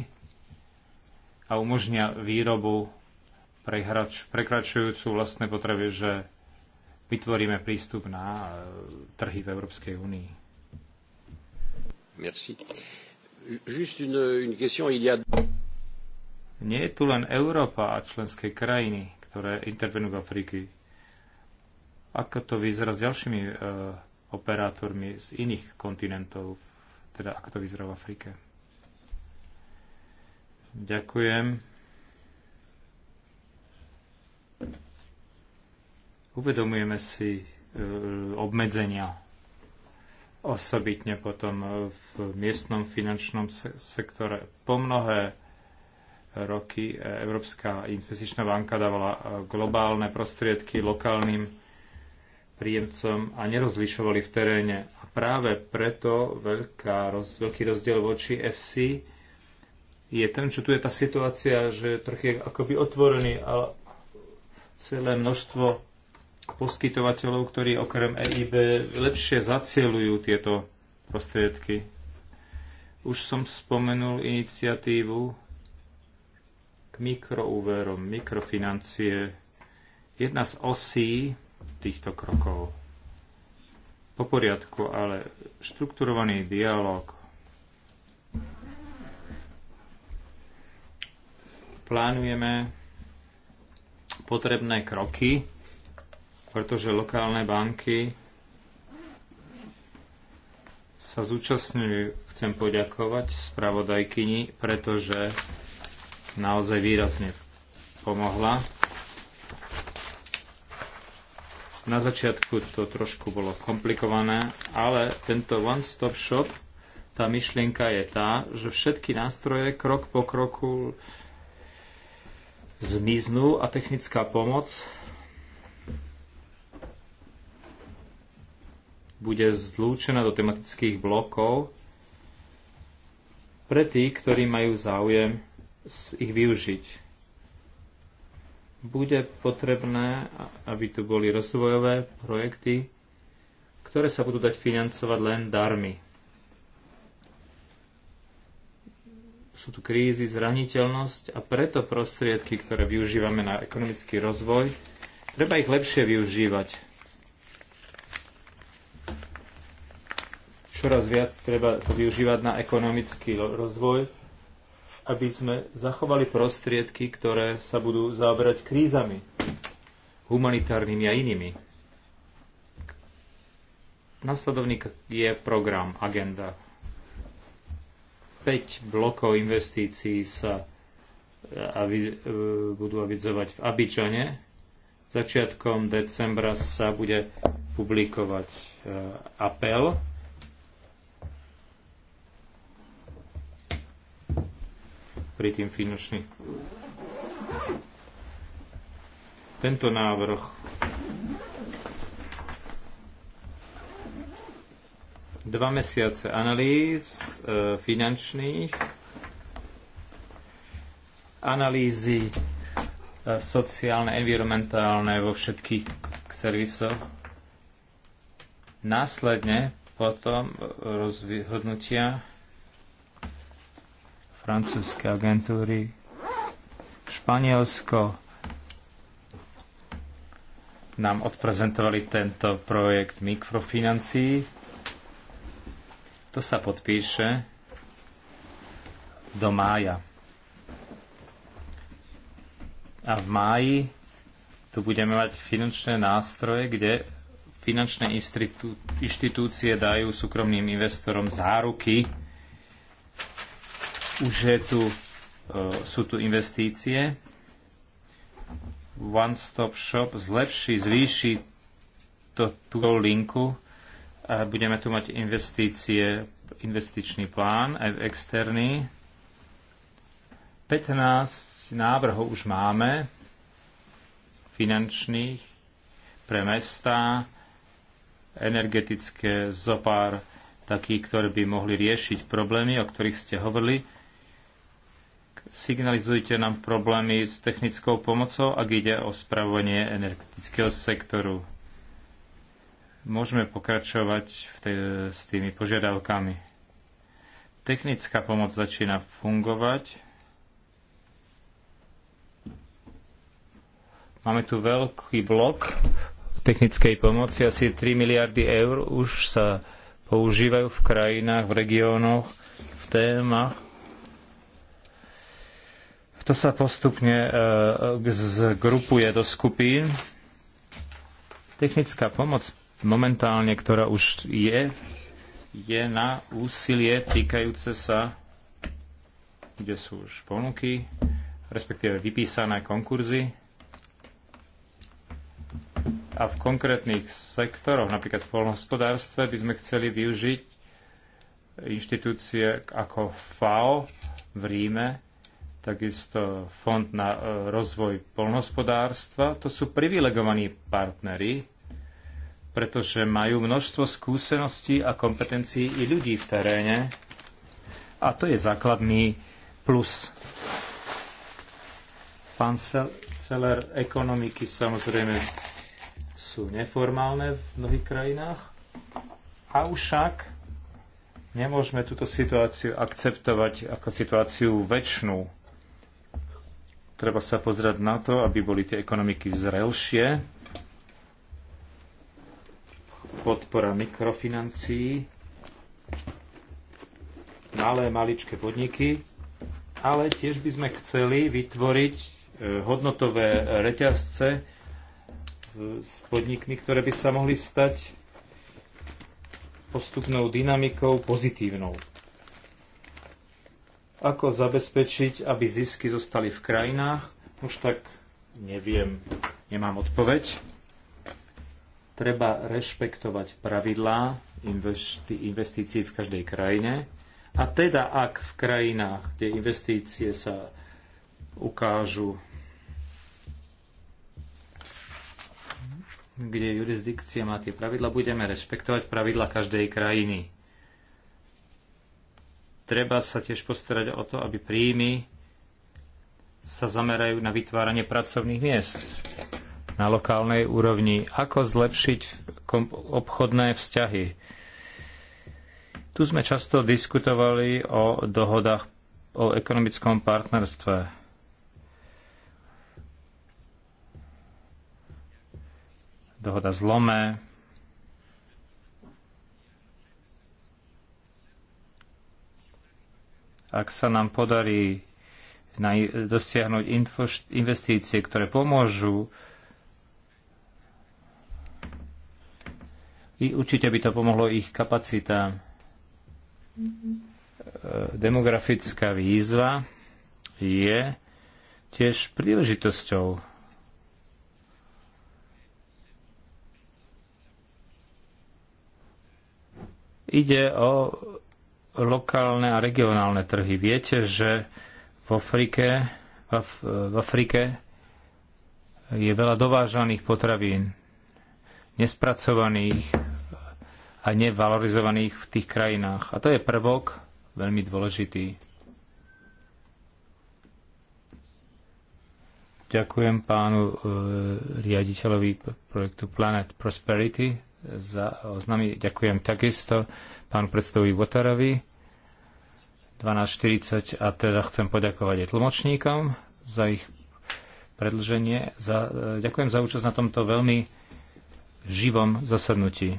a umožnia výrobu prehrač, prekračujúcu vlastné potreby, že vytvoríme prístup na e, trhy v Európskej únii. Merci. Just une, une question, il y a... Nie je tu len Európa a členské krajiny, ktoré intervenujú v Afriky. Ako to vyzerá s ďalšími e, operátormi z iných kontinentov, teda ako to vyzerá v Afrike? Ďakujem. Uvedomujeme si e, obmedzenia osobitne potom v miestnom finančnom sektore. Po mnohé roky e, Európska investičná banka dávala e, globálne prostriedky lokálnym príjemcom a nerozlišovali v teréne. A práve preto veľká, roz, veľký rozdiel voči FC je ten, čo tu je tá situácia, že trh je akoby otvorený a celé množstvo poskytovateľov, ktorí okrem EIB lepšie zacielujú tieto prostriedky. Už som spomenul iniciatívu k mikroúverom, mikrofinancie, jedna z osí týchto krokov. Po poriadku, ale štrukturovaný dialog, plánujeme potrebné kroky, pretože lokálne banky sa zúčastňujú. Chcem poďakovať spravodajkyni, pretože naozaj výrazne pomohla. Na začiatku to trošku bolo komplikované, ale tento one-stop shop, tá myšlienka je tá, že všetky nástroje krok po kroku zmiznú a technická pomoc bude zlúčená do tematických blokov pre tých, ktorí majú záujem ich využiť. Bude potrebné, aby tu boli rozvojové projekty, ktoré sa budú dať financovať len darmi. Sú tu krízy, zraniteľnosť a preto prostriedky, ktoré využívame na ekonomický rozvoj, treba ich lepšie využívať. čoraz viac treba to využívať na ekonomický rozvoj aby sme zachovali prostriedky, ktoré sa budú zaoberať krízami, humanitárnymi a inými. Nasledovník je program Agenda. 5 blokov investícií sa e, e, budú avizovať v Abidžane. Začiatkom decembra sa bude publikovať e, apel pri tým finančný. Tento návrh dva mesiace analýz e, finančných, analýzy e, sociálne, environmentálne vo všetkých servisoch. Následne potom rozhodnutia francúzske agentúry, Španielsko nám odprezentovali tento projekt mikrofinancií. To sa podpíše do mája. A v máji tu budeme mať finančné nástroje, kde finančné inštitúcie dajú súkromným investorom záruky, už je tu, e, sú tu investície. One Stop Shop zlepší, zvýši to, túto linku. A budeme tu mať investície, investičný plán, aj e, externý. 15 návrhov už máme finančných pre mesta, energetické, zopár takých, ktoré by mohli riešiť problémy, o ktorých ste hovorili signalizujte nám problémy s technickou pomocou, ak ide o spravovanie energetického sektoru. Môžeme pokračovať v tej, s tými požiadavkami. Technická pomoc začína fungovať. Máme tu veľký blok technickej pomoci, asi 3 miliardy eur už sa používajú v krajinách, v regiónoch, v témach, to sa postupne e, e, zgrupuje do skupín. Technická pomoc momentálne, ktorá už je, je na úsilie týkajúce sa, kde sú už ponuky, respektíve vypísané konkurzy. A v konkrétnych sektoroch, napríklad v poľnohospodárstve, by sme chceli využiť inštitúcie ako FAO v Ríme, takisto Fond na e, rozvoj poľnohospodárstva. To sú privilegovaní partnery, pretože majú množstvo skúseností a kompetencií i ľudí v teréne. A to je základný plus. Pán Celer, ekonomiky samozrejme sú neformálne v mnohých krajinách. A však nemôžeme túto situáciu akceptovať ako situáciu väčšinu Treba sa pozrieť na to, aby boli tie ekonomiky zrelšie. Podpora mikrofinancií, malé maličké podniky, ale tiež by sme chceli vytvoriť e, hodnotové reťazce e, s podnikmi, ktoré by sa mohli stať postupnou dynamikou pozitívnou. Ako zabezpečiť, aby zisky zostali v krajinách? Už tak neviem, nemám odpoveď. Treba rešpektovať pravidlá investícií v každej krajine. A teda, ak v krajinách, kde investície sa ukážu, kde jurisdikcia má tie pravidla, budeme rešpektovať pravidla každej krajiny. Treba sa tiež postarať o to, aby príjmy sa zamerajú na vytváranie pracovných miest na lokálnej úrovni. Ako zlepšiť obchodné vzťahy? Tu sme často diskutovali o dohodách o ekonomickom partnerstve. Dohoda z Lome, Ak sa nám podarí dosiahnuť investície, ktoré pomôžu, i určite by to pomohlo ich kapacitám. E, demografická výzva je tiež príležitosťou ide o lokálne a regionálne trhy. Viete, že v Afrike, v Afrike je veľa dovážaných potravín, nespracovaných a nevalorizovaných v tých krajinách. A to je prvok veľmi dôležitý. Ďakujem pánu e, riaditeľovi projektu Planet Prosperity za oznámy. Ďakujem takisto pánu predstavu Votarovi 12.40 a teda chcem poďakovať aj tlmočníkom za ich predlženie. Za, e, ďakujem za účasť na tomto veľmi živom zasadnutí.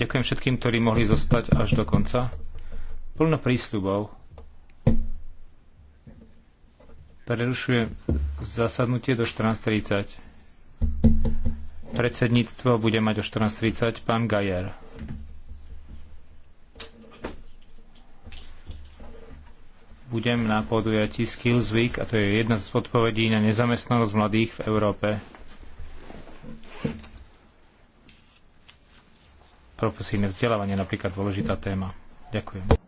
Ďakujem všetkým, ktorí mohli zostať až do konca. Plno prísľubov. Prerušujem zasadnutie do 14.30. Predsedníctvo bude mať o 14.30 pán Gajer. budem na podujatí Skills Week a to je jedna z odpovedí na nezamestnanosť mladých v Európe. Profesijné vzdelávanie napríklad dôležitá téma. Ďakujem.